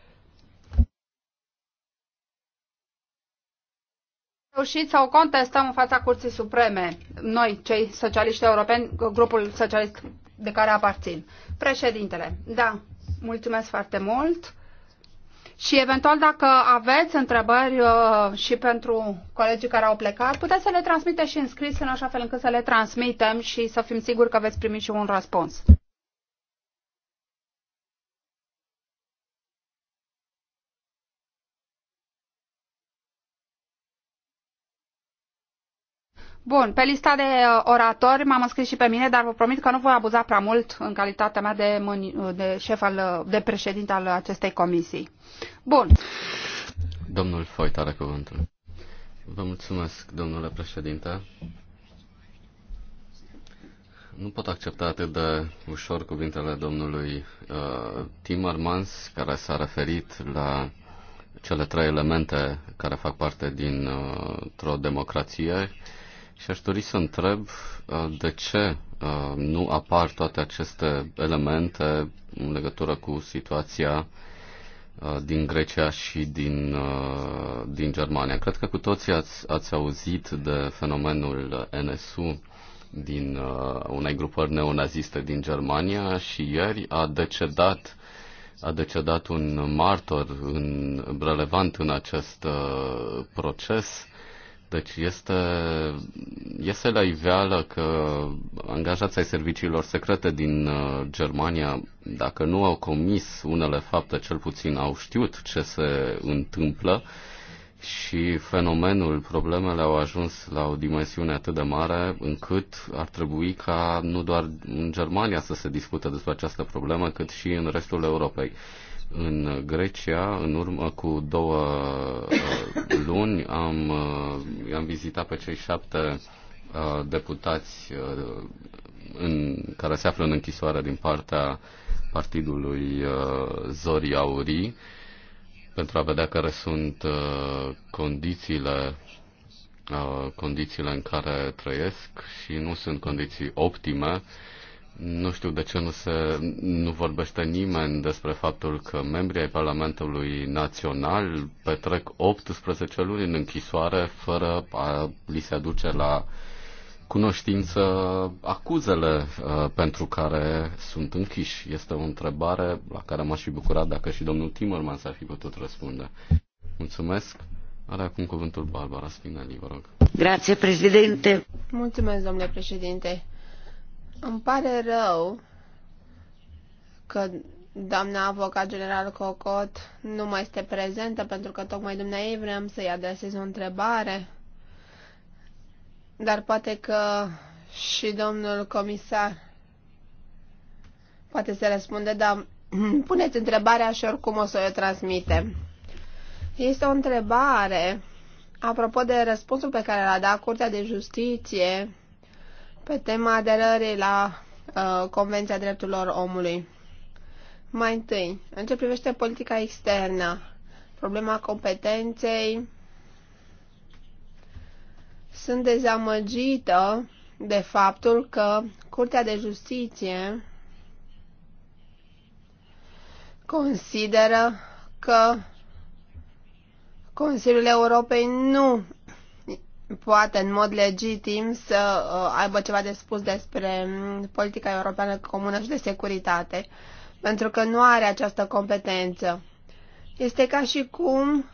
[SPEAKER 4] reușit să o contestăm în fața Curții Supreme, noi, cei socialiști europeni, grupul socialist de care aparțin. Președintele, da, mulțumesc foarte mult. Și eventual dacă aveți întrebări uh, și pentru colegii care au plecat, puteți să le transmiteți și în scris în așa fel încât să le transmitem și să fim siguri că veți primi și un răspuns. Bun, pe lista de uh, oratori m-am înscris și pe mine, dar vă promit că nu voi abuza prea mult în calitatea mea de, mâni, uh, de șef al, uh, de președinte al acestei comisii. Bun.
[SPEAKER 2] Domnul Foit are cuvântul. Vă mulțumesc, domnule președinte. Nu pot accepta atât de ușor cuvintele domnului uh, Timmermans, care s-a referit la cele trei elemente care fac parte dintr-o uh, o democrație, și aș dori să întreb uh, de ce uh, nu apar toate aceste elemente în legătură cu situația uh, din Grecia și din, din Germania. Cred că cu toții ați, ați auzit de fenomenul NSU din uh, unei grupări neonaziste din Germania și ieri a decedat a decedat un martor în, relevant în acest uh, proces deci este, este la iveală că angajații ai serviciilor secrete din uh, Germania, dacă nu au comis unele fapte, cel puțin au știut ce se întâmplă și fenomenul, problemele au ajuns la o dimensiune atât de mare încât ar trebui ca nu doar în Germania să se discute despre această problemă, cât și în restul Europei. În Grecia, în urmă cu două uh, luni, am, uh, am vizitat pe cei șapte uh, deputați în, care se află în închisoare din partea partidului Zori Aurii pentru a vedea care sunt condițiile condițiile în care trăiesc și nu sunt condiții optime nu știu de ce nu, se, nu vorbește nimeni despre faptul că membrii ai Parlamentului Național petrec 18 luni în închisoare fără a li se aduce la cunoștință acuzele uh, pentru care sunt închiși. Este o întrebare la care m-aș fi bucurat dacă și domnul s ar fi putut răspunde. Mulțumesc. Are acum cuvântul Barbara Spinelli, vă rog.
[SPEAKER 3] Grație, președinte. Mulțumesc, domnule președinte. Îmi pare rău că doamna avocat general Cocot nu mai este prezentă pentru că tocmai dumneavoastră vrem să-i adresez o întrebare. Dar poate că și domnul comisar poate să răspunde, dar puneți întrebarea și oricum o să o transmitem. Este o întrebare apropo de răspunsul pe care l-a dat Curtea de Justiție pe tema aderării la uh, Convenția Drepturilor Omului. Mai întâi, în ce privește politica externă, problema competenței, sunt dezamăgită de faptul că Curtea de Justiție consideră că Consiliul Europei nu poate în mod legitim să uh, aibă ceva de spus despre mm, politica europeană comună și de securitate, pentru că nu are această competență. Este ca și cum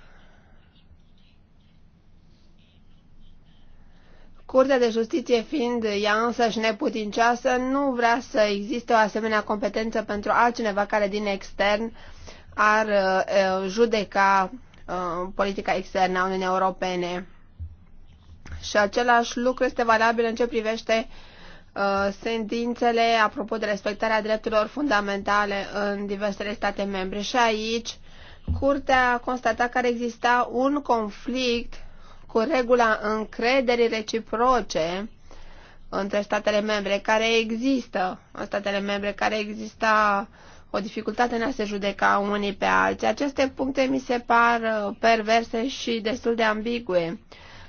[SPEAKER 3] Curtea de Justiție fiind ea însăși neputincioasă, nu vrea să existe o asemenea competență pentru altcineva care din extern ar uh, judeca uh, politica externă a Uniunii Europene. Și același lucru este valabil în ce privește uh, sentințele apropo de respectarea drepturilor fundamentale în diversele state membre. Și aici, Curtea a constatat că ar exista un conflict cu regula încrederii reciproce între statele membre care există, în statele membre care exista o dificultate în a se judeca unii pe alții. Aceste puncte mi se par uh, perverse și destul de ambigue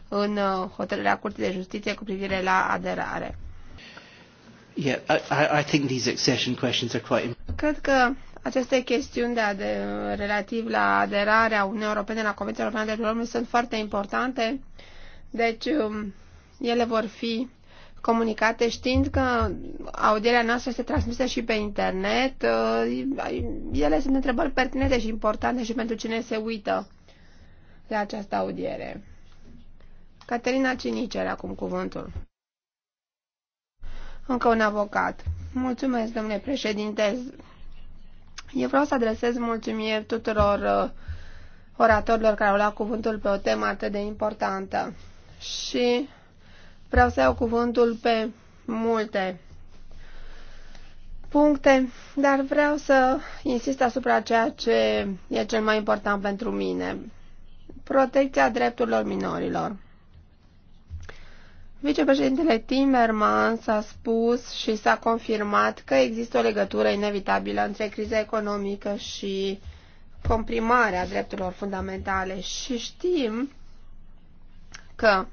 [SPEAKER 3] în uh, hotărârea Curții de Justiție cu privire la aderare.
[SPEAKER 1] Yeah, I, I think these accession questions are quite...
[SPEAKER 3] Cred că aceste chestiuni de ade- relativ la aderarea Uniunii Europene la Convenția Europeană de Drepturile sunt foarte importante, deci um, ele vor fi comunicate știind că audierea noastră este transmisă și pe internet. Uh, ele sunt întrebări pertinente și importante și pentru cine se uită la această audiere. Caterina Cinici are acum cuvântul. Încă un avocat. Mulțumesc, domnule președinte. Eu vreau să adresez mulțumiri tuturor uh, oratorilor care au luat cuvântul pe o temă atât de importantă. Și vreau să iau cuvântul pe multe puncte, dar vreau să insist asupra ceea ce e cel mai important pentru mine. Protecția drepturilor minorilor. Vicepreședintele Timmermans a spus și s-a confirmat că există o legătură inevitabilă între criza economică și comprimarea drepturilor fundamentale și știm că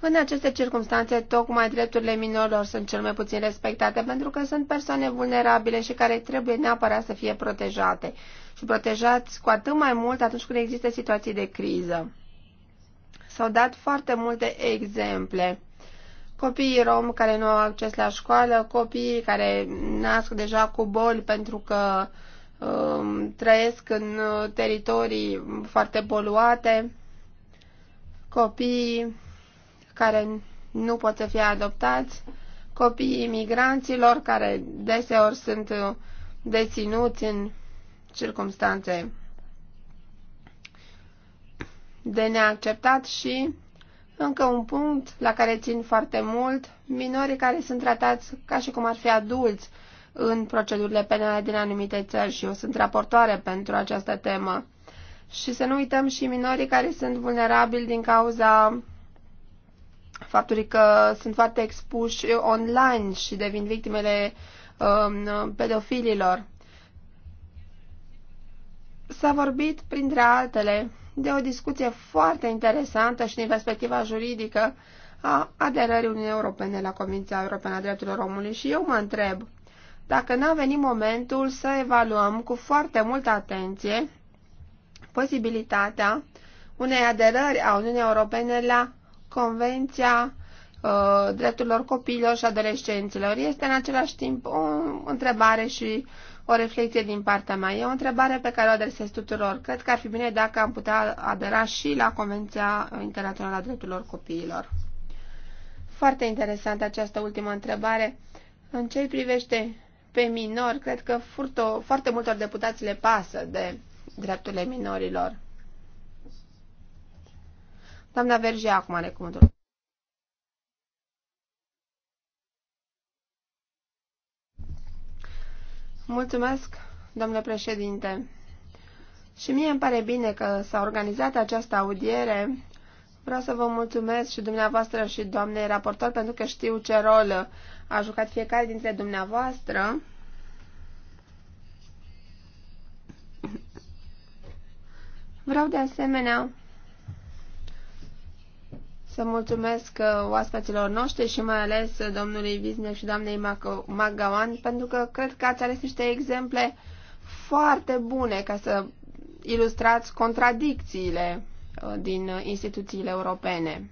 [SPEAKER 3] în aceste circunstanțe, tocmai drepturile minorilor sunt cel mai puțin respectate pentru că sunt persoane vulnerabile și care trebuie neapărat să fie protejate și protejați cu atât mai mult atunci când există situații de criză. S-au dat foarte multe exemple. Copiii rom care nu au acces la școală, copiii care nasc deja cu boli pentru că um, trăiesc în uh, teritorii foarte poluate, copiii care nu pot să fie adoptați, copiii imigranților care deseori sunt uh, deținuți în circumstanțe de neacceptat și încă un punct la care țin foarte mult, minorii care sunt tratați ca și cum ar fi adulți în procedurile penale din anumite țări și eu sunt raportoare pentru această temă. Și să nu uităm și minorii care sunt vulnerabili din cauza faptului că sunt foarte expuși online și devin victimele um, pedofililor. S-a vorbit, printre altele, de o discuție foarte interesantă și din perspectiva juridică a aderării Uniunii Europene la Convenția Europeană a Drepturilor Omului și eu mă întreb dacă n-a venit momentul să evaluăm cu foarte multă atenție posibilitatea unei aderări a Uniunii Europene la Convenția uh, Drepturilor Copiilor și Adolescenților. Este în același timp o întrebare și o reflecție din partea mea. E o întrebare pe care o adresez tuturor. Cred că ar fi bine dacă am putea adera și la Convenția Internațională a Drepturilor Copiilor. Foarte interesantă această ultimă întrebare. În ce privește pe minor, cred că furto, foarte multor deputați le pasă de drepturile minorilor. Doamna Verge acum are cuvântul. Mulțumesc, domnule președinte. Și mie îmi pare bine că s-a organizat această audiere. Vreau să vă mulțumesc și dumneavoastră și doamnei raportor pentru că știu ce rol a jucat fiecare dintre dumneavoastră. Vreau de asemenea să mulțumesc uh, oaspeților noștri și mai ales uh, domnului Vizne și doamnei Magawan, pentru că cred că ați ales niște exemple foarte bune ca să ilustrați contradicțiile uh, din instituțiile europene.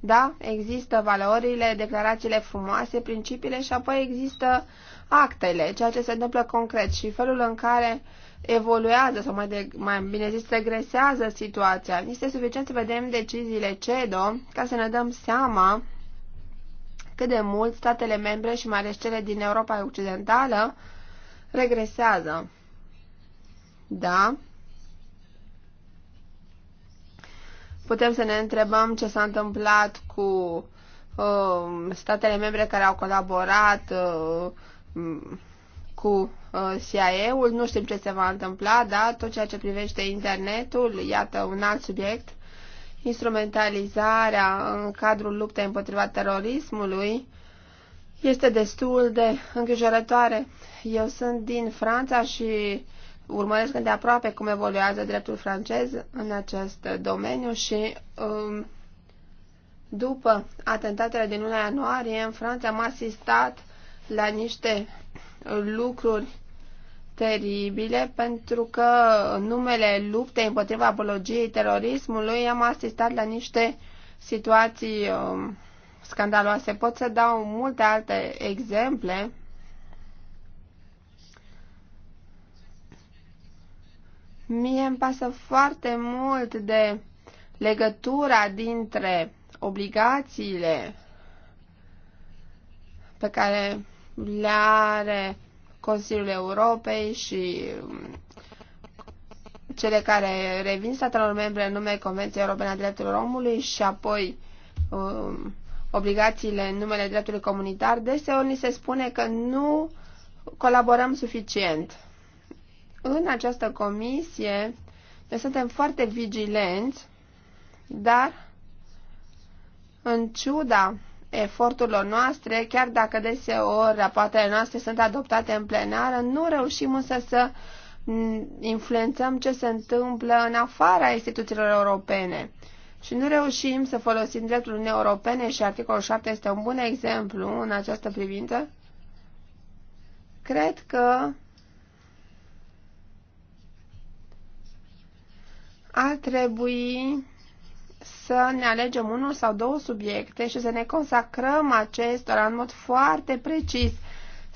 [SPEAKER 3] Da, există valorile, declarațiile frumoase, principiile și apoi există actele, ceea ce se întâmplă concret și felul în care uh, evoluează sau mai, de, mai bine zis regresează situația. Este suficient să vedem deciziile CEDO ca să ne dăm seama cât de mult statele membre și mai ales cele din Europa Occidentală regresează. Da. Putem să ne întrebăm ce s-a întâmplat cu uh, statele membre care au colaborat uh, cu Uh, cia ul nu știm ce se va întâmpla, dar tot ceea ce privește internetul, iată un alt subiect, instrumentalizarea în cadrul luptei împotriva terorismului este destul de îngrijorătoare. Eu sunt din Franța și urmăresc de aproape cum evoluează dreptul francez în acest domeniu și um, după atentatele din 1 ianuarie în Franța am asistat la niște lucruri teribile pentru că în numele luptei împotriva apologiei terorismului am asistat la niște situații uh, scandaloase. Pot să dau multe alte exemple. Mie îmi pasă foarte mult de legătura dintre obligațiile pe care le are Consiliul Europei și um, cele care revin statelor membre în nume Convenției Europene a Drepturilor Omului și apoi um, obligațiile în numele dreptului comunitar, deseori ni se spune că nu colaborăm suficient. În această comisie noi suntem foarte vigilenți, dar în ciuda eforturilor noastre, chiar dacă deseori rapoartele noastre sunt adoptate în plenară, nu reușim însă să influențăm ce se întâmplă în afara instituțiilor europene. Și nu reușim să folosim dreptul Uniunii Europene și articolul 7 este un bun exemplu în această privință. Cred că ar trebui să ne alegem unul sau două subiecte și să ne consacrăm acestora în mod foarte precis,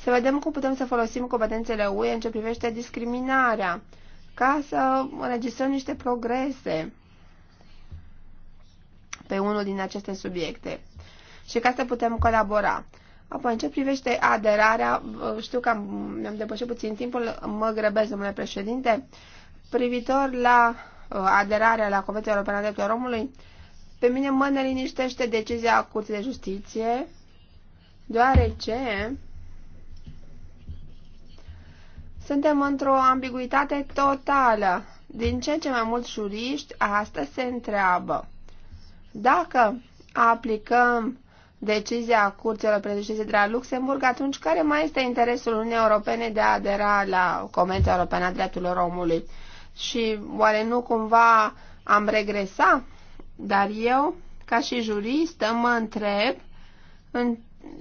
[SPEAKER 3] să vedem cum putem să folosim competențele UE în ce privește discriminarea, ca să înregistrăm niște progrese pe unul din aceste subiecte și ca să putem colabora. Apoi, în ce privește aderarea, știu că mi-am depășit puțin timpul, mă grăbesc, domnule președinte, privitor la uh, aderarea la Convenția Europeană a Drepturilor Omului, pe mine mă neliniștește decizia Curții de Justiție, deoarece suntem într-o ambiguitate totală. Din ce în ce mai mulți juriști astăzi se întreabă dacă aplicăm decizia curților Justiție de la Luxemburg, atunci care mai este interesul Uniunii Europene de a adera la Convenția Europeană a Drepturilor Omului? Și oare nu cumva am regresat? Dar eu, ca și juristă, mă întreb în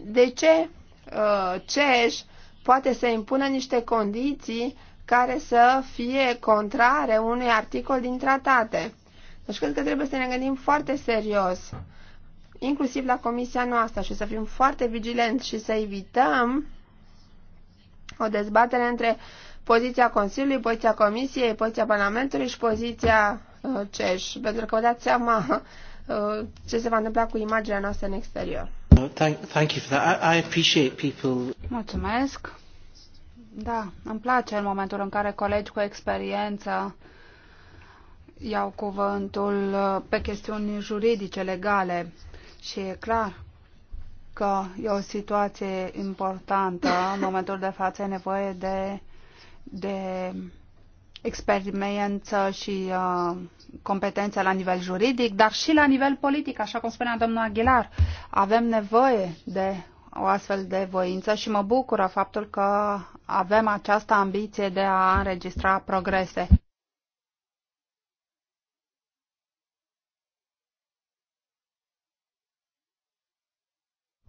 [SPEAKER 3] de ce uh, CEJ poate să impună niște condiții care să fie contrare unui articol din tratate. Deci cred că trebuie să ne gândim foarte serios, inclusiv la comisia noastră, și să fim foarte vigilenți și să evităm o dezbatere între poziția Consiliului, poziția Comisiei, poziția Parlamentului și poziția Uh, ceș, pentru că vă dați seama uh,
[SPEAKER 4] ce se va întâmpla cu imaginea noastră în exterior.
[SPEAKER 1] Thank, thank you for that. I, I appreciate people... Mulțumesc.
[SPEAKER 4] Da, îmi place în momentul în care colegi cu experiență iau cuvântul uh, pe chestiuni juridice, legale. Și e clar că e o situație importantă. În momentul de față e nevoie de, de experiență și uh, competențe la nivel juridic, dar și la nivel politic, așa cum spunea domnul Aguilar. Avem nevoie de o astfel de voință și mă bucură faptul că avem această ambiție de a înregistra progrese.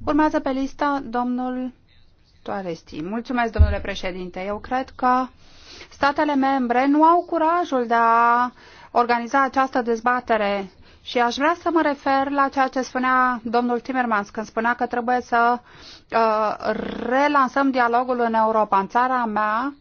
[SPEAKER 4] Urmează pe listă domnul Toaresti. Mulțumesc, domnule președinte. Eu cred că Statele membre nu au curajul de a organiza această dezbatere și aș vrea să mă refer la ceea ce spunea domnul Timmermans când spunea că trebuie să uh, relansăm dialogul în Europa. În țara mea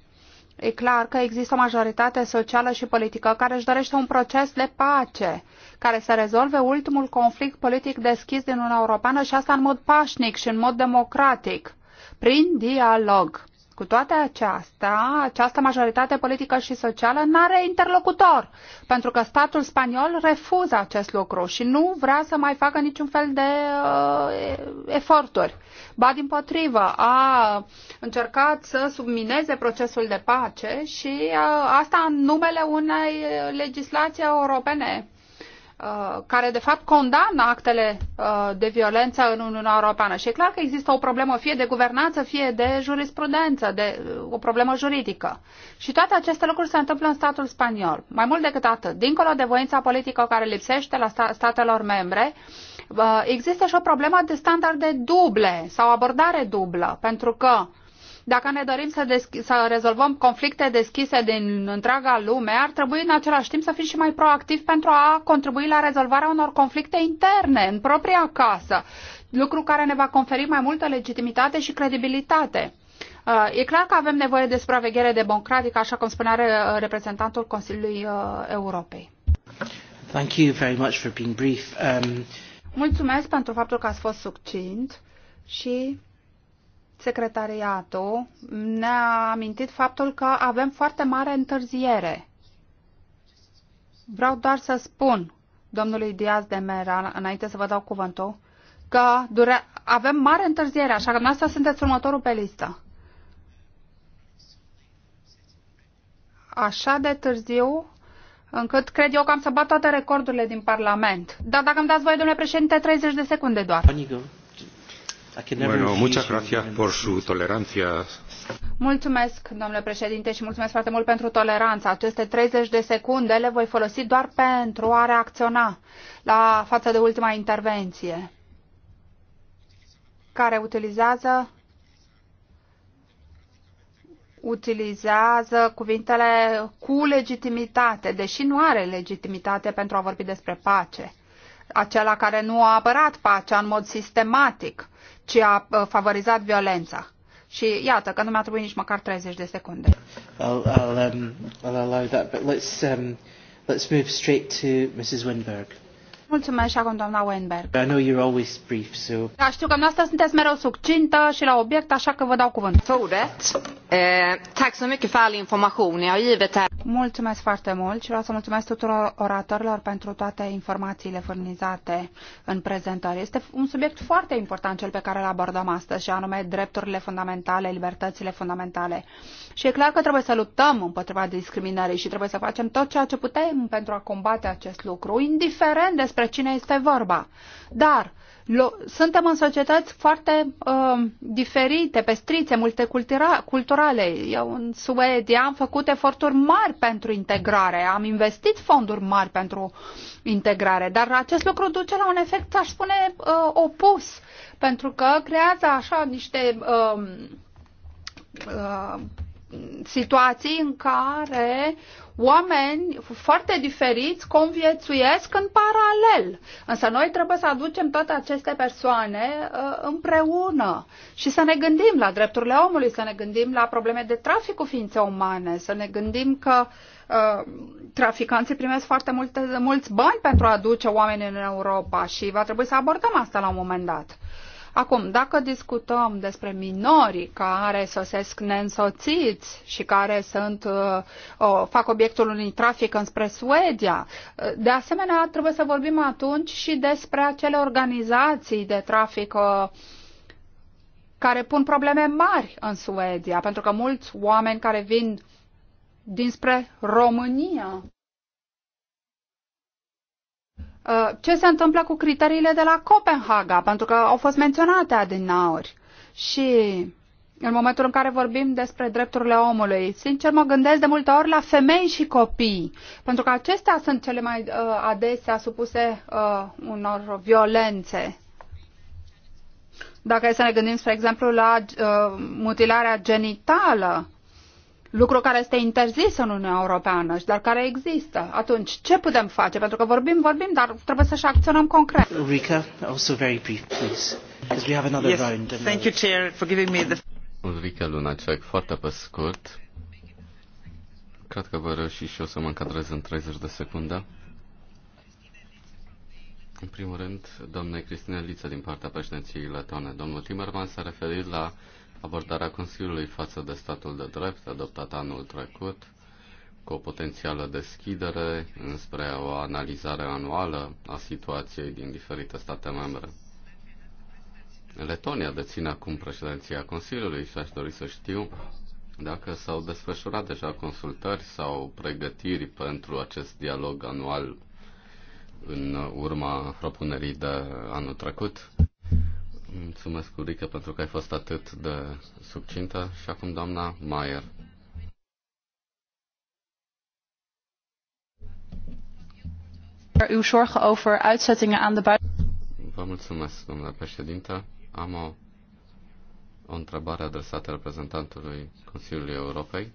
[SPEAKER 4] e clar că există o majoritate socială și politică care își dorește un proces de pace care să rezolve ultimul conflict politic deschis din Uniunea Europeană și asta în mod pașnic și în mod democratic, prin dialog. Cu toate acestea, această majoritate politică și socială nu are interlocutor, pentru că statul spaniol refuză acest lucru și nu vrea să mai facă niciun fel de uh, eforturi. Ba din potrivă, a încercat să submineze procesul de pace și uh, asta în numele unei legislații europene Uh, care de fapt condamnă actele uh, de violență în Uniunea Europeană. Și e clar că există o problemă fie de guvernanță, fie de jurisprudență, de uh, o problemă juridică. Și toate aceste lucruri se întâmplă în statul spaniol. Mai mult decât atât, dincolo de voința politică care lipsește la statelor membre, există și o problemă de standarde duble sau abordare dublă, pentru că dacă ne dorim să, să rezolvăm conflicte deschise din întreaga lume, ar trebui în același timp să fim și mai proactivi pentru a contribui la rezolvarea unor conflicte interne, în propria casă, lucru care ne va conferi mai multă legitimitate și credibilitate. Uh, e clar că avem nevoie de supraveghere democratică, așa cum spunea uh, reprezentantul Consiliului uh, Europei.
[SPEAKER 1] Thank you very much for being brief. Um...
[SPEAKER 4] Mulțumesc pentru faptul că ați fost succint și secretariatul ne-a amintit faptul că avem foarte mare întârziere. Vreau doar să spun domnului Diaz de Mera, înainte să vă dau cuvântul, că dure... avem mare întârziere, așa că dumneavoastră sunteți următorul pe listă. Așa de târziu, încât cred eu că am să bat toate recordurile din Parlament. Dar dacă îmi dați voie, domnule președinte, 30 de secunde doar. Panică. Bueno, muchas gracias
[SPEAKER 2] por su tolerancia.
[SPEAKER 4] Mulțumesc, domnule președinte, și mulțumesc foarte mult pentru toleranță. Aceste 30 de secunde le voi folosi doar pentru a reacționa la față de ultima intervenție care utilizează utilizează cuvintele cu legitimitate, deși nu are legitimitate pentru a vorbi despre pace. Acela care nu a apărat pacea în mod sistematic ci a uh, favorizat violența. Și iată că nu mi-a trebuit nici măcar 30 de secunde.
[SPEAKER 1] I'll, I'll, um, I'll allow that, but let's, um, let's move straight to Mrs. Winberg.
[SPEAKER 4] Mulțumesc așa acum doamna Weinberg.
[SPEAKER 1] I know you're always brief, so...
[SPEAKER 4] Da, știu că noastră sunteți mereu succintă și la obiect, așa că vă dau cuvânt. Ordet. Eh, tack så mycket för all information jag givit här. Mulțumesc foarte mult și vreau să mulțumesc tuturor oratorilor pentru toate informațiile furnizate în prezentare. Este un subiect foarte important cel pe care îl abordăm astăzi și anume drepturile fundamentale, libertățile fundamentale. Și e clar că trebuie să luptăm împotriva discriminării și trebuie să facem tot ceea ce putem pentru a combate acest lucru, indiferent despre despre cine este vorba. Dar suntem în societăți foarte uh, diferite, pestrițe, multiculturale. Eu în Suedia am făcut eforturi mari pentru integrare, am investit fonduri mari pentru integrare, dar acest lucru duce la un efect, aș spune, uh, opus, pentru că creează așa niște uh, uh, situații în care oameni foarte diferiți conviețuiesc în paralel. Însă noi trebuie să aducem toate aceste persoane uh, împreună și să ne gândim la drepturile omului, să ne gândim la probleme de trafic cu ființe umane, să ne gândim că uh, traficanții primesc foarte multe, mulți bani pentru a aduce oameni în Europa și va trebui să abordăm asta la un moment dat. Acum, dacă discutăm despre minorii care sosesc neînsoțiți și care sunt, uh, fac obiectul unui trafic înspre Suedia, uh, de asemenea trebuie să vorbim atunci și despre acele organizații de trafic uh, care pun probleme mari în Suedia, pentru că mulți oameni care vin dinspre România Uh, ce se întâmplă cu criteriile de la Copenhaga, pentru că au fost menționate adinaori. Și în momentul în care vorbim despre drepturile omului, sincer mă gândesc de multe ori la femei și copii, pentru că acestea sunt cele mai uh, adesea supuse uh, unor violențe. Dacă e să ne gândim, spre exemplu, la uh, mutilarea genitală, lucru care este interzis în Uniunea Europeană, dar care există. Atunci, ce putem face? Pentru că vorbim, vorbim, dar trebuie să și acționăm concret.
[SPEAKER 1] Ulrika, also very brief, please. Because we have another yes. round. Thank you,
[SPEAKER 4] uh, Chair, for giving me the...
[SPEAKER 2] Ulrika Lunacek, foarte pe scurt. Cred că vă reuși și eu să mă încadrez în 30 de secunde. În primul rând, doamne Cristina Liță din partea președinției letone. Domnul Timerman s-a referit la abordarea Consiliului față de statul de drept adoptat anul trecut, cu o potențială deschidere înspre o analizare anuală a situației din diferite state membre. Letonia deține acum președinția Consiliului și aș dori să știu dacă s-au desfășurat deja consultări sau pregătiri pentru acest dialog anual în urma propunerii de anul trecut. Mulțumesc, Urică, pentru că ai fost atât de succintă. Și acum doamna Maier.
[SPEAKER 4] over uitzettingen aan de buiten.
[SPEAKER 2] Vă mulțumesc, domnule președinte. Am o, o întrebare adresată reprezentantului Consiliului Europei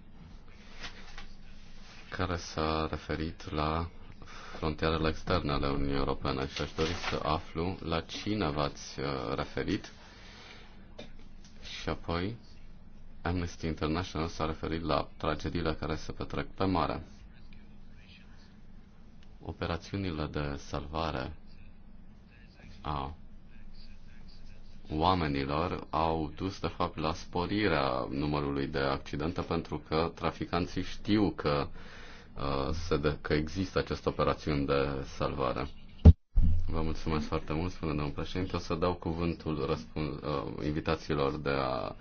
[SPEAKER 2] care s-a referit la frontierele externe ale Uniunii Europene și aș dori să aflu la cine v-ați uh, referit și apoi Amnesty International s-a referit la tragediile care se petrec pe mare. Operațiunile de salvare a oamenilor au dus, de fapt, la sporirea numărului de accidente pentru că traficanții știu că uh, Uh, se de, că există această operațiune de salvare. Vă mulțumesc foarte mult, spune domnul președinte. O să dau cuvântul răspund, uh, invitațiilor de a,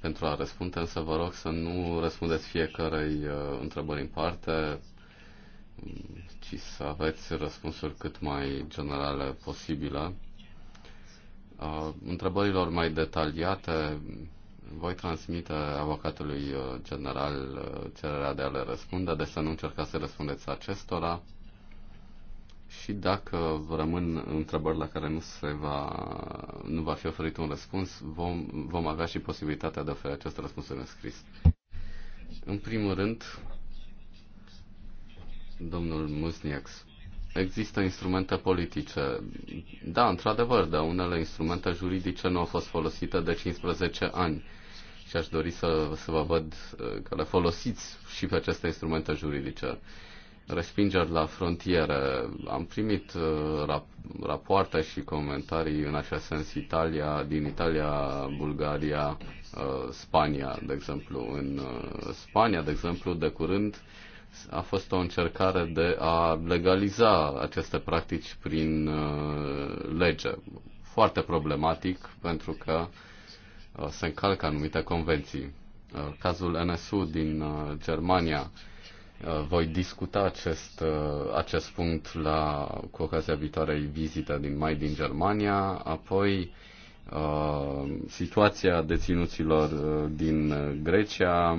[SPEAKER 2] pentru a răspunde, însă vă rog să nu răspundeți fiecarei uh, întrebări în parte, ci să aveți răspunsuri cât mai generale posibile. Uh, întrebărilor mai detaliate voi transmite avocatului uh, general uh, cererea de a le răspunde, de deci să nu încercați să răspundeți acestora. Și dacă rămân întrebări la care nu, se va, nu va fi oferit un răspuns, vom, vom avea și posibilitatea de a oferi acest răspuns în scris. În primul rând, domnul Musniex, există instrumente politice. Da, într-adevăr, dar unele instrumente juridice nu au fost folosite de 15 ani și aș dori să, să vă văd ă, că le folosiți și pe aceste instrumente juridice. Respingeri la frontiere. Am primit ă, rap- rapoarte și comentarii în acest sens Italia, din Italia, Bulgaria, ă, Spania, de exemplu. În Spania, de exemplu, de curând a fost o încercare de a legaliza aceste practici prin lege. Foarte problematic pentru că uh, Uh, se încalcă anumite convenții. Uh, cazul NSU din uh, Germania, voi discuta acest, acest punct la, cu ocazia viitoarei vizite din mai din Germania, apoi situația deținuților din Grecia,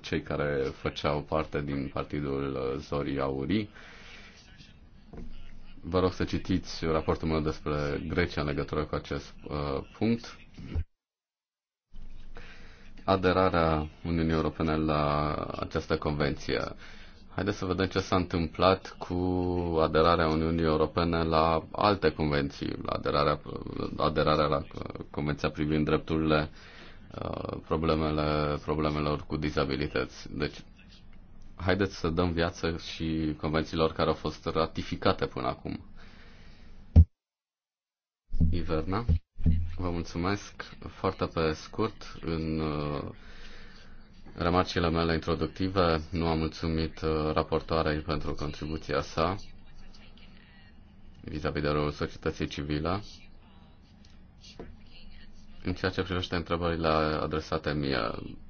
[SPEAKER 2] cei care făceau parte din partidul Zori Aurii. Vă rog să citiți raportul meu despre Grecia în legătură cu acest uh, punct aderarea Uniunii Europene la această convenție. Haideți să vedem ce s-a întâmplat cu aderarea Uniunii Europene la alte convenții, la aderarea, aderarea la Convenția privind drepturile uh, problemele, problemelor cu dizabilități. Deci, haideți să dăm viață și convențiilor care au fost ratificate până acum. Iverna? Vă mulțumesc. Foarte pe scurt, în uh, remarcile mele introductive, nu am mulțumit uh, raportoarei pentru contribuția sa vis-a-vis -vis de rolul societății civile. În ceea ce privește întrebările adresate mie,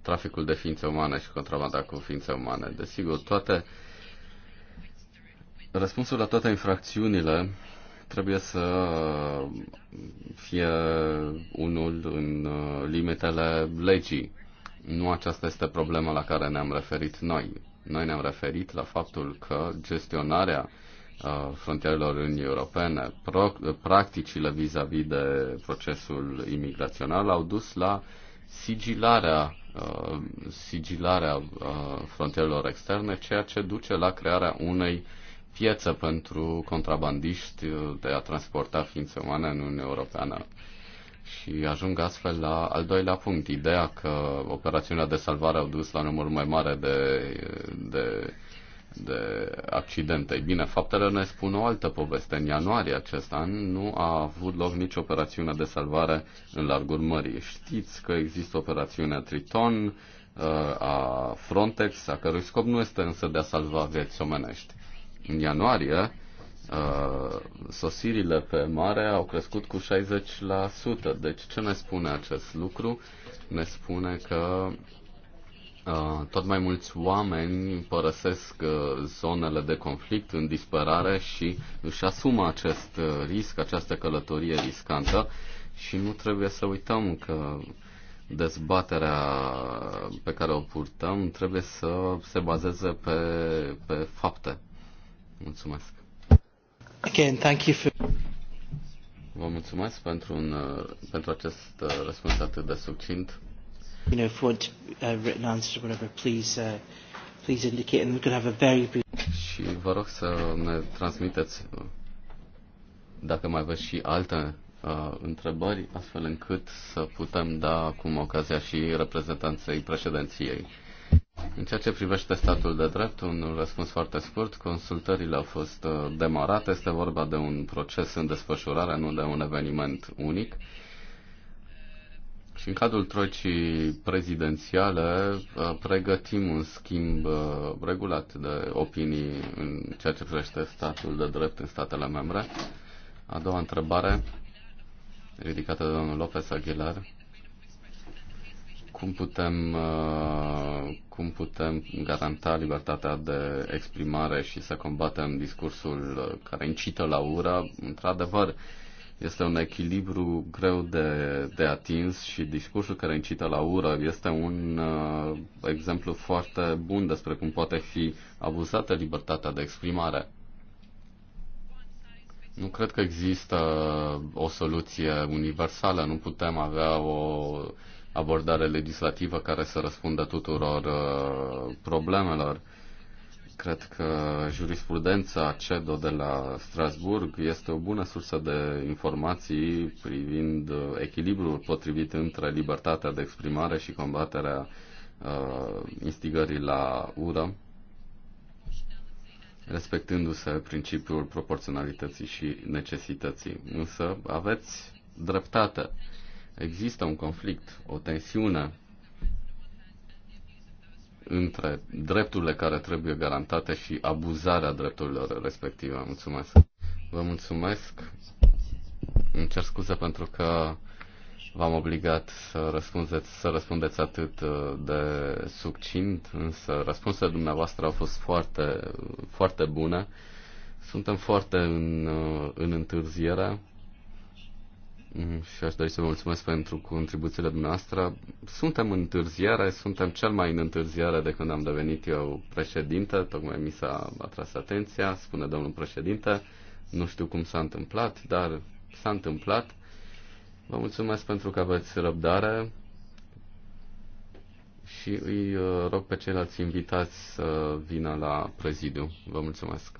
[SPEAKER 2] traficul de ființe umane și contrabanda cu ființe umane, desigur, toate Răspunsul la toate infracțiunile trebuie să fie unul în uh, limitele legii. Nu aceasta este problema la care ne-am referit noi. Noi ne-am referit la faptul că gestionarea uh, frontierelor Uniunii Europene, practicile vis-a-vis -vis de procesul imigrațional au dus la sigilarea, uh, sigilarea frontierelor externe, ceea ce duce la crearea unei piață pentru contrabandiști uh, de a transporta ființe umane în Uniunea Europeană. Și ajung astfel la al doilea punct, ideea că operațiunile de salvare au dus la numărul mai mare de, de, de accidente. Ei bine, faptele ne spun o altă poveste. În ianuarie acest an nu a avut loc nicio operațiune de salvare în largul mării. Știți că există operațiunea Triton uh, a Frontex, a cărui scop nu este însă de a salva vieți omenești în ianuarie, uh, sosirile pe mare au crescut cu 60%. Deci ce ne spune acest lucru? Ne spune că uh, tot mai mulți oameni părăsesc uh, zonele de conflict în disperare și își asumă acest risc, această călătorie riscantă și nu trebuie să uităm că dezbaterea pe care o purtăm trebuie să se bazeze pe, pe fapte. Mulțumesc.
[SPEAKER 1] Again, thank you for...
[SPEAKER 2] Vă mulțumesc pentru, un, uh, pentru acest uh, răspuns atât de succint.
[SPEAKER 1] You know, if you uh, written answers or whatever, please, uh, please indicate and we could have a
[SPEAKER 2] very brief... Și vă rog să ne transmiteți uh, dacă mai aveți și alte uh, întrebări, astfel încât să putem da acum ocazia și reprezentanței președinției. În ceea ce privește statul de drept, un răspuns foarte scurt, consultările au fost uh, demarate, este vorba de un proces în desfășurare, nu de un eveniment unic. Și în cadrul trocii prezidențiale uh, pregătim un schimb uh, regulat de opinii în ceea ce privește statul de drept în statele membre. A doua întrebare, ridicată de domnul Lopez Aguilar, cum putem, uh, cum putem garanta libertatea de exprimare și să combatem discursul uh, care incită la ură. Într-adevăr, este un echilibru greu de, de atins și discursul care incită la ură este un uh, exemplu foarte bun despre cum poate fi abuzată libertatea de exprimare. Nu cred că există o soluție universală, nu putem avea o abordare legislativă care să răspundă tuturor uh, problemelor. Cred că jurisprudența CEDO de la Strasburg este o bună sursă de informații privind uh, echilibrul potrivit între libertatea de exprimare și combaterea uh, instigării la ură, respectându-se principiul proporționalității și necesității. Însă aveți dreptate. Uh, există un conflict, o tensiune între drepturile care trebuie garantate și abuzarea drepturilor respective. Mulțumesc. Vă mulțumesc. Îmi cer scuze pentru că v-am obligat să răspundeți, să răspundeți atât uh, de succint, însă răspunsurile dumneavoastră au fost foarte, foarte bune. Suntem foarte în, uh, în întârziere. Mm, și aș dori să vă mulțumesc pentru contribuțiile dumneavoastră. Suntem în întârziere, suntem cel mai în întârziare de când am devenit eu președinte, tocmai mi s-a atras atenția, spune domnul președinte. Nu știu cum s-a întâmplat, dar s-a întâmplat. Vă mulțumesc pentru că aveți răbdare și îi uh, rog pe ceilalți invitați să vină la prezidiu. Vă mulțumesc!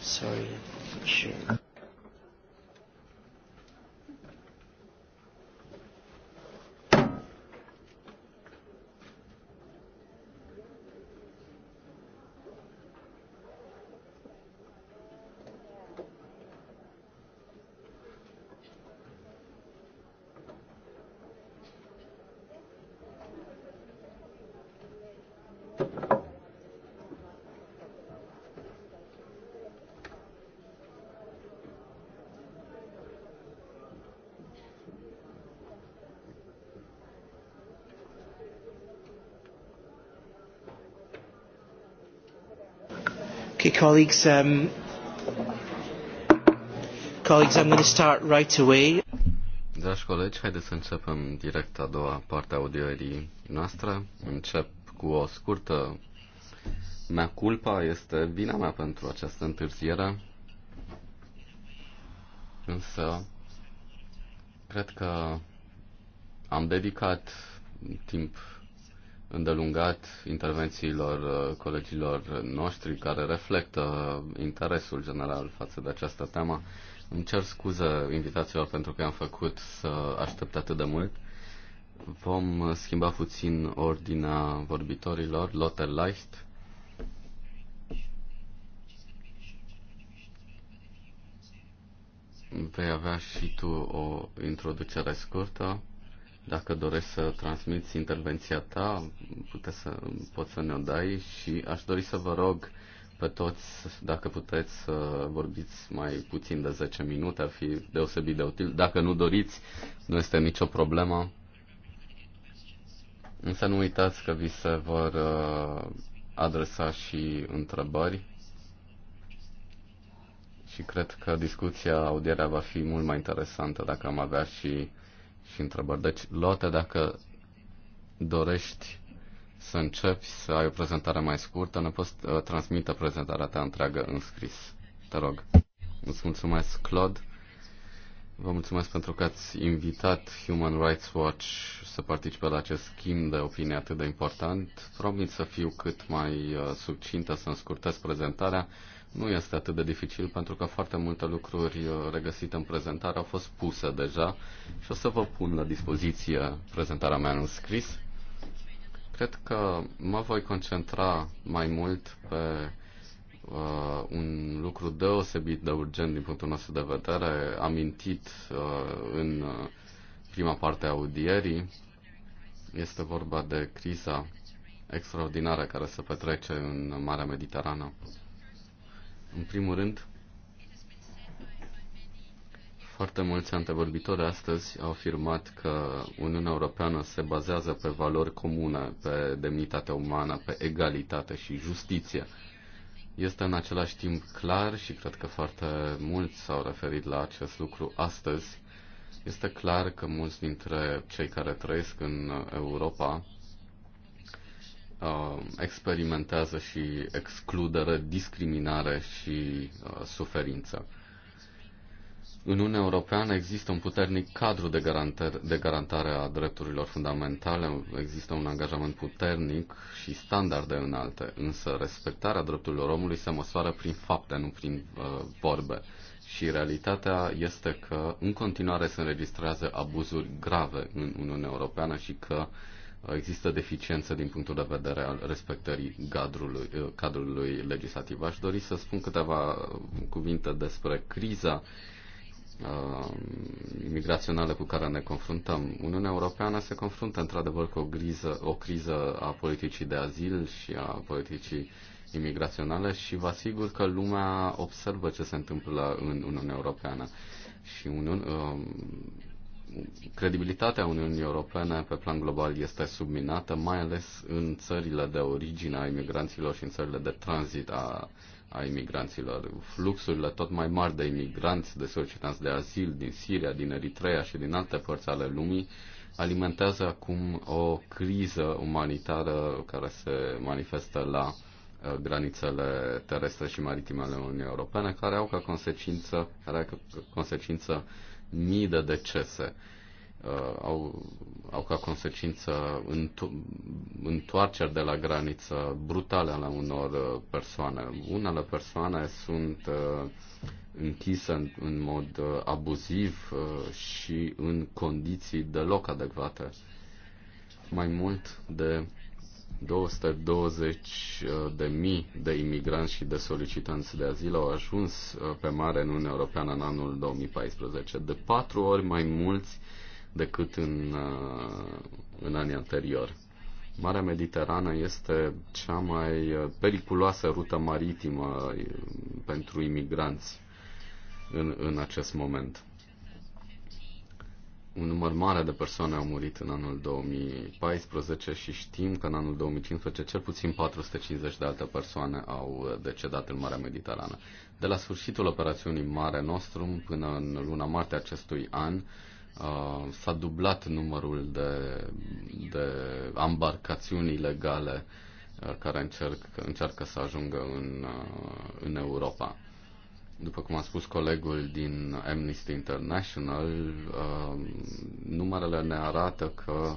[SPEAKER 2] Sorry. Sure.
[SPEAKER 1] colleagues, um, colleagues, I'm going to start right away.
[SPEAKER 2] Dragi colegi, haideți să începem direct a doua parte a audioerii noastre. Încep cu o scurtă mea culpa, este vina mea pentru această întârziere. Însă, cred că am dedicat timp îndelungat intervențiilor uh, colegilor noștri care reflectă interesul general față de această temă. Îmi cer scuze invitațiilor pentru că am făcut să aștept atât de mult. Vom uh, schimba puțin ordinea vorbitorilor. Lotte Leicht. Vei avea și tu o introducere scurtă. Dacă dorești să transmiți intervenția ta, puteți să, poți să ne-o dai și aș dori să vă rog pe toți, dacă puteți să vorbiți mai puțin de 10 minute, ar fi deosebit de util. Dacă nu doriți, nu este nicio problemă. Însă nu uitați că vi se vor uh, adresa și întrebări și cred că discuția, audierea va fi mult mai interesantă dacă am avea și și întrebări. Deci, Lotte, dacă dorești să începi să ai o prezentare mai scurtă, ne poți uh, transmite prezentarea ta întreagă în scris. Te rog. Îți mulțumesc, Claude. Vă mulțumesc pentru că ați invitat Human Rights Watch să participe la acest schimb de opinie atât de important. Promit să fiu cât mai uh, succintă, să-mi scurtez prezentarea nu este atât de dificil pentru că foarte multe lucruri uh, regăsite în prezentare au fost puse deja și o să vă pun la dispoziție prezentarea mea în scris. Cred că mă voi concentra mai mult pe uh, un lucru deosebit de urgent din punctul nostru de vedere, amintit uh, în uh, prima parte a audierii. Este vorba de criza extraordinară care se petrece în Marea Mediterană. În primul rând, foarte mulți antevorbitori astăzi au afirmat că Uniunea Europeană se bazează pe valori comune, pe demnitatea umană, pe egalitate și justiție. Este în același timp clar și cred că foarte mulți s-au referit la acest lucru astăzi. Este clar că mulți dintre cei care trăiesc în Europa uh, experimentează și excludere, discriminare și uh, suferință. În Uniunea Europeană există un puternic cadru de, garanter, de garantare a drepturilor fundamentale, există un angajament puternic și standarde înalte, însă respectarea drepturilor omului se măsoară prin fapte, nu prin uh, vorbe. Și realitatea este că în continuare se înregistrează abuzuri grave în Uniunea Europeană și că uh, există deficiențe din punctul de vedere al respectării cadrului, cadrului legislativ. Aș dori să spun câteva cuvinte despre criza uh, migraționale cu care ne confruntăm. Uniunea Europeană se confruntă într-adevăr cu o criză, o criză a politicii de azil și a politicii imigraționale și vă asigur că lumea observă ce se întâmplă în Uniunea Europeană. Și Uniun, uh, credibilitatea Uniunii Europene pe plan global este subminată, mai ales în țările de origine a imigranților și în țările de tranzit a, a imigranților. Fluxurile tot mai mari de imigranți, de solicitanți de azil din Siria, din Eritrea și din alte părți ale lumii alimentează acum o criză umanitară care se manifestă la uh, granițele terestre și maritime ale Uniunii Europene, care au ca consecință, care au ca consecință mii de decese uh, au, au ca consecință întoarceri de la graniță brutale ale unor uh, persoane. Unele persoane sunt uh, închise în, în mod uh, abuziv uh, și în condiții deloc adecvate. Mai mult de 220 uh, de mii de imigranți și de solicitanți de azil au ajuns uh, pe mare în Uniunea Europeană în anul 2014, de patru ori mai mulți decât în, uh, în anii anteriori. Marea Mediterană este cea mai periculoasă rută maritimă pentru imigranți în, în acest moment un număr mare de persoane au murit în anul 2014 și știm că în anul 2015 cel puțin 450 de alte persoane au decedat în Marea Mediterană. De la sfârșitul operațiunii Mare Nostrum până în luna martie acestui an, uh, s-a dublat numărul de, de ambarcațiuni ilegale uh, care încerc, încearcă să ajungă în, uh, în Europa după cum a spus colegul din Amnesty International, um, numerele ne arată că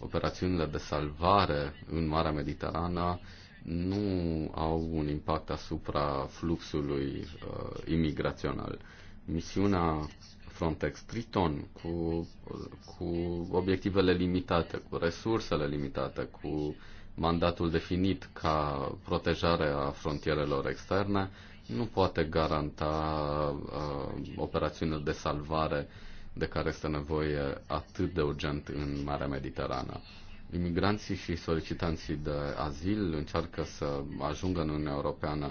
[SPEAKER 2] operațiunile de salvare în Marea Mediterană nu au un impact asupra fluxului uh, imigrațional. Misiunea Frontex Triton cu, cu obiectivele limitate, cu resursele limitate, cu mandatul definit ca protejare a frontierelor externe, uh, nu poate garanta uh, operațiunile de salvare de care este nevoie atât de urgent în Marea Mediterană. Imigranții și solicitanții de azil încearcă să ajungă în Uniunea Europeană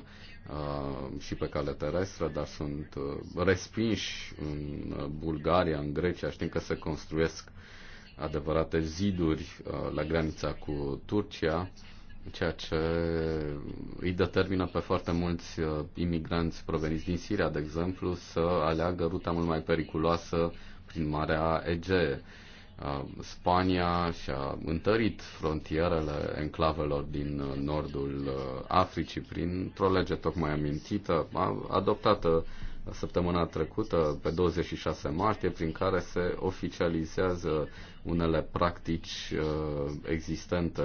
[SPEAKER 2] uh, și pe cale terestră, dar sunt uh, respinși în Bulgaria, în Grecia. Știm că se construiesc adevărate ziduri uh, la granița cu Turcia. Uh, ceea ce îi determină pe foarte mulți uh, imigranți proveniți din Siria, de exemplu, să aleagă ruta mult mai periculoasă prin Marea Egee. Uh, Spania și-a întărit frontierele enclavelor din uh, nordul Africii printr-o lege tocmai amintită, adoptată săptămâna trecută, pe 26 martie, prin care se oficializează unele practici uh, existente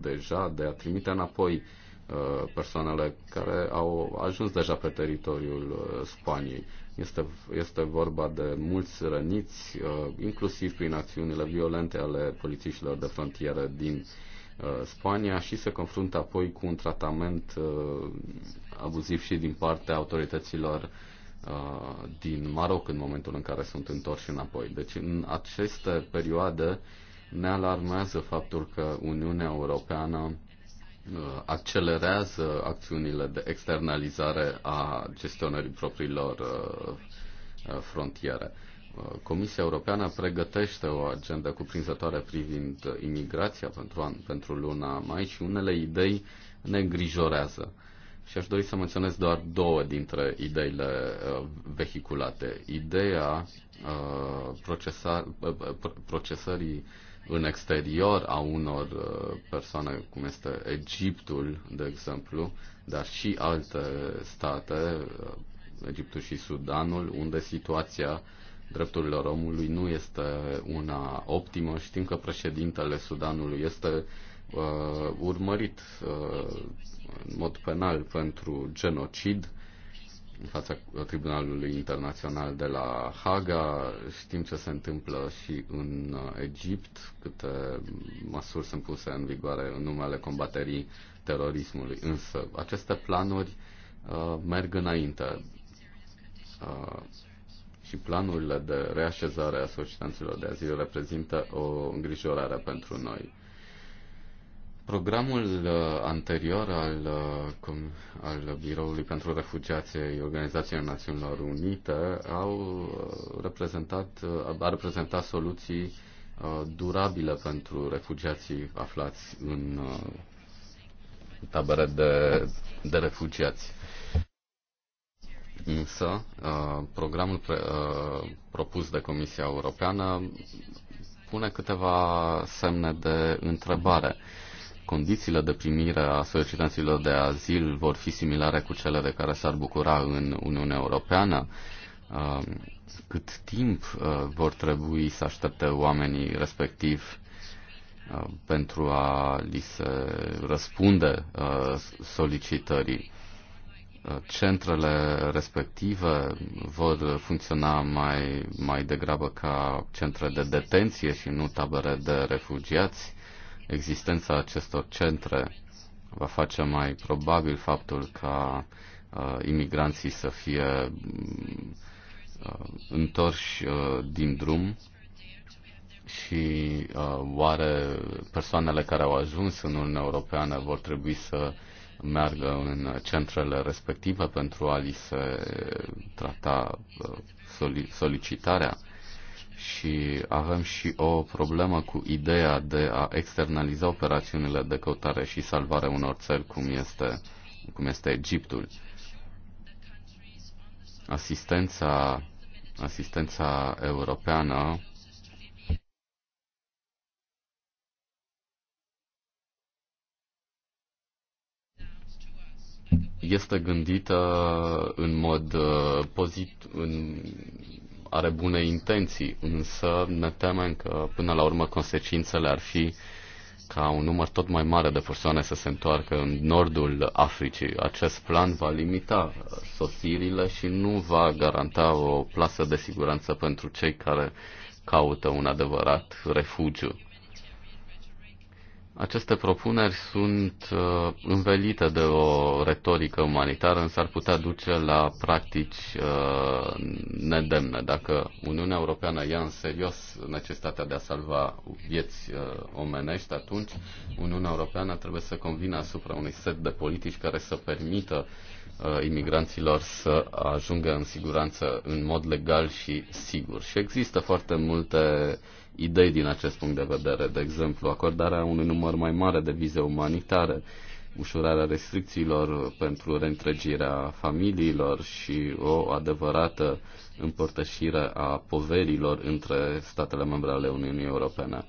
[SPEAKER 2] deja de a trimite înapoi uh, persoanele care au ajuns deja pe teritoriul uh, Spaniei. Este, este vorba de mulți răniți, inclusiv prin acțiunile violente ale polițiștilor de frontieră din Spania și se confruntă apoi cu un tratament abuziv și din partea autorităților Uh, din Maroc în momentul în care sunt întorși înapoi. Deci în aceste perioade ne alarmează faptul că Uniunea Europeană uh, accelerează acțiunile de externalizare a gestionării propriilor uh, frontiere. Comisia Europeană pregătește o agendă cuprinzătoare privind imigrația pentru, an, pentru luna mai și unele idei ne îngrijorează. Uh, și aș dori să menționez doar două dintre ideile uh, vehiculate. Ideea uh, uh, procesării în exterior a unor persoane, cum este Egiptul, de exemplu, dar și alte state, Egiptul și Sudanul, unde situația drepturilor omului nu este una optimă. Știm că președintele Sudanului este uh, urmărit uh, în mod penal pentru genocid în fața Tribunalului Internațional de la Haga. Știm ce se întâmplă și în Egipt, câte măsuri sunt puse în vigoare în numele combaterii terorismului. Însă aceste planuri uh, merg înainte. Uh, și planurile de reașezare a solicitanților de azil reprezintă o îngrijorare pentru noi. Programul uh, anterior al, uh, al Biroului pentru Refugiații Organizației Națiunilor Unite au uh, reprezentat, a reprezentat soluții durabile pentru refugiații aflați în tabere de, de refugiați. Însă, programul pre, propus de Comisia Europeană pune câteva semne de întrebare condițiile de primire a solicitanților de azil vor fi similare cu cele de care s-ar bucura în Uniunea Europeană? Uh, cât timp uh, vor trebui să aștepte oamenii respectiv uh, pentru a li se răspunde solicitării? Centrele respective vor funcționa mai, mai degrabă ca centre de detenție și nu tabere de refugiați? existența acestor centre va face mai probabil faptul ca uh, imigranții să fie uh, întorși uh, din drum și uh, oare persoanele care au ajuns în Uniunea Europeană vor trebui să meargă în centrele respective pentru a li se trata uh, solicitarea? și avem și o problemă cu ideea de a externaliza operațiunile de căutare și salvare unor țări cum este, cum este Egiptul. Asistența, asistența europeană este gândită în mod uh, pozit, în are bune intenții, însă ne temem că până la urmă consecințele ar fi ca un număr tot mai mare de persoane să se întoarcă în nordul Africii. Acest plan va limita sosirile și nu va garanta o plasă de siguranță pentru cei care caută un adevărat refugiu. Aceste propuneri sunt uh, învelite de o retorică umanitară, însă ar putea duce la practici uh, nedemne. Dacă Uniunea Europeană ia în serios necesitatea de a salva vieți uh, omenești, atunci Uniunea Europeană trebuie să convină asupra unui set de politici care să permită uh, imigranților să ajungă în siguranță în mod legal și sigur. Și există foarte multe uh, idei din acest punct de vedere, de exemplu, acordarea unui număr mai mare de vize umanitare, ușurarea restricțiilor pentru reîntregirea familiilor și o adevărată împărtășire a poverilor între statele membre ale Uniunii Europene.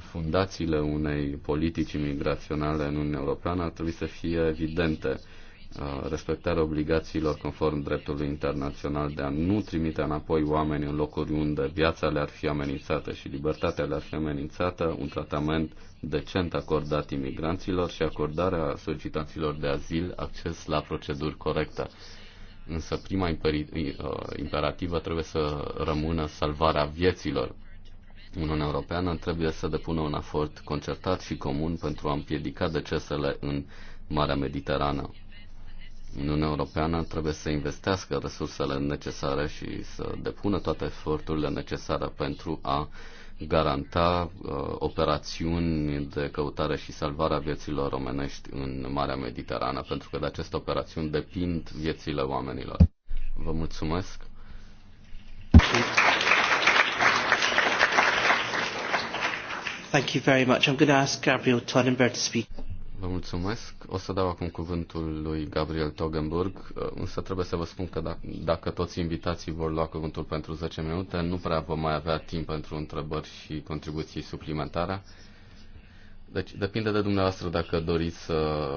[SPEAKER 2] Fundațiile unei politici migraționale în Uniunea Europeană ar trebui să fie evidente Uh, respectarea obligațiilor conform dreptului internațional de a nu trimite înapoi oameni în locuri unde viața le-ar fi amenințată și libertatea le-ar fi amenințată, un tratament decent acordat imigranților și acordarea solicitanților de azil acces la proceduri corecte. Însă prima uh, imperativă trebuie să rămână salvarea vieților. Uniunea Europeană trebuie să depună un efort concertat și comun pentru a împiedica decesele în Marea Mediterană. Uniunea Europeană trebuie să investească resursele necesare și să depună toate eforturile necesare pentru a garanta uh, operațiuni de căutare și salvare a vieților românești în Marea Mediterană, pentru că de aceste operațiuni depind viețile oamenilor. Vă mulțumesc! Thank you very much. I'm going to ask Gabriel Tonenberg to speak. Vă mulțumesc. O să dau acum cuvântul lui Gabriel Togenburg, însă trebuie să vă spun că dacă, dacă toți invitații vor lua cuvântul pentru 10 minute, nu prea vom mai avea timp pentru întrebări și contribuții suplimentare. Deci depinde de dumneavoastră dacă doriți să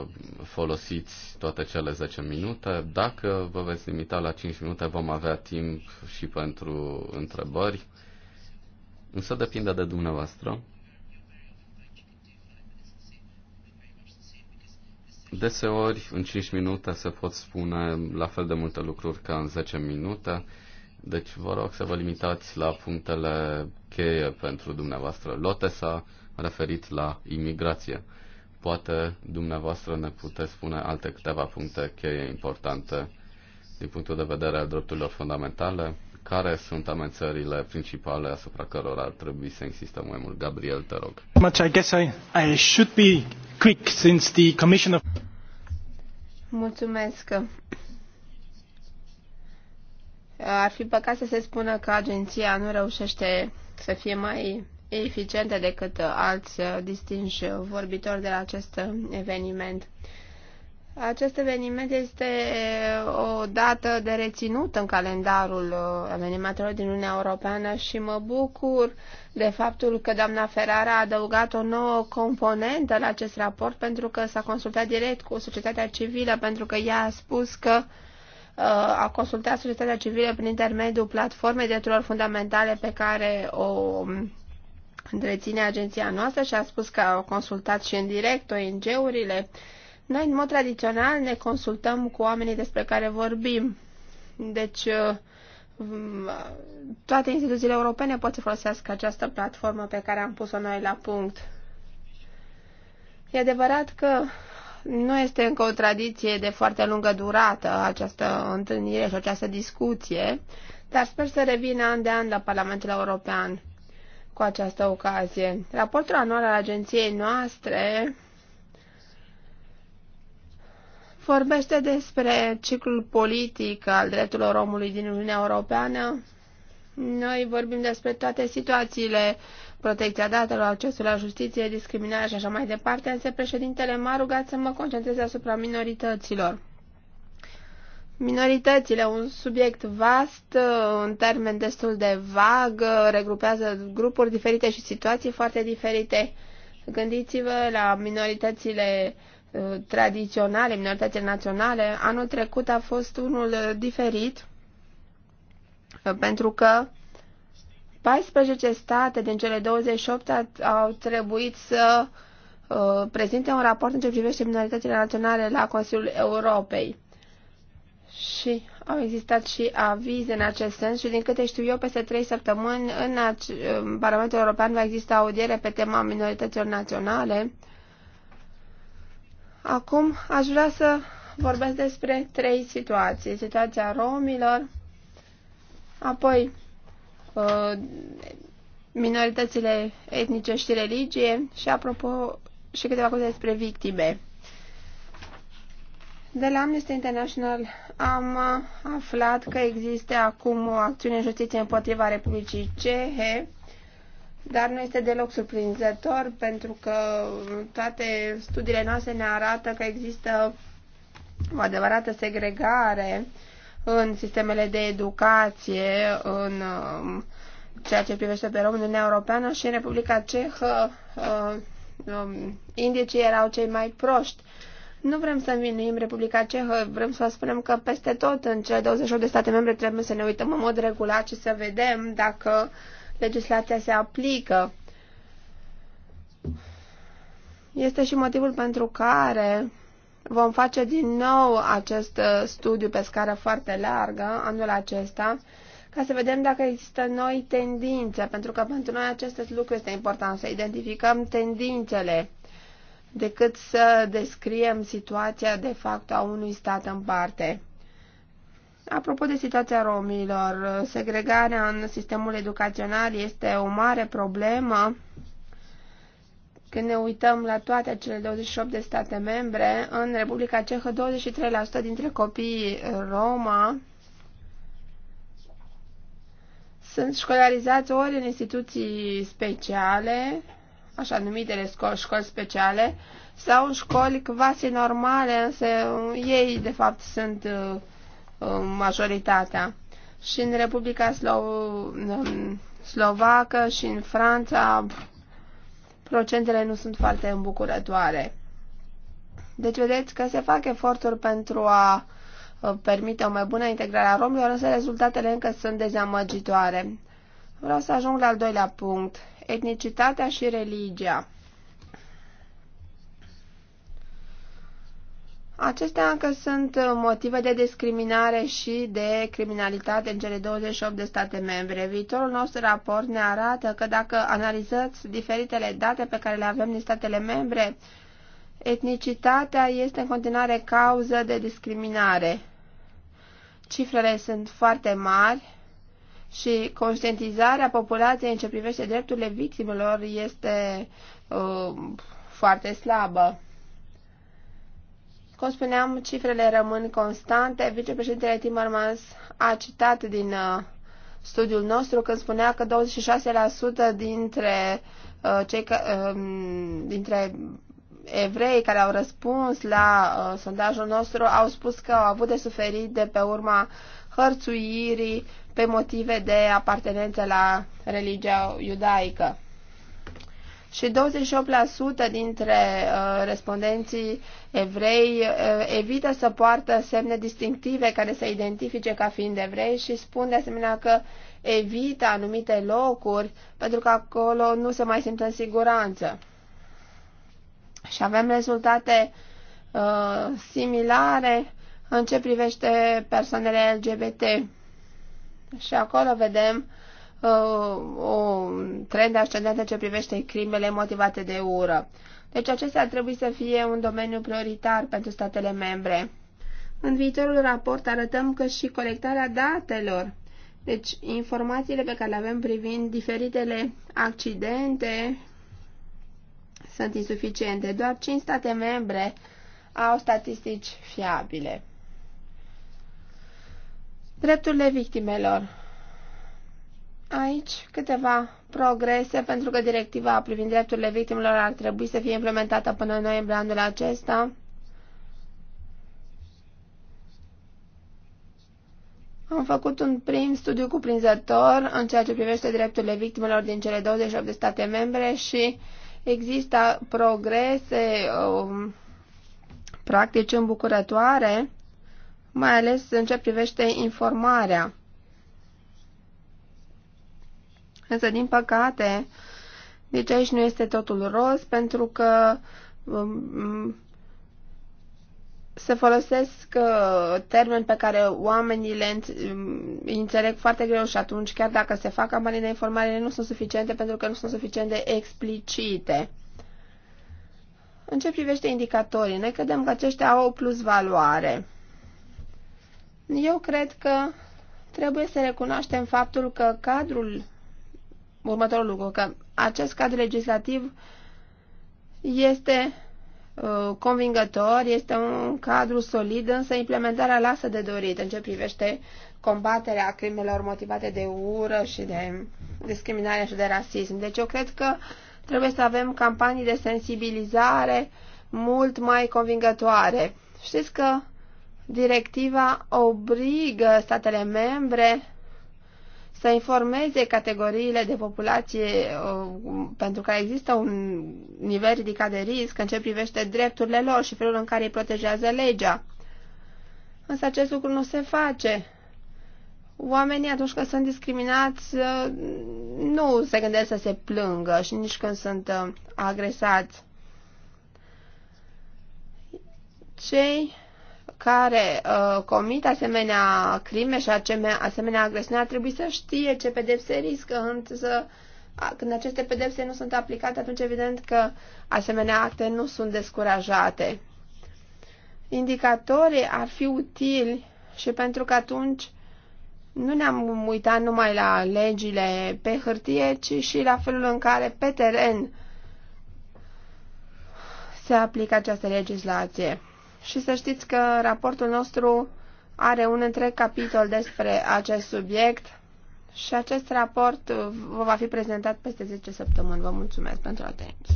[SPEAKER 2] folosiți toate cele 10 minute. Dacă vă veți limita la 5 minute, vom avea timp și pentru întrebări. Însă depinde de dumneavoastră. Deseori, în 5 minute se pot spune la fel de multe lucruri ca în 10 minute, deci vă rog să vă limitați la punctele cheie pentru dumneavoastră. Lotesa, s-a referit la imigrație. Poate dumneavoastră ne puteți spune alte câteva puncte cheie importante din punctul de vedere al drepturilor fundamentale, care sunt amenințările principale asupra cărora ar trebui să insistăm mai mult? Gabriel, te rog.
[SPEAKER 1] Much, I guess I, I should be quick since the commission of...
[SPEAKER 3] Mulțumesc. Ar fi păcat să se spună că agenția nu reușește să fie mai eficientă decât alți distinși vorbitori de la acest eveniment. Acest eveniment este uh, o dată de reținut în calendarul uh, evenimentelor din Uniunea Europeană și mă bucur de faptul că doamna Ferrara a adăugat o nouă componentă la acest raport pentru că s-a consultat direct cu societatea civilă, pentru că ea a spus că uh, a consultat societatea civilă prin intermediul platformei drepturilor fundamentale pe care o um, întreține agenția noastră și a spus că au consultat și în direct ONG-urile noi, în mod tradițional, ne consultăm cu oamenii despre care vorbim. Deci, uh, toate instituțiile europene pot să folosească această platformă pe care am pus-o noi la punct. E adevărat că nu este încă o tradiție de foarte lungă durată această întâlnire și această discuție, dar sper să revină an de an la Parlamentul European cu această ocazie. Raportul anual al agenției noastre vorbește despre ciclul politic al drepturilor omului din Uniunea Europeană. Noi vorbim despre toate situațiile, protecția datelor, accesul la justiție, discriminarea și așa mai departe, însă președintele m-a rugat să mă concentrez asupra minorităților. Minoritățile, un subiect vast, un termen destul de vag, regrupează grupuri diferite și situații foarte diferite. Gândiți-vă la minoritățile uh, Uh, tradiționale, minoritățile naționale, anul trecut a fost unul uh, diferit uh, pentru că 14 state din cele 28 au trebuit să prezinte un raport în ce privește minoritățile naționale la Consiliul Europei. Și au existat și avize în acest sens și din câte știu eu, peste trei săptămâni în, în Parlamentul European va exista audiere pe tema minorităților naționale Acum aș vrea să vorbesc despre trei situații. Situația romilor, apoi uh, minoritățile etnice și religie și, apropo, și câteva cuvinte despre victime. De la Amnesty International am aflat că există acum o acțiune în justiție împotriva Republicii Cehe dar nu este deloc surprinzător pentru că toate studiile noastre ne arată că există o adevărată segregare în sistemele de educație, în um, ceea ce privește pe România Uniunea Europeană și în Republica Cehă uh, um, indicii erau cei mai proști. Nu vrem să învinuim Republica Cehă, vrem să vă spunem că peste tot în cele 28 de state membre trebuie să ne uităm în mod regulat și să vedem dacă uh, legislația se aplică. Este și motivul pentru care vom face din nou acest uh, studiu pe scară foarte largă anul acesta ca să vedem dacă există noi tendințe, pentru că pentru noi acest lucru este important, să identificăm tendințele decât să descriem situația de fapt a unui stat în parte. Apropo de situația romilor, segregarea în sistemul educațional este o mare problemă. Când ne uităm la toate cele 28 de state membre, în Republica Cehă 23% dintre copiii Roma sunt școlarizați ori în instituții speciale, așa numitele școli, școli speciale, sau în școli quasi normale, însă ei de fapt sunt uh, Uh, majoritatea. Și în Republica Slo- um, Slovacă și în Franța procentele nu sunt foarte îmbucurătoare. Deci vedeți că se fac eforturi pentru a uh, permite o mai bună integrare a romilor, însă rezultatele încă sunt dezamăgitoare. Vreau să ajung la al doilea punct, etnicitatea și religia. Acestea încă sunt uh, motive de discriminare și de criminalitate în cele 28 de state membre. Viitorul nostru raport ne arată că dacă analizați diferitele date pe care le avem din statele membre, etnicitatea este în continuare cauză de discriminare. Cifrele sunt foarte mari și conștientizarea populației în ce privește drepturile victimelor este uh, foarte slabă. Cum spuneam, cifrele rămân constante. Vicepreședintele Timmermans a citat din uh, studiul nostru când spunea că 26% dintre uh, cei că, um, dintre evrei care au răspuns la uh, sondajul nostru au spus că au avut de suferit de pe urma hărțuirii pe motive de apartenență la religia iudaică și 28% dintre uh, respondenții evrei uh, evită să poartă semne distinctive care să identifice ca fiind evrei și spun de asemenea că evită anumite locuri pentru că acolo nu se mai simt în siguranță. Și avem rezultate uh, similare în ce privește persoanele LGBT. Și acolo vedem uh, Uh, o trend ascendent în ce privește crimele motivate de ură. Deci acesta ar trebui să fie un domeniu prioritar pentru statele membre. În viitorul raport arătăm că și colectarea datelor, deci informațiile pe care le avem privind diferitele accidente, sunt insuficiente. Doar 5 state membre au statistici fiabile. Drepturile victimelor. Aici câteva progrese, pentru că directiva privind drepturile victimelor ar trebui să fie implementată până în noiembrie anul acesta. Am făcut un prim studiu cuprinzător în ceea ce privește drepturile victimelor din cele 28 de state membre și există progrese um, practici îmbucurătoare, mai ales în ce privește informarea Însă, din păcate, deci aici nu este totul roz, pentru că um, se folosesc uh, termeni pe care oamenii le um, înțeleg foarte greu și atunci, chiar dacă se fac campanii de informare, nu sunt suficiente pentru că nu sunt suficient de explicite. În ce privește indicatorii, noi credem că aceștia au o plus valoare. Eu cred că trebuie să recunoaștem faptul că cadrul următorul lucru, că acest cadru legislativ este uh, convingător, este un cadru solid, însă implementarea lasă de dorit în ce privește combaterea crimelor motivate de ură și de discriminare și de rasism. Deci eu cred că trebuie să avem campanii de sensibilizare mult mai convingătoare. Știți că directiva obligă statele membre să informeze categoriile de populație uh, pentru că există un nivel ridicat de risc în ce privește drepturile lor și felul în care îi protejează legea. Însă acest lucru nu se face. Oamenii atunci când sunt discriminați uh, nu se gândesc să se plângă și nici când sunt uh, agresați. Cei care uh, comit asemenea crime și asemenea agresiune ar trebui să știe ce pedepse riscă, însă când aceste pedepse nu sunt aplicate, atunci evident că asemenea acte nu sunt descurajate. Indicatorii ar fi utili și pentru că atunci nu ne-am uitat numai la legile pe hârtie, ci și la felul în care pe teren se aplică această legislație și să știți că raportul nostru are un întreg capitol despre acest subiect și acest raport uh, vă va fi prezentat peste 10 săptămâni. Vă mulțumesc pentru atenție.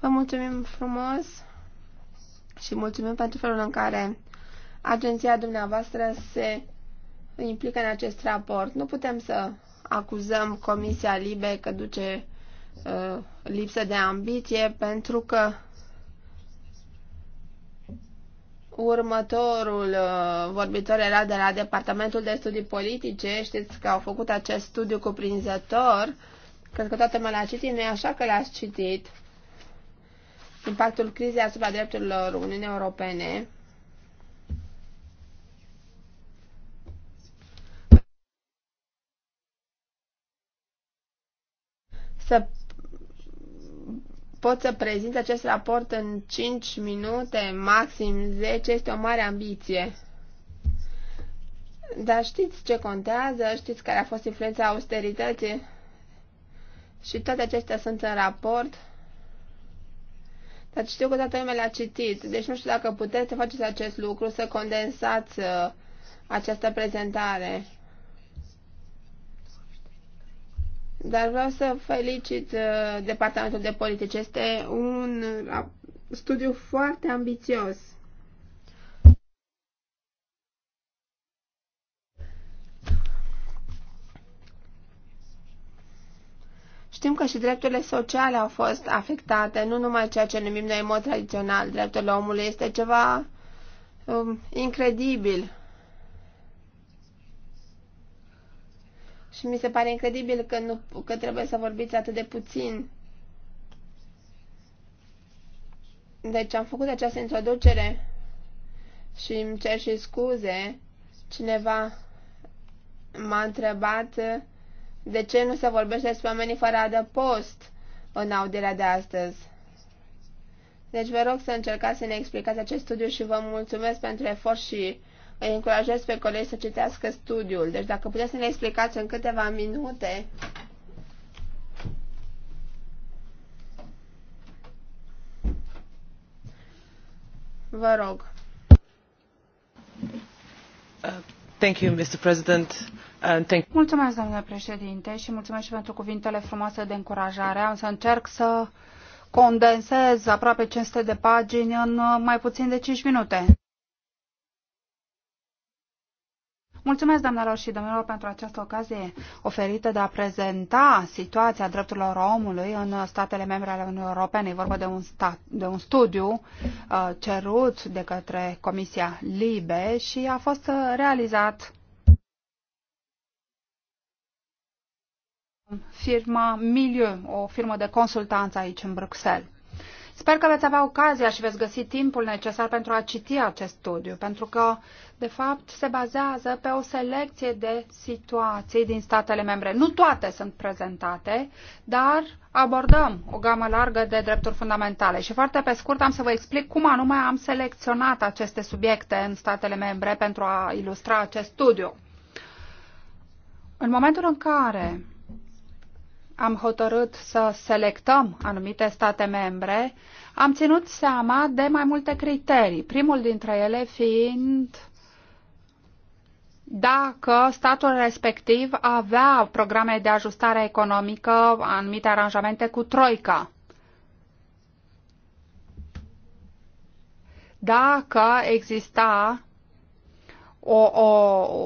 [SPEAKER 3] Vă mulțumim frumos și mulțumim pentru felul în care agenția dumneavoastră se implică în acest raport. Nu putem să acuzăm Comisia Libe că duce uh, lipsă de ambiție pentru că Următorul uh, vorbitor era de la Departamentul de Studii Politice. Știți că au făcut acest studiu cuprinzător. Cred că toată mă l-a citit, nu așa că l-ați citit. Impactul crizei asupra drepturilor Uniunii Europene. Să pot să prezint acest raport în 5 minute, maxim 10, este o mare ambiție. Dar știți ce contează, știți care a fost influența austerității și toate acestea sunt în raport. Dar știu că toată lumea le-a citit, deci nu știu dacă puteți să faceți acest lucru, să condensați uh, această prezentare. Dar vreau să felicit uh, Departamentul de Politici. Este un studiu foarte ambițios. Știm că și drepturile sociale au fost afectate, nu numai ceea ce numim noi în mod tradițional drepturile omului, este ceva um, incredibil. Și mi se pare incredibil că, nu, că trebuie să vorbiți atât de puțin. Deci am făcut această introducere și îmi cer și scuze. Cineva m-a întrebat de ce nu se vorbește despre oamenii fără adăpost în audierea de astăzi. Deci vă rog să încercați să ne explicați acest studiu și vă mulțumesc pentru efort și îi încurajez pe colegi să citească studiul. Deci dacă puteți să ne explicați în câteva minute
[SPEAKER 4] Vă rog.
[SPEAKER 1] Thank you, Mr. President. Thank
[SPEAKER 4] mulțumesc, domnule președinte, și mulțumesc și pentru cuvintele frumoase de încurajare. Am să încerc să condensez aproape 500 de pagini în mai puțin de 5 minute. Mulțumesc, doamnelor și domnilor, pentru această ocazie oferită de a prezenta situația drepturilor omului în statele membre ale Uniunii Europene. E vorba de un, stat, de un studiu uh, cerut de către Comisia Libe și a fost uh, realizat firma Milieu, o firmă de consultanță aici în Bruxelles. Sper că veți avea ocazia și veți găsi timpul necesar pentru a citi acest studiu, pentru că, de fapt, se bazează pe o selecție de situații din statele membre. Nu toate sunt prezentate, dar abordăm o gamă largă de drepturi fundamentale. Și foarte pe scurt am să vă explic cum anume am selecționat aceste subiecte în statele membre pentru a ilustra acest studiu. În momentul în care am hotărât să selectăm anumite state membre, am ținut seama de mai multe criterii, primul dintre ele fiind dacă statul respectiv avea programe de ajustare economică, anumite aranjamente cu Troica. Dacă exista o, o,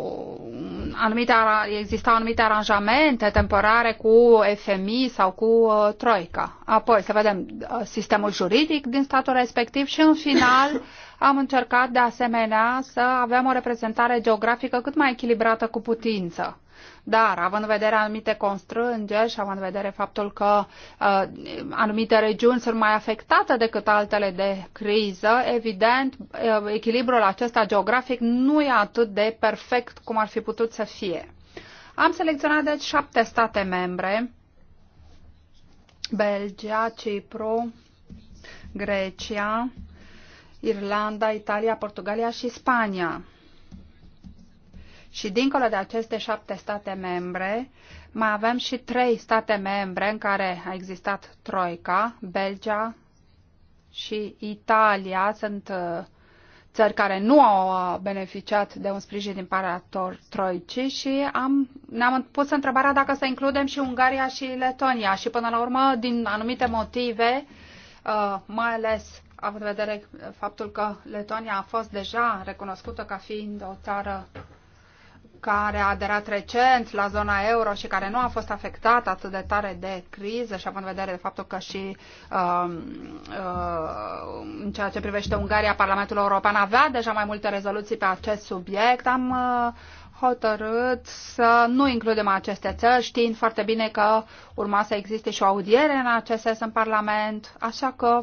[SPEAKER 4] anumite, existau anumite aranjamente temporare cu FMI sau cu uh, Troica. Apoi să vedem uh, sistemul juridic din statul respectiv și în final am încercat de asemenea să avem o reprezentare geografică cât mai echilibrată cu putință. Dar, având în vedere anumite constrângeri și având în vedere faptul că uh, anumite regiuni sunt mai afectate decât altele de criză, evident, uh, echilibrul acesta geografic nu e atât de perfect cum ar fi putut să fie. Am selecționat, deci, șapte state membre. Belgia, Cipru, Grecia, Irlanda, Italia, Portugalia și Spania. Și dincolo de aceste șapte state membre, mai avem și trei state membre în care a existat Troica, Belgia și Italia sunt uh, țări care nu au uh, beneficiat de un sprijin din partea Troicii și am, ne-am pus întrebarea dacă să includem și Ungaria și Letonia și până la urmă, din anumite motive, uh, mai ales având în vedere faptul că Letonia a fost deja recunoscută ca fiind o țară care a aderat recent la zona euro și care nu a fost afectată atât de tare de criză și având în vedere de faptul că și uh, uh, în ceea ce privește Ungaria, Parlamentul European avea deja mai multe rezoluții pe acest subiect, am uh, hotărât să nu includem aceste țări, știind foarte bine că urma să existe și o audiere în acest sens în Parlament, așa că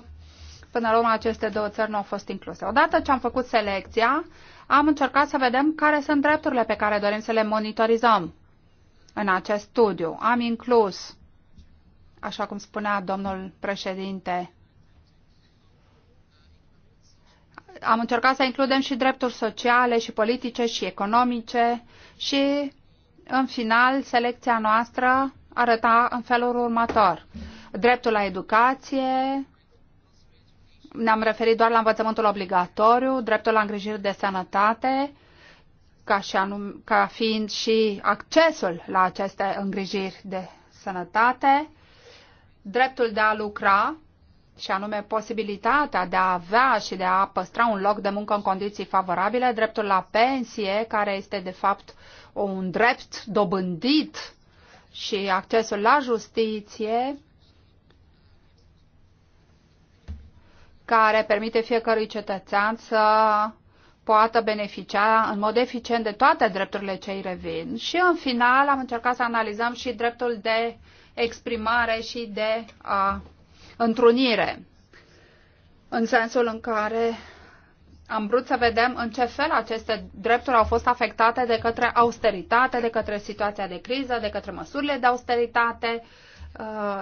[SPEAKER 4] până la urmă aceste două țări nu au fost incluse. Odată ce am făcut selecția, am încercat să vedem care sunt drepturile pe care dorim să le monitorizăm în acest studiu. Am inclus, așa cum spunea domnul președinte, am încercat să includem și drepturi sociale și politice și economice și, în final, selecția noastră arăta în felul următor. Dreptul la educație, ne-am referit doar la învățământul obligatoriu, dreptul la îngrijiri de sănătate, ca, și anum, ca fiind și accesul la aceste îngrijiri de sănătate, dreptul de a lucra, și anume posibilitatea de a avea și de a păstra un loc de muncă în condiții favorabile, dreptul la pensie, care este de fapt un drept dobândit și accesul la justiție, care permite fiecărui cetățean să poată beneficia în mod eficient de toate drepturile ce îi revin. Și în final am încercat să analizăm și dreptul de exprimare și de a, întrunire, în sensul în care am vrut să vedem în ce fel aceste drepturi au fost afectate de către austeritate, de către situația de criză, de către măsurile de austeritate,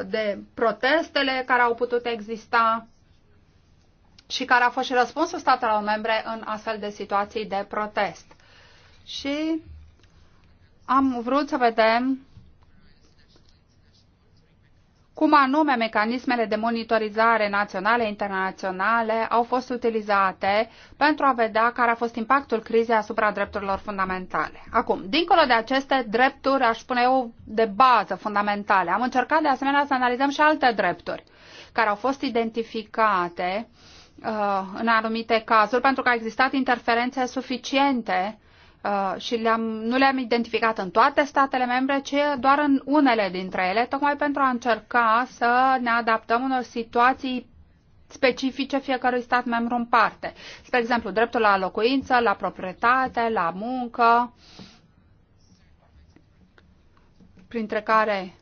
[SPEAKER 4] de protestele care au putut exista și care a fost și răspunsul statelor membre în astfel de situații de protest. Și am vrut să vedem cum anume mecanismele de monitorizare naționale, internaționale au fost utilizate pentru a vedea care a fost impactul crizei asupra drepturilor fundamentale. Acum, dincolo de aceste drepturi, aș spune eu, de bază fundamentale, am încercat de asemenea să analizăm și alte drepturi care au fost identificate uh, Uh, în anumite cazuri pentru că au existat interferențe suficiente uh, și le-am, nu le-am identificat în toate statele membre, ci doar în unele dintre ele, tocmai pentru a încerca să ne adaptăm unor situații specifice fiecărui stat membru în parte. Spre exemplu, dreptul la locuință, la proprietate, la muncă, printre care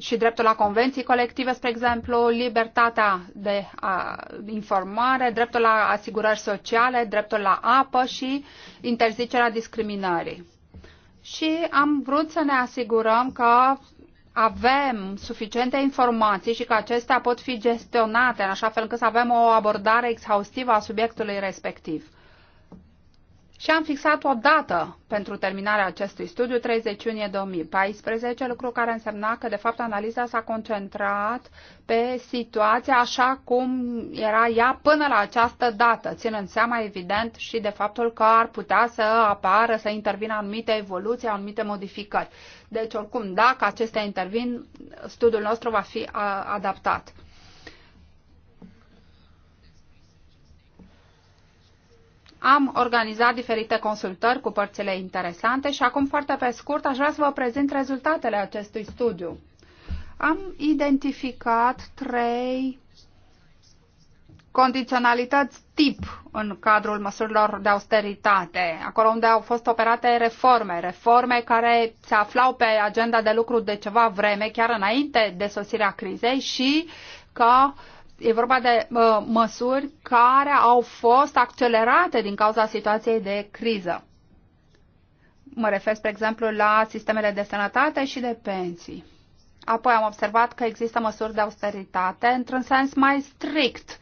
[SPEAKER 4] și dreptul la convenții colective, spre exemplu, libertatea de a, informare, dreptul la asigurări sociale, dreptul la apă și interzicerea discriminării. Și am vrut să ne asigurăm că avem suficiente informații și că acestea pot fi gestionate în așa fel încât să avem o abordare exhaustivă a subiectului respectiv și am fixat o dată pentru terminarea acestui studiu, 30 iunie 2014, lucru care însemna că, de fapt, analiza s-a concentrat pe situația așa cum era ea până la această dată, ținând seama, evident, și de faptul că ar putea să apară, să intervină anumite evoluții, anumite modificări. Deci, oricum, dacă acestea intervin, studiul nostru va fi adaptat. am organizat diferite consultări cu părțile interesante și acum foarte pe scurt aș vrea să vă prezint rezultatele acestui studiu. Am identificat trei condiționalități tip în cadrul măsurilor de austeritate, acolo unde au fost operate reforme, reforme care se aflau pe agenda de lucru de ceva vreme, chiar înainte de sosirea crizei și că uh, E vorba de uh, măsuri care au fost accelerate din cauza situației de criză. Mă refer, spre exemplu, la sistemele de sănătate și de pensii. Apoi am observat că există măsuri de austeritate într-un sens mai strict,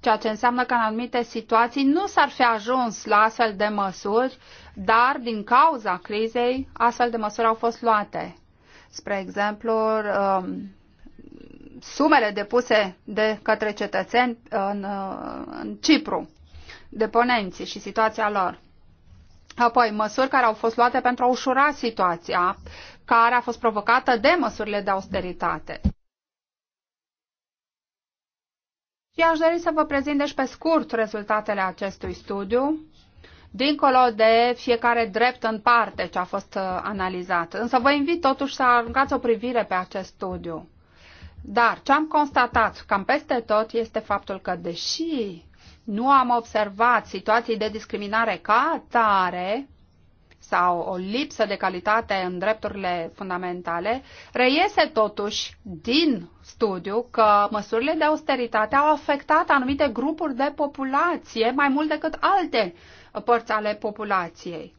[SPEAKER 4] ceea ce înseamnă că în anumite situații nu s-ar fi ajuns la astfel de măsuri, dar din cauza crizei astfel de măsuri au fost luate. Spre exemplu, um, sumele depuse de către cetățeni în, uh, în Cipru, deponenții și situația lor. Apoi, măsuri care au fost luate pentru a ușura situația care a fost provocată de măsurile de austeritate. Și aș dori să vă prezint deci pe scurt rezultatele acestui studiu, dincolo de fiecare drept în parte ce a fost uh, analizat. Însă vă invit totuși să aruncați o privire pe acest studiu. Dar ce am constatat cam peste tot este faptul că, deși nu am observat situații de discriminare ca atare sau o lipsă de calitate în drepturile fundamentale, reiese totuși din studiu că măsurile de austeritate au afectat anumite grupuri de populație mai mult decât alte părți ale populației.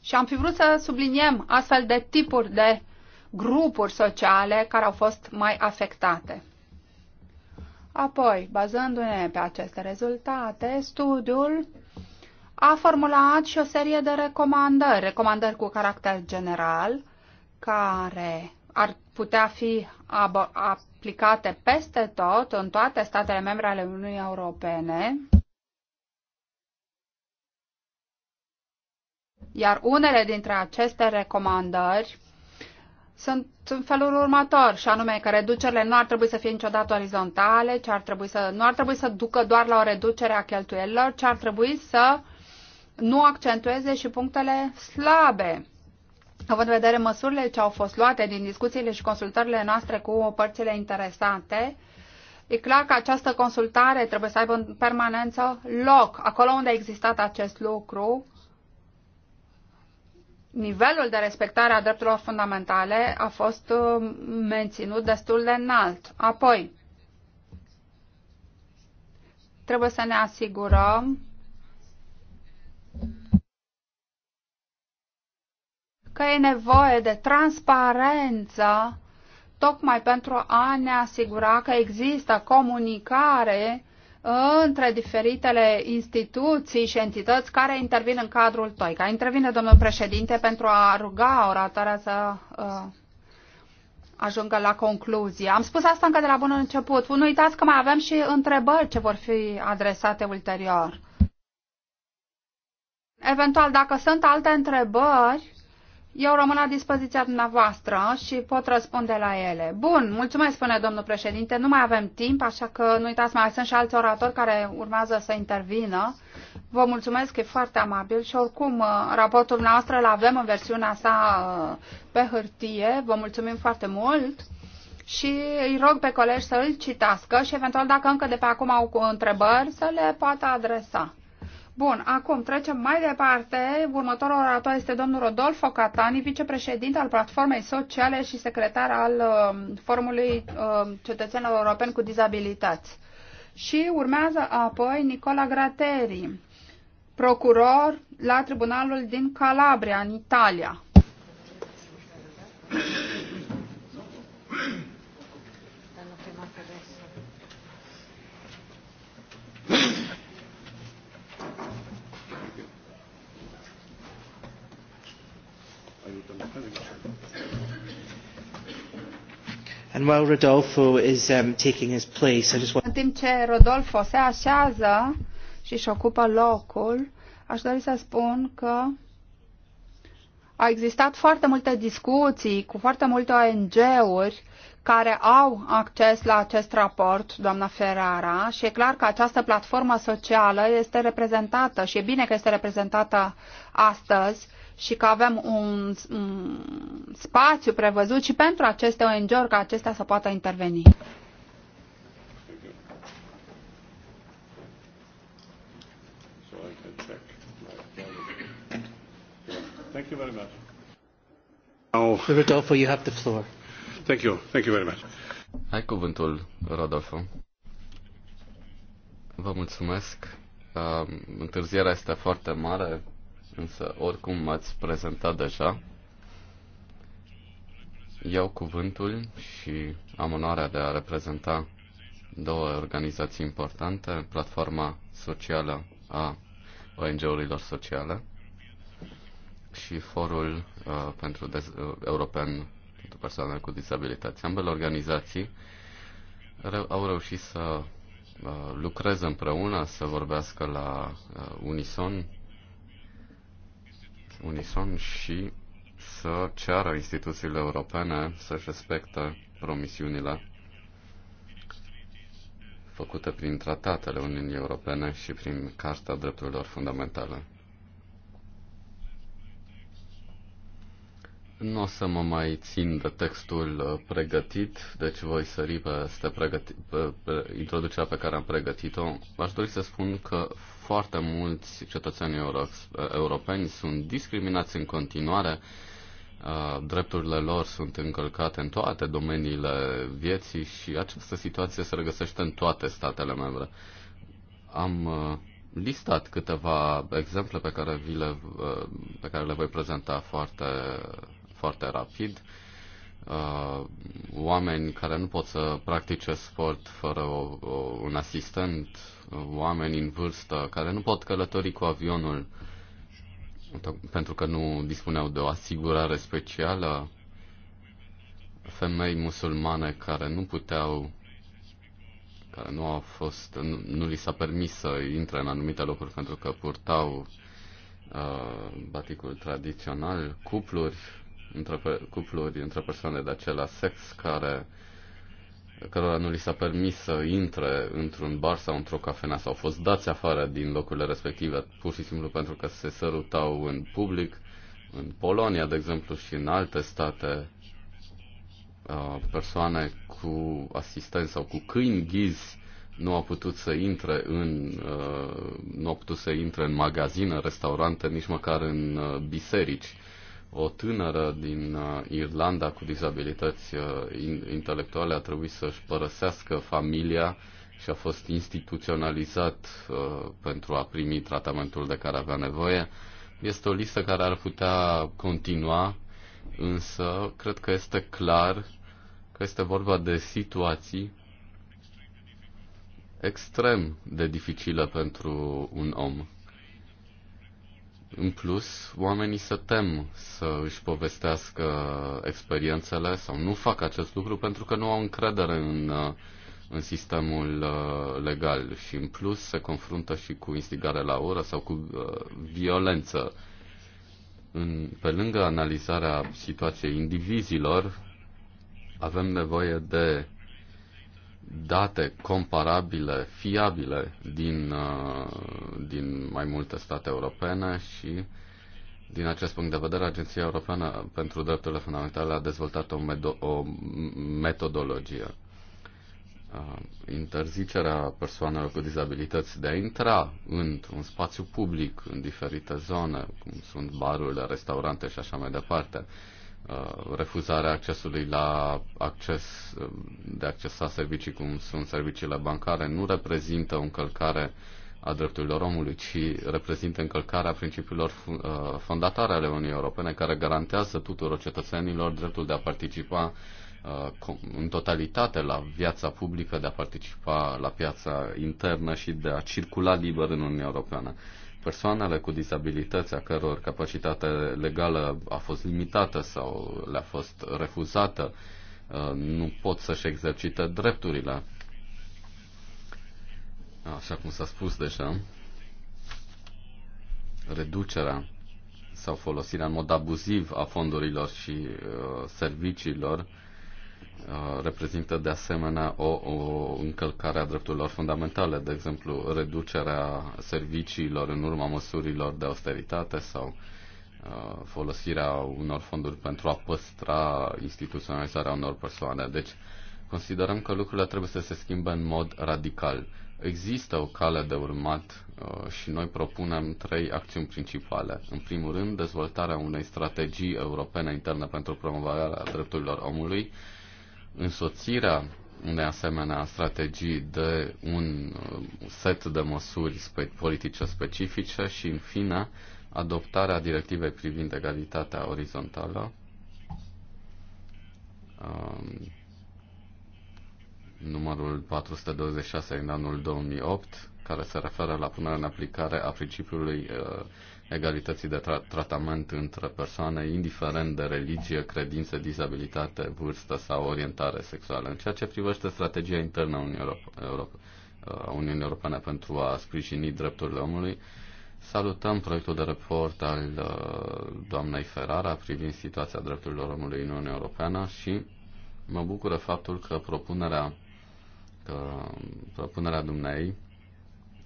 [SPEAKER 4] Și am fi vrut să subliniem astfel de tipuri de grupuri sociale care au fost mai afectate. Apoi, bazându-ne pe aceste rezultate, studiul a formulat și o serie de recomandări, recomandări cu caracter general, care ar putea fi aplicate peste tot, în toate statele membre ale Uniunii Europene, iar unele dintre aceste recomandări sunt în felul următor, și anume că reducerile nu ar trebui să fie niciodată orizontale, ci ar trebui să, nu ar trebui să ducă doar la o reducere a cheltuielilor, ci ar trebui să nu accentueze și punctele slabe. Având în vedere măsurile ce au fost luate din discuțiile și consultările noastre cu părțile interesante, e clar că această consultare trebuie să aibă în permanență loc. Acolo unde a existat acest lucru, nivelul de respectare a drepturilor fundamentale a fost uh, menținut destul de înalt. Apoi, trebuie să ne asigurăm că e nevoie de transparență tocmai pentru a ne asigura că există comunicare între diferitele instituții și entități care intervin în cadrul TOICA. Intervine domnul președinte pentru a ruga oratoarea să uh, ajungă la concluzie. Am spus asta încă de la bun început. Nu uitați că mai avem și întrebări ce vor fi adresate ulterior. Eventual, dacă sunt alte întrebări, eu rămân la dispoziția dumneavoastră și pot răspunde la ele. Bun, mulțumesc, spune domnul președinte. Nu mai avem timp, așa că nu uitați, mai sunt și alți oratori care urmează să intervină. Vă mulțumesc, e foarte amabil și oricum uh, raportul noastră îl avem în versiunea sa uh, pe hârtie. Vă mulțumim foarte mult și îi rog pe colegi să îl citească și eventual dacă încă de pe acum au întrebări să le poată adresa. Bun, acum trecem mai departe. Următorul orator este domnul Rodolfo Catani, vicepreședinte al Platformei Sociale și secretar al uh, um, Formului uh, um, Cetățenilor Europeni cu Dizabilități. Și urmează apoi Nicola Grateri, procuror la Tribunalul din Calabria, în Italia.
[SPEAKER 1] And while Rodolfo is um, taking his place, I just want... În
[SPEAKER 4] timp ce Rodolfo se așează și își ocupă locul, aș dori să spun că a existat foarte multe discuții cu foarte multe ONG-uri care au acces la acest raport, doamna Ferrara, și e clar că această platformă socială este reprezentată și e bine că este reprezentată astăzi și că avem un, un spațiu prevăzut și pentru aceste ONG-uri ca acestea să poată interveni.
[SPEAKER 2] Rodolfo, you have the floor. Thank you. Thank you very much. Ai cuvântul, Rodolfo. Vă mulțumesc. Uh, întârzierea este foarte mare însă oricum m-ați prezentat deja. Iau cuvântul și am onoarea de a reprezenta două organizații importante, Platforma Socială a ONG-urilor sociale și Forul uh, pentru Dez- uh, European pentru persoanele cu dizabilități. Ambele organizații re- au reușit să uh, lucreze împreună, să vorbească la uh, unison unison și să ceară instituțiile europene să-și respecte promisiunile făcute prin tratatele Uniunii Europene și prin Carta Drepturilor Fundamentale. Nu o să mă mai țin de textul uh, pregătit, deci voi sări peste pregăti, pe, pe introducerea pe care am pregătit-o. Aș dori să spun că foarte mulți cetățeni euro- europeni sunt discriminați în continuare, drepturile lor sunt încălcate în toate domeniile vieții și această situație se regăsește în toate statele membre. Am listat câteva exemple pe care, vi le, pe care le voi prezenta foarte, foarte rapid uh, oameni care nu pot să practice sport fără o, o, un asistent, uh, oameni în vârstă care nu pot călători cu avionul pentru că nu dispuneau de o asigurare specială, femei musulmane care nu puteau care nu au fost, nu, nu li s-a permis să intre în anumite locuri pentru că purtau uh, baticul tradițional, cupluri între cupluri, între persoane de același sex care cărora nu li s-a permis să intre într-un bar sau într-o cafenea sau au fost dați afară din locurile respective pur și simplu pentru că se sărutau în public. În Polonia, de exemplu, și în alte state, uh, persoane cu asistență sau cu câini ghizi nu au putut să intre în uh, nu au putut să intre în magazine, restaurante, nici măcar în uh, biserici o tânără din uh, Irlanda cu dizabilități uh, intelectuale a trebuit să-și părăsească familia și a fost instituționalizat uh, pentru a primi tratamentul de care avea nevoie. Este o listă care ar putea continua, însă cred că este clar că este vorba de situații extrem de dificile pentru un om. În plus, oamenii se tem să își povestească experiențele sau nu fac acest lucru pentru că nu au încredere în, uh, în sistemul uh, legal și în plus se confruntă și cu instigare la ură sau cu uh, violență. În, pe lângă analizarea situației indivizilor, avem nevoie de date comparabile, fiabile din, uh, din mai multe state europene și din acest punct de vedere, Agenția Europeană pentru Drepturile Fundamentale a dezvoltat o, medo- o metodologie. Uh, interzicerea persoanelor cu dizabilități de a intra într-un spațiu public, în diferite zone, cum sunt barurile, restaurante și așa mai departe, Uh, refuzarea accesului la acces, uh, de acces la servicii cum sunt serviciile bancare nu reprezintă o încălcare a drepturilor omului, ci reprezintă încălcarea principiilor uh, fondatare ale Uniunii Europene care garantează tuturor cetățenilor dreptul de a participa în totalitate la viața publică, de a participa la piața internă și de a circula liber în Uniunea Europeană persoanele cu dizabilități a căror capacitate legală a fost limitată sau le-a fost refuzată uh, nu pot să-și exercite drepturile. Așa cum s-a spus deja, reducerea sau folosirea în mod abuziv a fondurilor și uh, serviciilor reprezintă de asemenea o, o încălcare a drepturilor fundamentale, de exemplu reducerea serviciilor în urma măsurilor de austeritate sau folosirea unor fonduri pentru a păstra instituționalizarea unor persoane. Deci considerăm că lucrurile trebuie să se schimbe în mod radical. Există o cale de urmat și noi propunem trei acțiuni principale. În primul rând, dezvoltarea unei strategii europene interne pentru promovarea drepturilor omului, însoțirea unei asemenea strategii de un uh, set de măsuri spe- politice specifice și, în fine, adoptarea directivei privind egalitatea orizontală. Um, numărul 426 din anul 2008, care se referă la punerea în aplicare a principiului uh, egalității de tra- tratament între persoane, indiferent de religie, credință, dizabilitate, vârstă sau orientare sexuală. În ceea ce privește strategia internă a Uniunii, Europe- Europe- a Uniunii Europene pentru a sprijini drepturile omului, salutăm proiectul de raport al uh, doamnei Ferrara privind situația drepturilor omului în Uniunea Europeană și mă bucură faptul că propunerea, că propunerea dumnei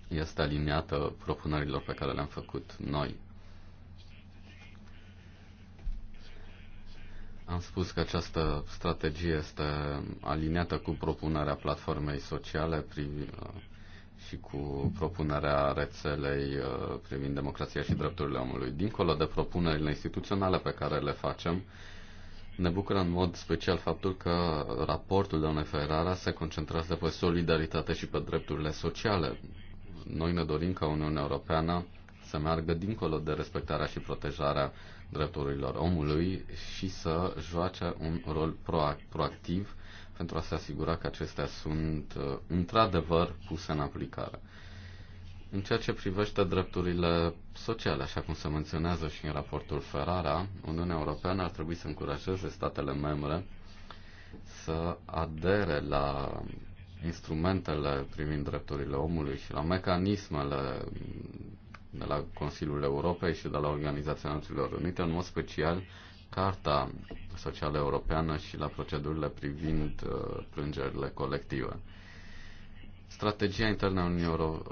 [SPEAKER 2] este aliniată propunerilor pe care le-am făcut noi. Am spus că această strategie este aliniată cu propunerea platformei sociale și cu propunerea rețelei uh, privind democrația și drepturile omului. Dincolo de propunerile instituționale pe care le facem, ne bucură în mod special faptul că raportul de Ferrara se concentrează pe solidaritate și pe drepturile sociale, noi ne dorim ca Uniunea Europeană să meargă dincolo de respectarea și protejarea drepturilor omului și să joace un rol proactiv pentru a se asigura că acestea sunt uh, într-adevăr puse în aplicare. În ceea ce privește drepturile sociale, așa cum se menționează și în raportul Ferrara, Uniunea Europeană ar trebui să încurajeze statele membre să adere la instrumentele privind drepturile omului și la mecanismele de la Consiliul Europei și de la Organizația Națiunilor Unite, în mod special Carta Socială Europeană și la procedurile privind uh, plângerile colective. Strategia internă a Uniunii, Euro-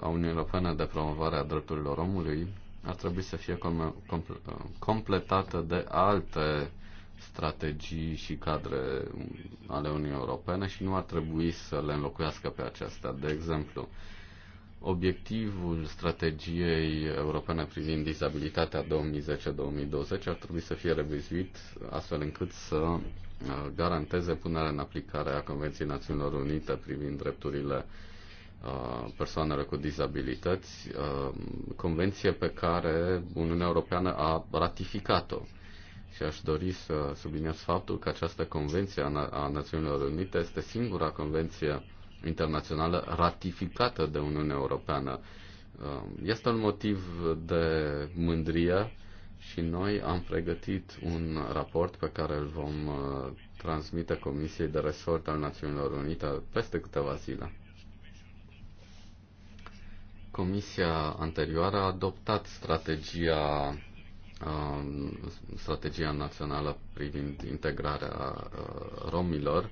[SPEAKER 2] a Uniunii Europene de promovare a drepturilor omului ar trebui să fie com- com- completată de alte strategii și cadre ale Uniunii Europene și nu ar trebui să le înlocuiască pe acestea. De exemplu, obiectivul strategiei europene privind dizabilitatea 2010-2020 ar trebui să fie revizuit astfel încât să uh, garanteze punerea în aplicare a Convenției Națiunilor Unite privind drepturile uh, persoanelor cu dizabilități, uh, convenție pe care Uniunea Europeană a ratificat-o și aș dori să subliniez faptul că această convenție a Națiunilor Unite este singura convenție internațională ratificată de Uniunea Europeană. Um, este un motiv de mândrie și noi am pregătit un raport pe care îl vom uh, transmite Comisiei de Resort al Națiunilor Unite peste câteva zile. Comisia anterioară a adoptat strategia Um, strategia națională privind integrarea uh, romilor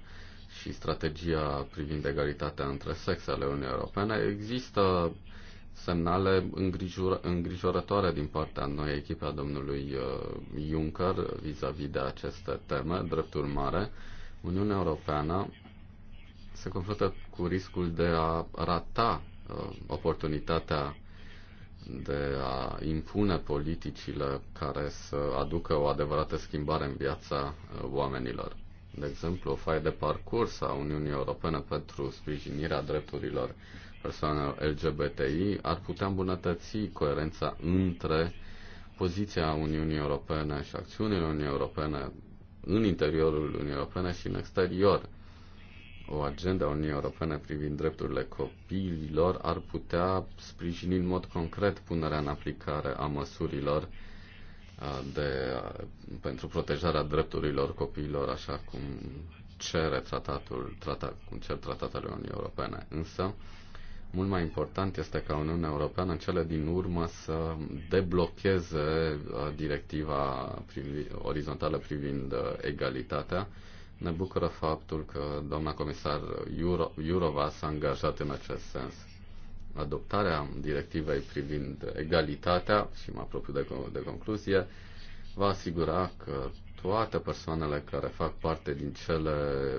[SPEAKER 2] și strategia privind egalitatea între sexele Uniunii Europene, există semnale îngrijorătoare din partea noi, echipa domnului uh, Juncker, vis-a-vis -vis de aceste teme. Drept urmare, Uniunea Europeană se confruntă cu riscul de a rata uh, oportunitatea de a impune politicile care să aducă o adevărată schimbare în viața uh, oamenilor. De exemplu, o faie de parcurs a Uniunii Europene pentru sprijinirea drepturilor persoanelor LGBTI ar putea îmbunătăți coerența între poziția Uniunii Europene și acțiunile Uniunii Europene în interiorul Uniunii Europene și în exterior o agenda Uniunii Europene privind drepturile copiilor ar putea sprijini în mod concret punerea în aplicare a măsurilor de, pentru protejarea drepturilor copiilor, așa cum cere tratatul, tratat, cum cer tratatele Uniunii Europene. Însă, mult mai important este ca Uniunea Europeană în cele din urmă să deblocheze directiva privi, orizontală privind egalitatea ne bucură faptul că doamna comisar Euro, Iurova s-a angajat în acest sens. Adoptarea directivei privind egalitatea, și mă apropiu de, de concluzie, va asigura că toate persoanele care fac parte din cele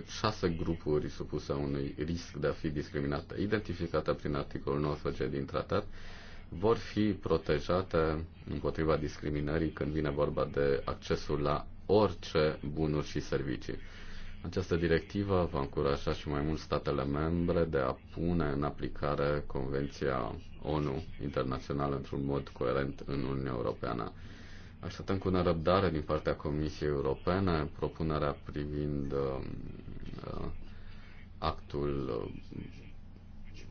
[SPEAKER 2] șase grupuri supuse unui risc de a fi discriminate, identificate prin articolul 19 din tratat, vor fi protejate împotriva discriminării când vine vorba de accesul la orice bunuri și servicii. Această directivă va încuraja și mai mult statele membre de a pune în aplicare Convenția ONU internațională într-un mod coerent în Uniunea Europeană. Așteptăm cu nerăbdare din partea Comisiei Europene propunerea privind uh, uh actul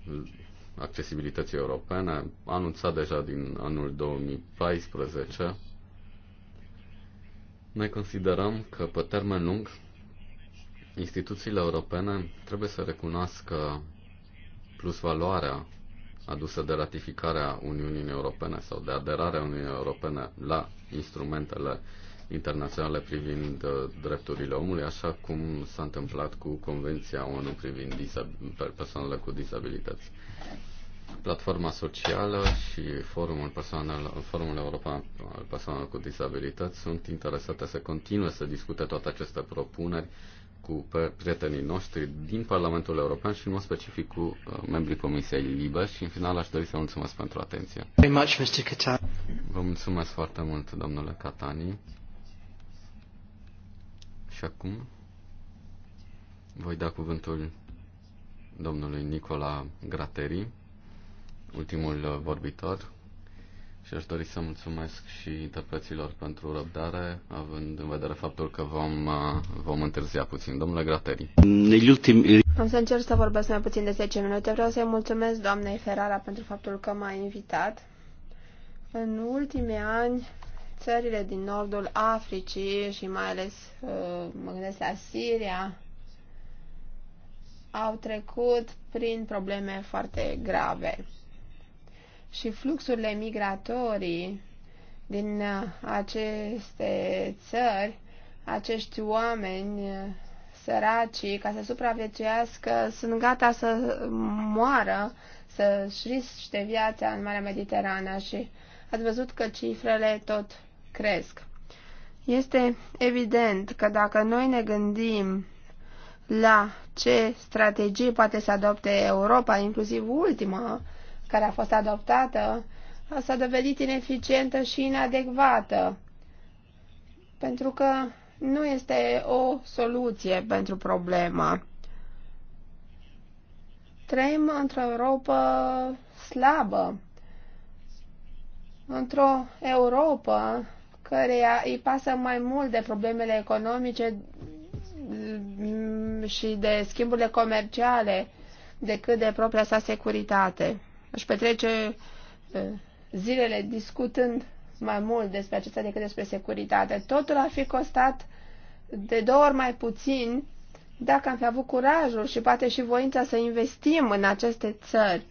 [SPEAKER 2] uh, accesibilității europene, anunțat deja din anul 2014. Noi considerăm că pe termen lung instituțiile europene trebuie să recunoască valoarea adusă de ratificarea Uniunii Europene sau de aderarea Uniunii Europene la instrumentele internaționale privind uh, drepturile omului, așa cum s-a întâmplat cu Convenția ONU privind persoanele cu dizabilități. Platforma socială și Forumul, personal, Forumul European al Persoanelor cu Dizabilități sunt interesate să continue să discute toate aceste propuneri cu prietenii noștri din Parlamentul European și, în mod specific, cu uh, membrii Comisiei Liber. și, în final, aș dori să mulțumesc pentru atenție. Vă mulțumesc foarte mult, domnule Catani. Și acum voi da cuvântul domnului Nicola Grateri, ultimul vorbitor și aș dori să mulțumesc și interpreților pentru răbdare, având în vedere faptul că vom, uh, vom întârzia puțin. Domnule Grateri.
[SPEAKER 3] Am să încerc să vorbesc mai puțin de 10 minute. Vreau să-i mulțumesc doamnei Ferrara pentru faptul că m-a invitat. În ultimii ani, țările din nordul Africii și mai ales uh, mă gândesc la Siria, au trecut prin probleme foarte grave și fluxurile migratorii din uh, aceste țări, acești oameni uh, săraci, ca să supraviețuiască, sunt gata să moară, să-și riște viața în Marea Mediterană și ați văzut că cifrele tot cresc. Este evident că dacă noi ne gândim la ce strategie poate să adopte Europa, inclusiv ultima care a fost adoptată s-a dovedit ineficientă și inadecvată, pentru că nu este o soluție pentru problemă. Trăim într-o Europa slabă, într-o Europa care îi pasă mai mult de problemele economice mm, și de schimburile comerciale decât de propria sa securitate își petrece zilele discutând mai mult despre acestea decât despre securitate. Totul ar fi costat de două ori mai puțin dacă am fi avut curajul și poate și voința să investim în aceste țări,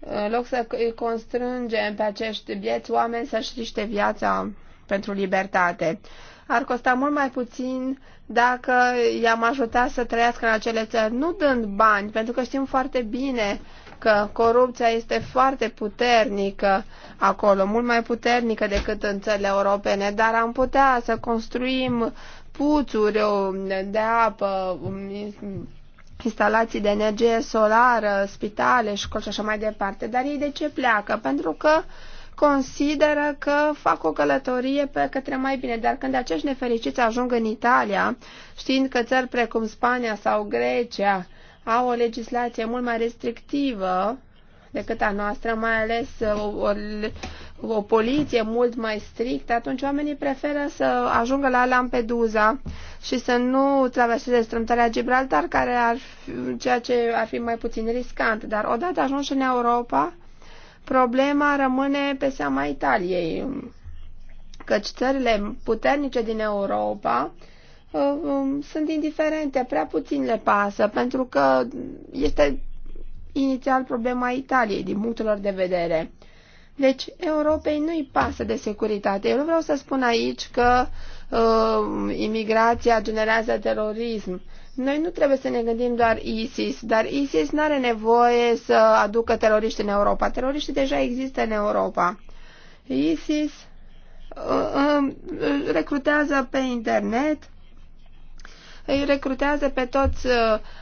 [SPEAKER 3] în loc să îi constrângem pe acești bieți oameni să-și riște viața pentru libertate. Ar costa mult mai puțin dacă i-am ajutat să trăiască în acele țări, nu dând bani, pentru că știm foarte bine că corupția este foarte puternică acolo, mult mai puternică decât în țările europene, dar am putea să construim puțuri um, de apă, um, instalații de energie solară, spitale, școli și așa mai departe. Dar ei de ce pleacă? Pentru că consideră că fac o călătorie pe către mai bine, dar când acești nefericiți ajung în Italia, știind că țări precum Spania sau Grecia au o legislație mult mai restrictivă decât a noastră, mai ales o, o, o poliție mult mai strictă, atunci oamenii preferă să ajungă la Lampedusa și să nu traverseze strâmtarea Gibraltar, care ar fi, ceea ce ar fi mai puțin riscant. Dar odată ajuns în Europa, problema rămâne pe seama Italiei, căci țările puternice din Europa Uh, um, sunt indiferente, prea puțin le pasă, pentru că este inițial problema Italiei din punctul lor de vedere. Deci, Europei nu-i pasă de securitate. Eu nu vreau să spun aici că uh, imigrația generează terorism. Noi nu trebuie să ne gândim doar ISIS, dar ISIS nu are nevoie să aducă teroriști în Europa. Teroriștii deja există în Europa. ISIS uh, uh, recrutează pe internet îi recrutează pe toți uh,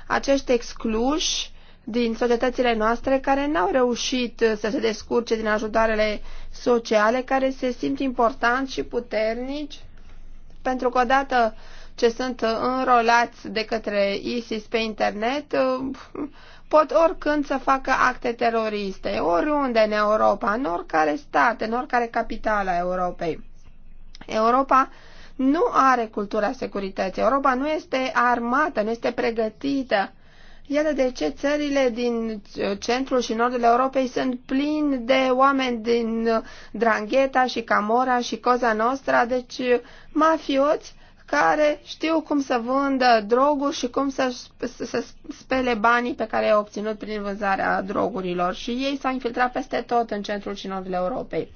[SPEAKER 3] acești excluși din societățile noastre care n-au reușit uh, să se descurce din ajutoarele sociale, care se simt importanți și puternici, pentru că odată ce sunt înrolați de către ISIS pe internet, uh, pot oricând să facă acte teroriste, oriunde în Europa, în oricare stat, în oricare capitală a Europei. Europa nu are cultura securității. Europa nu este armată, nu este pregătită. Iată de ce țările din centrul și nordul Europei sunt plini de oameni din Drangheta și Camora și Coza Nostra, deci mafioți care știu cum să vândă droguri și cum să, să spele banii pe care i-au obținut prin vânzarea drogurilor. Și ei s-au infiltrat peste tot în centrul și nordul Europei.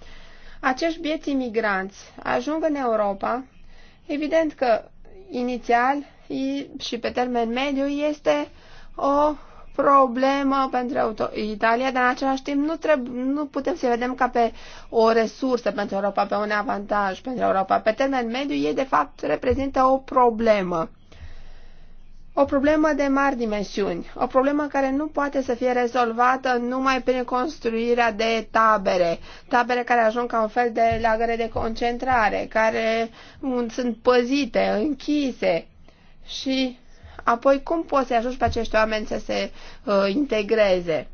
[SPEAKER 3] Acești bieți imigranți ajung în Europa Evident că inițial și pe termen mediu este o problemă pentru Italia, dar în același timp nu, trebuie, nu putem să vedem ca pe o resursă pentru Europa, pe un avantaj pentru Europa. Pe termen mediu ei, de fapt, reprezintă o problemă o problemă de mari dimensiuni, o problemă care nu poate să fie rezolvată numai prin construirea de tabere, tabere care ajung ca un fel de lagăre de concentrare, care mm, sunt păzite, închise și apoi cum poți să ajungi pe acești oameni să se uh, integreze?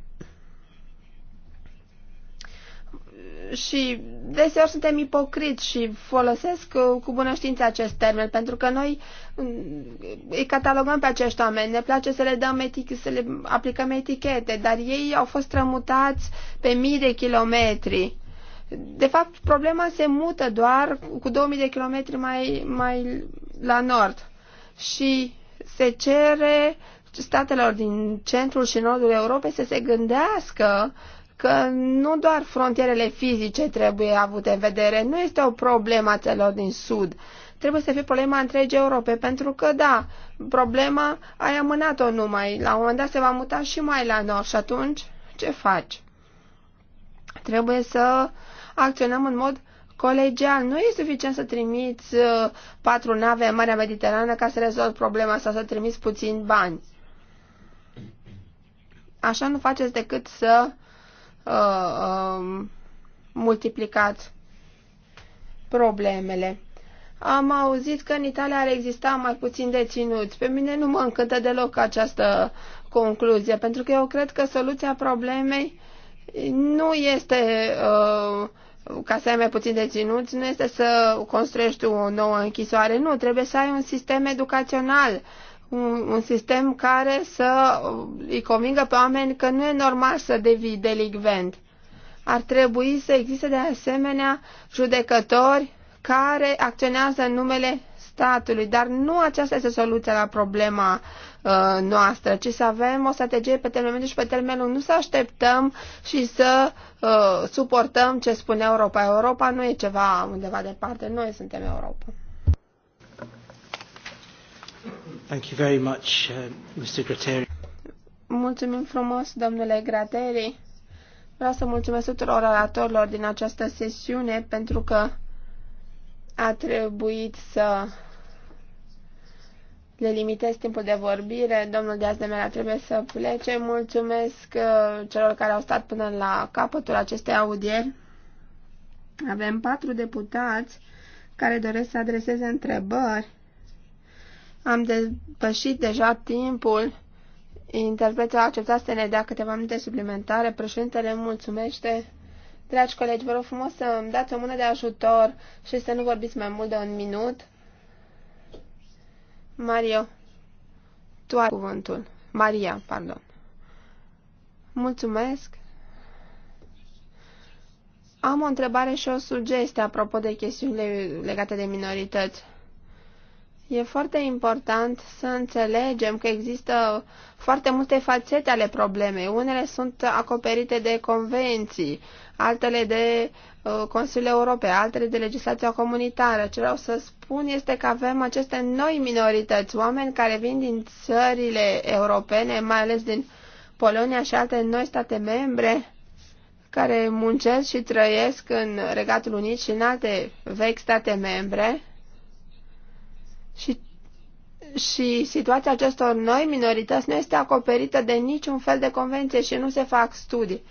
[SPEAKER 3] și deseori suntem ipocriți și folosesc uh, cu bună știință acest termen, pentru că noi mm, îi catalogăm pe acești oameni, ne place să le, dăm etich- să le aplicăm etichete, dar ei au fost rămutați pe mii de kilometri. De fapt, problema se mută doar cu 2000 de kilometri mai, mai la nord și se cere statelor din centrul și nordul Europei să se gândească uh, că nu doar frontierele fizice trebuie avute în vedere, nu este o problemă a celor din Sud. Trebuie să fie problema întregii Europe, pentru că, da, problema ai amânat-o numai. La un moment dat se va muta și mai la nord și atunci ce faci? Trebuie să acționăm în mod colegial. Nu e suficient să trimiți uh, patru nave în Marea Mediterană ca să rezolvi problema sau să trimiți puțini bani. Așa nu faceți decât să uh, um, multiplicat problemele. Am auzit că în Italia ar exista mai puțin deținuți. Pe mine nu mă încântă deloc această concluzie, pentru că eu cred că soluția problemei nu este uh, ca să ai mai puțin deținuți, nu este să construiești o nouă închisoare, nu, trebuie să ai un sistem educațional un, un sistem care să îi convingă pe oameni că nu e normal să devii delicvent. Ar trebui să existe de asemenea judecători care acționează în numele statului, dar nu aceasta este soluția la problema uh, noastră, ci să avem o strategie pe termen mediu și pe termen lung. Nu să așteptăm și să uh, suportăm ce spune Europa. Europa nu e ceva undeva departe, noi suntem Europa.
[SPEAKER 1] Thank you very much, uh, Mr. Grateri.
[SPEAKER 3] Mulțumim frumos, domnule Grateri. Vreau să mulțumesc tuturor oratorilor din această sesiune pentru că a trebuit să le limitez timpul de vorbire. Domnul Diaz de Mera trebuie să plece. Mulțumesc uh, celor care au stat până la capătul acestei audieri. Avem patru deputați care doresc să adreseze întrebări am depășit deja timpul. Interpretul a acceptat să ne dea câteva minute suplimentare. Președintele mulțumește. Dragi colegi, vă rog frumos să îmi dați o mână de ajutor și să nu vorbiți mai mult de un minut. Mario, tu ai cuvântul. Maria, pardon. Mulțumesc. Am o întrebare și o sugestie apropo de chestiunile legate de minorități. E foarte important să înțelegem că există foarte multe fațete ale problemei. Unele sunt acoperite de convenții, altele de uh, Consiliul Europei, altele de legislația comunitară. Ce vreau să spun este că avem aceste noi minorități, oameni care vin din țările europene, mai ales din Polonia și alte noi state membre, care muncesc și trăiesc în Regatul Unit și în alte vechi state membre, și, și situația acestor noi minorități nu este acoperită de niciun fel de convenție și nu se fac studii.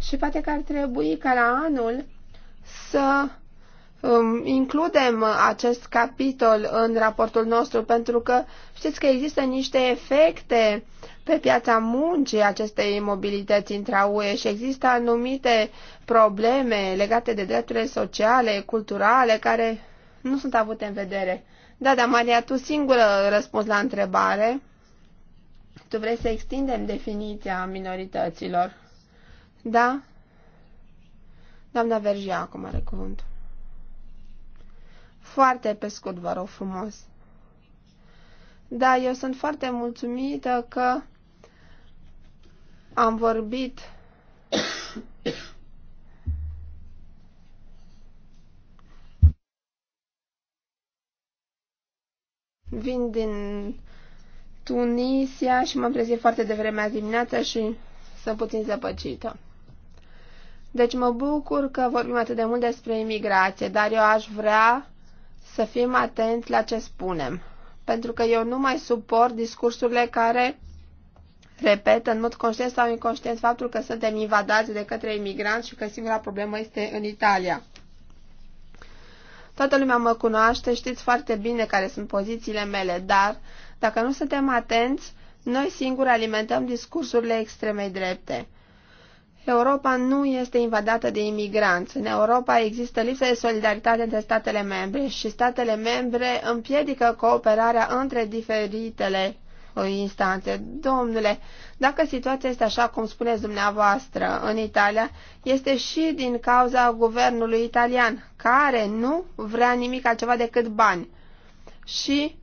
[SPEAKER 3] Și poate că ar trebui ca la anul să includem acest capitol în raportul nostru pentru că știți că există niște efecte pe piața muncii acestei mobilități intra-UE și există anumite probleme legate de drepturile sociale, culturale, care nu sunt avute în vedere. Da, dar Maria, tu singură răspunzi la întrebare. Tu vrei să extindem definiția minorităților. Da? Doamna Vergia acum are cuvântul. Foarte pe scurt, vă rog frumos. Da, eu sunt foarte mulțumită că am vorbit Vin din Tunisia și m-am trezit foarte devreme azi dimineața și sunt puțin zăpăcită. Deci mă bucur că vorbim atât de mult despre imigrație, dar eu aș vrea să fim atenți la ce spunem, pentru că eu nu mai suport discursurile care repet în mod conștient sau inconștient faptul că suntem invadați de către imigranți și că singura problemă este în Italia. Toată lumea mă cunoaște, știți foarte bine care sunt pozițiile mele, dar dacă nu suntem atenți, noi singuri alimentăm discursurile extremei drepte. Europa nu este invadată de imigranți. În Europa există lipsă de solidaritate între statele membre și statele membre împiedică cooperarea între diferitele uh, instanțe. Domnule, dacă situația este așa cum spuneți dumneavoastră în Italia, este și din cauza guvernului italian, care nu vrea nimic altceva decât bani și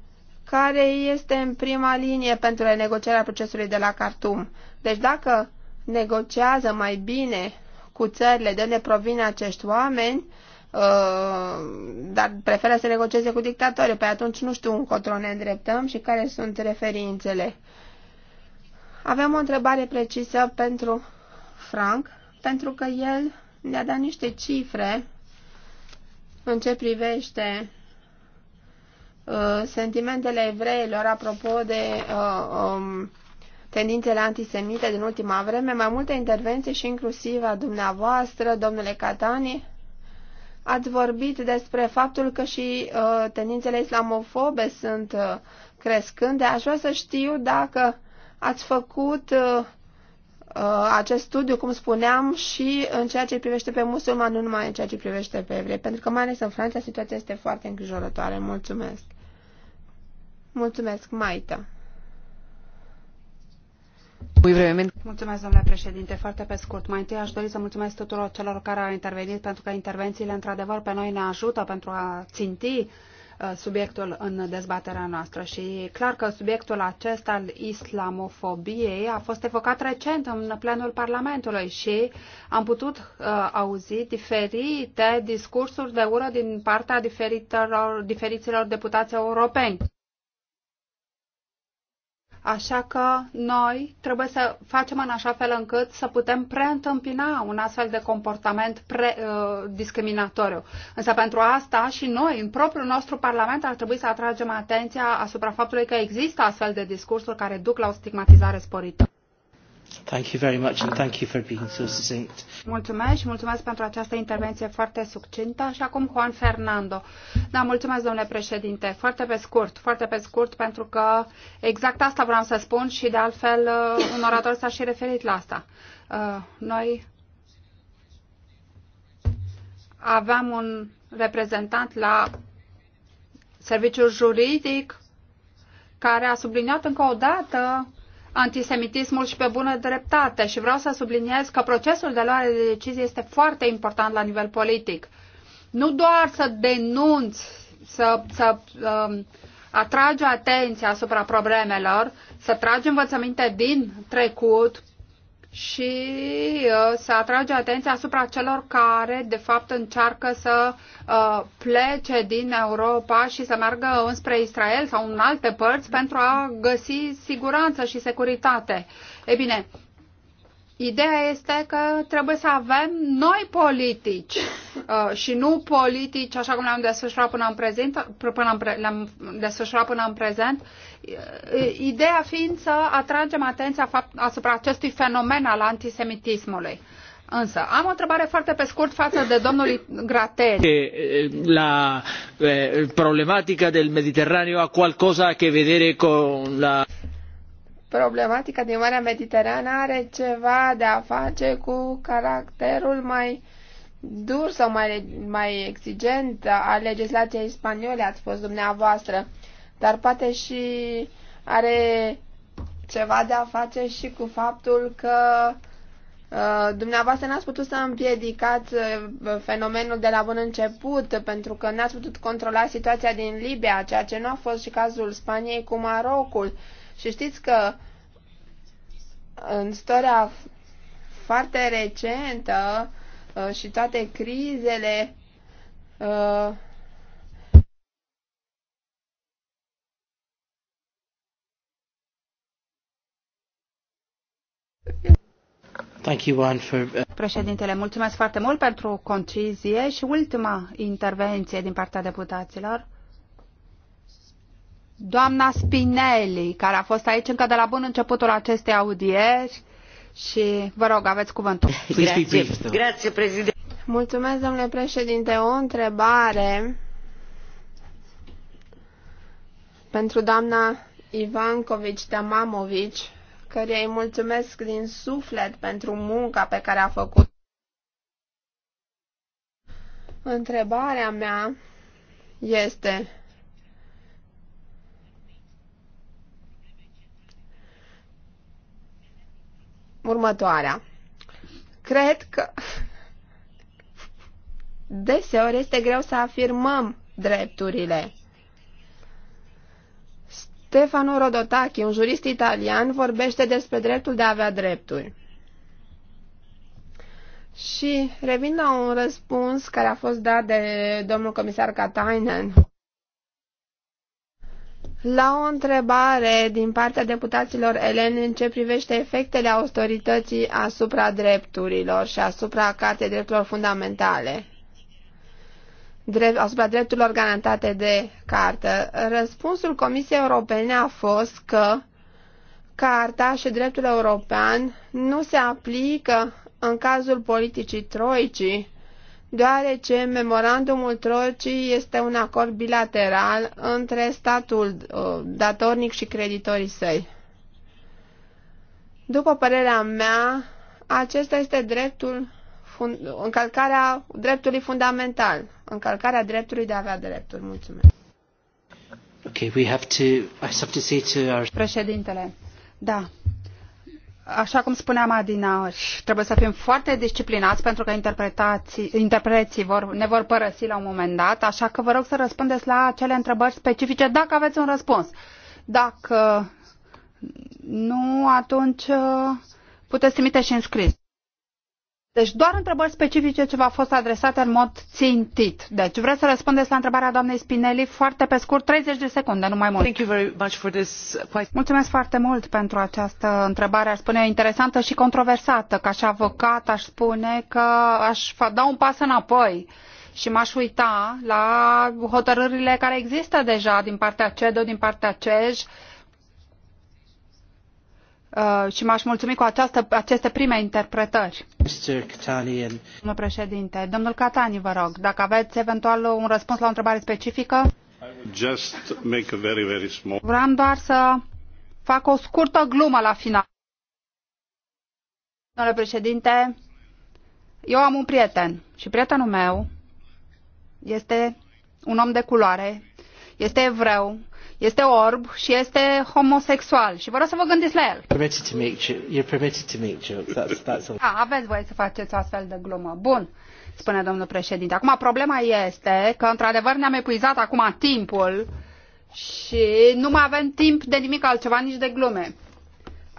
[SPEAKER 3] care este în prima linie pentru renegocierea procesului de la Cartum. Deci dacă negociază mai bine cu țările de unde provin acești oameni, uh, dar preferă să negocieze cu dictatorii. Pe păi atunci nu știu încotro ne îndreptăm și care sunt referințele. Avem o întrebare precisă pentru Frank, pentru că el ne-a dat niște cifre în ce privește uh, sentimentele evreilor apropo de uh, um, tendințele antisemite din ultima vreme, mai multe intervenții și inclusiv a dumneavoastră, domnule Catani, ați vorbit despre faptul că și uh, tendințele islamofobe sunt uh, crescânde. Aș vrea să știu dacă ați făcut uh, uh, acest studiu, cum spuneam, și în ceea ce privește pe musulman, nu numai în ceea ce privește pe evrei, pentru că mai ales în Franța situația este foarte îngrijorătoare. Mulțumesc! Mulțumesc, Maita!
[SPEAKER 4] domnule președinte. Foarte pe scurt. Mai întâi aș dori să mulțumesc tuturor celor care au intervenit pentru că intervențiile, într-adevăr, pe noi ne ajută pentru a ținti uh, subiectul în dezbaterea noastră și clar că subiectul acesta al islamofobiei a fost evocat recent în plenul Parlamentului și am putut uh, auzi diferite discursuri de ură din partea diferiților deputați europeni. Așa că noi trebuie să facem în așa fel încât să putem preîntâmpina un astfel de comportament pre, uh, discriminatoriu. Însă pentru asta și noi, în propriul nostru Parlament, ar trebui să atragem atenția asupra faptului că există astfel de discursuri care duc la o stigmatizare sporită.
[SPEAKER 1] Thank you very much and thank you for being so
[SPEAKER 4] succinct. Mulțumesc și mulțumesc pentru această intervenție foarte succintă și acum Juan Fernando. Da, mulțumesc domnule președinte. Foarte pe scurt, foarte pe scurt pentru că exact asta vreau să spun și de altfel un orator s-a și referit la asta. Uh, noi aveam un reprezentant la serviciul juridic care a subliniat încă o dată antisemitismul și pe bună dreptate și vreau să subliniez că procesul de luare de decizie este foarte important la nivel politic. Nu doar să denunți, să, să um, atragi atenția asupra problemelor, să tragi învățăminte din trecut și uh, să atrage atenția asupra celor care, de fapt, încearcă să uh, plece din Europa și să meargă înspre Israel sau în alte părți pentru a găsi siguranță și securitate. E bine, uh, Ideea este că trebuie să avem noi politici uh, și nu politici așa cum le-am desfășurat până în prezent, până în, le-am desfășurat până în prezent. Uh, ideea fiind să atragem atenția asupra acestui fenomen al antisemitismului. Însă, am o întrebare foarte pe scurt față de domnul Gratteri.
[SPEAKER 1] Eh, eh, la eh, problematica del Mediterraneo a qualcosa a che vedere con la
[SPEAKER 3] problematica din Marea Mediterană are ceva de a face cu caracterul mai dur sau mai, mai exigent a legislației spaniole, ați spus dumneavoastră, dar poate și are ceva de a face și cu faptul că uh, dumneavoastră n-ați putut să împiedicați uh, fenomenul de la bun început, pentru că n-ați putut controla situația din Libia, ceea ce nu a fost și cazul Spaniei cu Marocul. Uh, și știți că în istoria foarte recentă uh, și toate crizele uh,
[SPEAKER 1] Thank you, Juan, for... Uh, Președintele,
[SPEAKER 4] mulțumesc foarte mult pentru concizie și ultima intervenție din partea deputaților doamna Spinelli, care a fost aici încă de la bun începutul acestei audieri și vă rog, aveți cuvântul.
[SPEAKER 3] Grazie, Grazie președinte. Mulțumesc, domnule președinte. O întrebare pentru doamna Ivankovic Tamamovic, care îi mulțumesc din suflet pentru munca pe care a făcut. Întrebarea mea este următoarea. Cred că deseori este greu să afirmăm drepturile. Stefano Rodotachi, un jurist italian, vorbește despre dreptul de a avea drepturi. Și revin la un răspuns care a fost dat de domnul comisar Katainen. La o întrebare din partea deputaților Elen în ce privește efectele autorității asupra drepturilor și asupra Cartei Drepturilor Fundamentale, drept, asupra drepturilor garantate de cartă, răspunsul Comisiei Europene a fost că Carta și dreptul european nu se aplică în cazul politicii troicii, deoarece memorandumul Trocii este un acord bilateral între statul uh, datornic și creditorii săi. După părerea mea, acesta este dreptul încălcarea dreptului fundamental, încălcarea dreptului de a
[SPEAKER 4] avea drepturi. Mulțumesc.
[SPEAKER 1] Okay, we have to, I have to say to our...
[SPEAKER 4] Președintele, da, Așa cum spuneam Adina, trebuie să fim foarte disciplinați pentru că interpreții vor, ne vor părăsi la un moment dat, așa că vă rog să răspundeți la acele întrebări specifice dacă aveți un răspuns. Dacă nu, atunci uh, puteți trimite și în scris. Deci doar întrebări specifice ce v-au fost adresate în mod țintit. Deci vreți să răspundeți la întrebarea doamnei Spinelli foarte pe scurt, 30 de secunde, nu mai mult. Thank you very much for this Mulțumesc foarte mult pentru această întrebare, aș spune interesantă și controversată. Ca și avocat aș spune că aș da un pas înapoi și m-aș uita la hotărârile care există deja din partea CEDO, din partea CEJ, Uh, și m-aș mulțumi cu această, aceste prime interpretări. Domnul președinte, domnul Catani, vă rog, dacă aveți eventual un răspuns la o întrebare specifică.
[SPEAKER 2] Just make a very, very small...
[SPEAKER 4] Vreau doar să fac o scurtă glumă la final. Domnule președinte, eu am un prieten și prietenul meu este un om de culoare, este evreu, este orb și este homosexual și vă rog să vă gândiți la el. Da, aveți voie să faceți o astfel de glumă. Bun, spune domnul președinte. Acum problema este că într-adevăr ne-am epuizat acum timpul și nu mai avem timp de nimic altceva, nici de glume.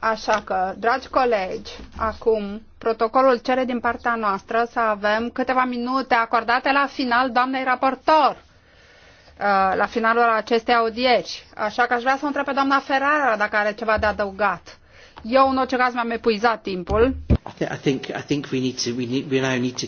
[SPEAKER 4] Așa că, dragi colegi, acum protocolul cere din partea noastră să avem câteva minute acordate la final doamnei raportor Uh, la finalul acestei audieri. Așa că aș vrea să o întreb pe doamna Ferrara dacă are ceva de adăugat. Eu, în orice caz, mi-am epuizat timpul.
[SPEAKER 1] I think, I think we need to, we, need, we now need to,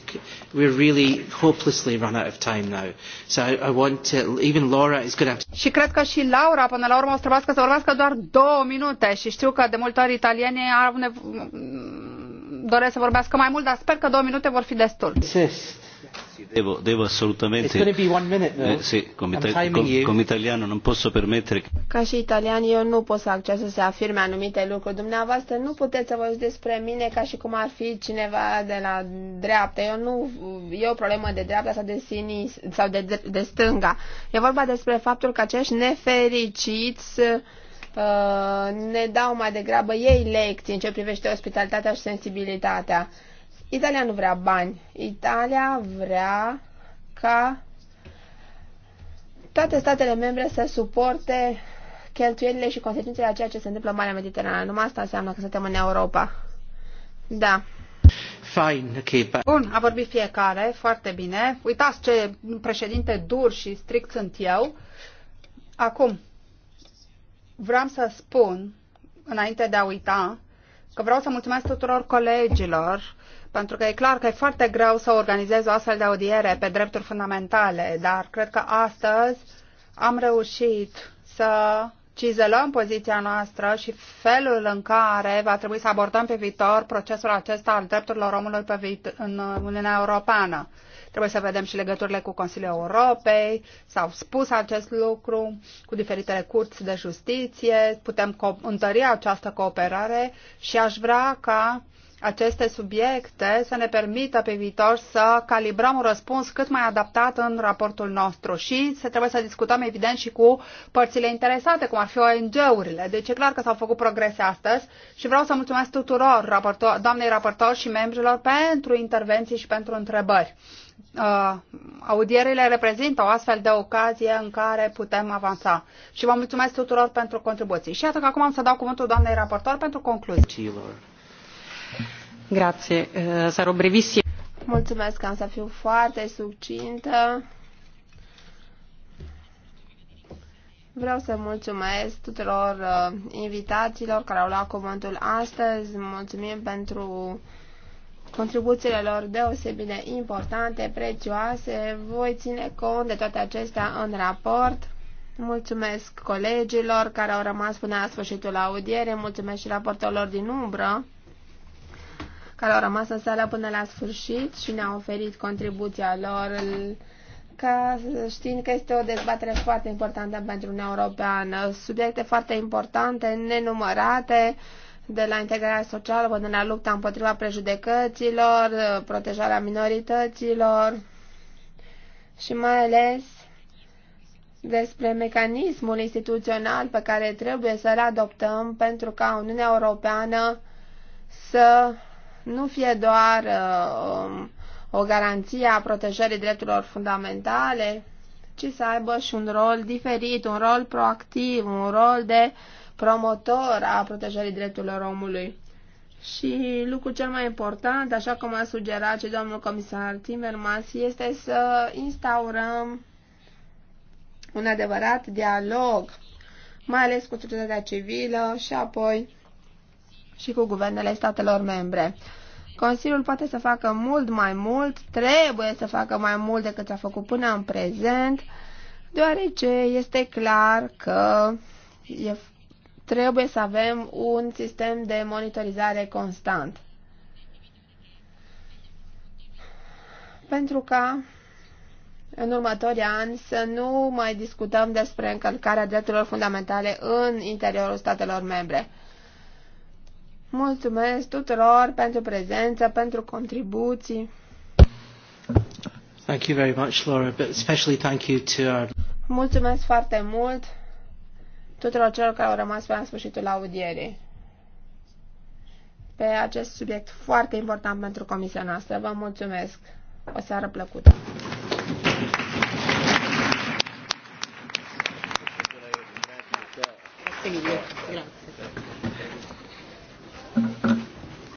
[SPEAKER 1] we're really hopelessly run out of time now. So I, I want to, even Laura is going to have
[SPEAKER 4] to... Și cred că și Laura, până la urmă, o să trebuiască să vorbească doar două minute și știu că de multe ori italienii au nevo- doresc să vorbească mai mult, dar sper că două minute vor fi destul. Insist
[SPEAKER 1] devo, devo assolutamente. Minute, eh, sì, come, ita- com, come italiano non posso permettere.
[SPEAKER 3] Ca și italian, eu nu pot să accept să se afirme anumite lucruri. Dumneavoastră nu puteți să vă despre mine ca și cum ar fi cineva de la dreapta. Eu nu, e o problemă de dreapta sau de sinis sau de, de de stânga. E vorba despre faptul că acești nefericiți uh, ne dau mai degrabă ei lecții în ce privește ospitalitatea și sensibilitatea. Italia nu vrea bani. Italia vrea ca toate statele membre să suporte cheltuielile și consecințele a ceea ce se întâmplă în Marea Mediterană. Numai asta înseamnă că suntem în Europa. Da.
[SPEAKER 1] Fine, okay, but...
[SPEAKER 4] Bun, a vorbit fiecare, foarte bine. Uitați ce președinte dur și strict sunt eu. Acum, vreau să spun, înainte de a uita, că vreau să mulțumesc tuturor colegilor pentru că e clar că e foarte greu să organizez o astfel de audiere pe drepturi fundamentale, dar cred că astăzi am reușit să cizelăm poziția noastră și felul în care va trebui să abordăm pe viitor procesul acesta al drepturilor omului pe viit- în Uniunea Europeană. Trebuie să vedem și legăturile cu Consiliul Europei, s-au spus acest lucru, cu diferitele curți de justiție, putem întări această cooperare și aș vrea ca aceste subiecte să ne permită pe viitor să calibrăm un răspuns cât mai adaptat în raportul nostru și se trebuie să discutăm evident și cu părțile interesate, cum ar fi ONG-urile. Deci e clar că s-au făcut progrese astăzi și vreau să mulțumesc tuturor raportor, doamnei raportor și membrilor pentru intervenții și pentru întrebări. Uh, audierile reprezintă o astfel de ocazie în care putem avansa. Și vă mulțumesc tuturor pentru contribuții. Și iată că acum am să dau cuvântul doamnei raportor pentru concluzii. Eh, sarò brevissima.
[SPEAKER 3] Mulțumesc, am să fiu foarte succintă. Vreau să mulțumesc tuturor uh, eh, invitațiilor care au luat cuvântul astăzi. Mulțumim pentru contribuțiile lor deosebit de importante, prețioase. Voi ține cont de toate acestea în raport. Mulțumesc colegilor care au rămas până la sfârșitul audierei, mulțumesc și raportorilor din umbră care au rămas în sală până la sfârșit și ne-au oferit contribuția lor ca știind că este o dezbatere foarte importantă pentru Uniunea Europeană. Subiecte foarte importante, nenumărate, de la integrarea socială până la lupta împotriva prejudecăților, protejarea minorităților și mai ales despre mecanismul instituțional pe care trebuie să-l adoptăm pentru ca Uniunea Europeană să nu fie doar uh, o garanție a protejării drepturilor fundamentale, ci să aibă și un rol diferit, un rol proactiv, un rol de promotor a protejării drepturilor omului. Și lucrul cel mai important, așa cum a sugerat și domnul comisar Timmermans, este să instaurăm un adevărat dialog, mai ales cu societatea civilă și apoi și cu guvernele statelor membre. Consiliul poate să facă mult mai mult, trebuie să facă mai mult decât a făcut până în prezent, deoarece este clar că e, trebuie să avem un sistem de monitorizare constant. Pentru ca în următorii ani să nu mai discutăm despre încălcarea drepturilor fundamentale în interiorul statelor membre. Mulțumesc tuturor pentru prezență, pentru contribuții.
[SPEAKER 1] Thank you very much, Laura, but especially thank you to our...
[SPEAKER 3] Mulțumesc foarte mult tuturor celor care au rămas pe la sfârșitul audierii pe acest subiect foarte important pentru comisia noastră. Vă mulțumesc. O seară plăcută.
[SPEAKER 2] Grazie.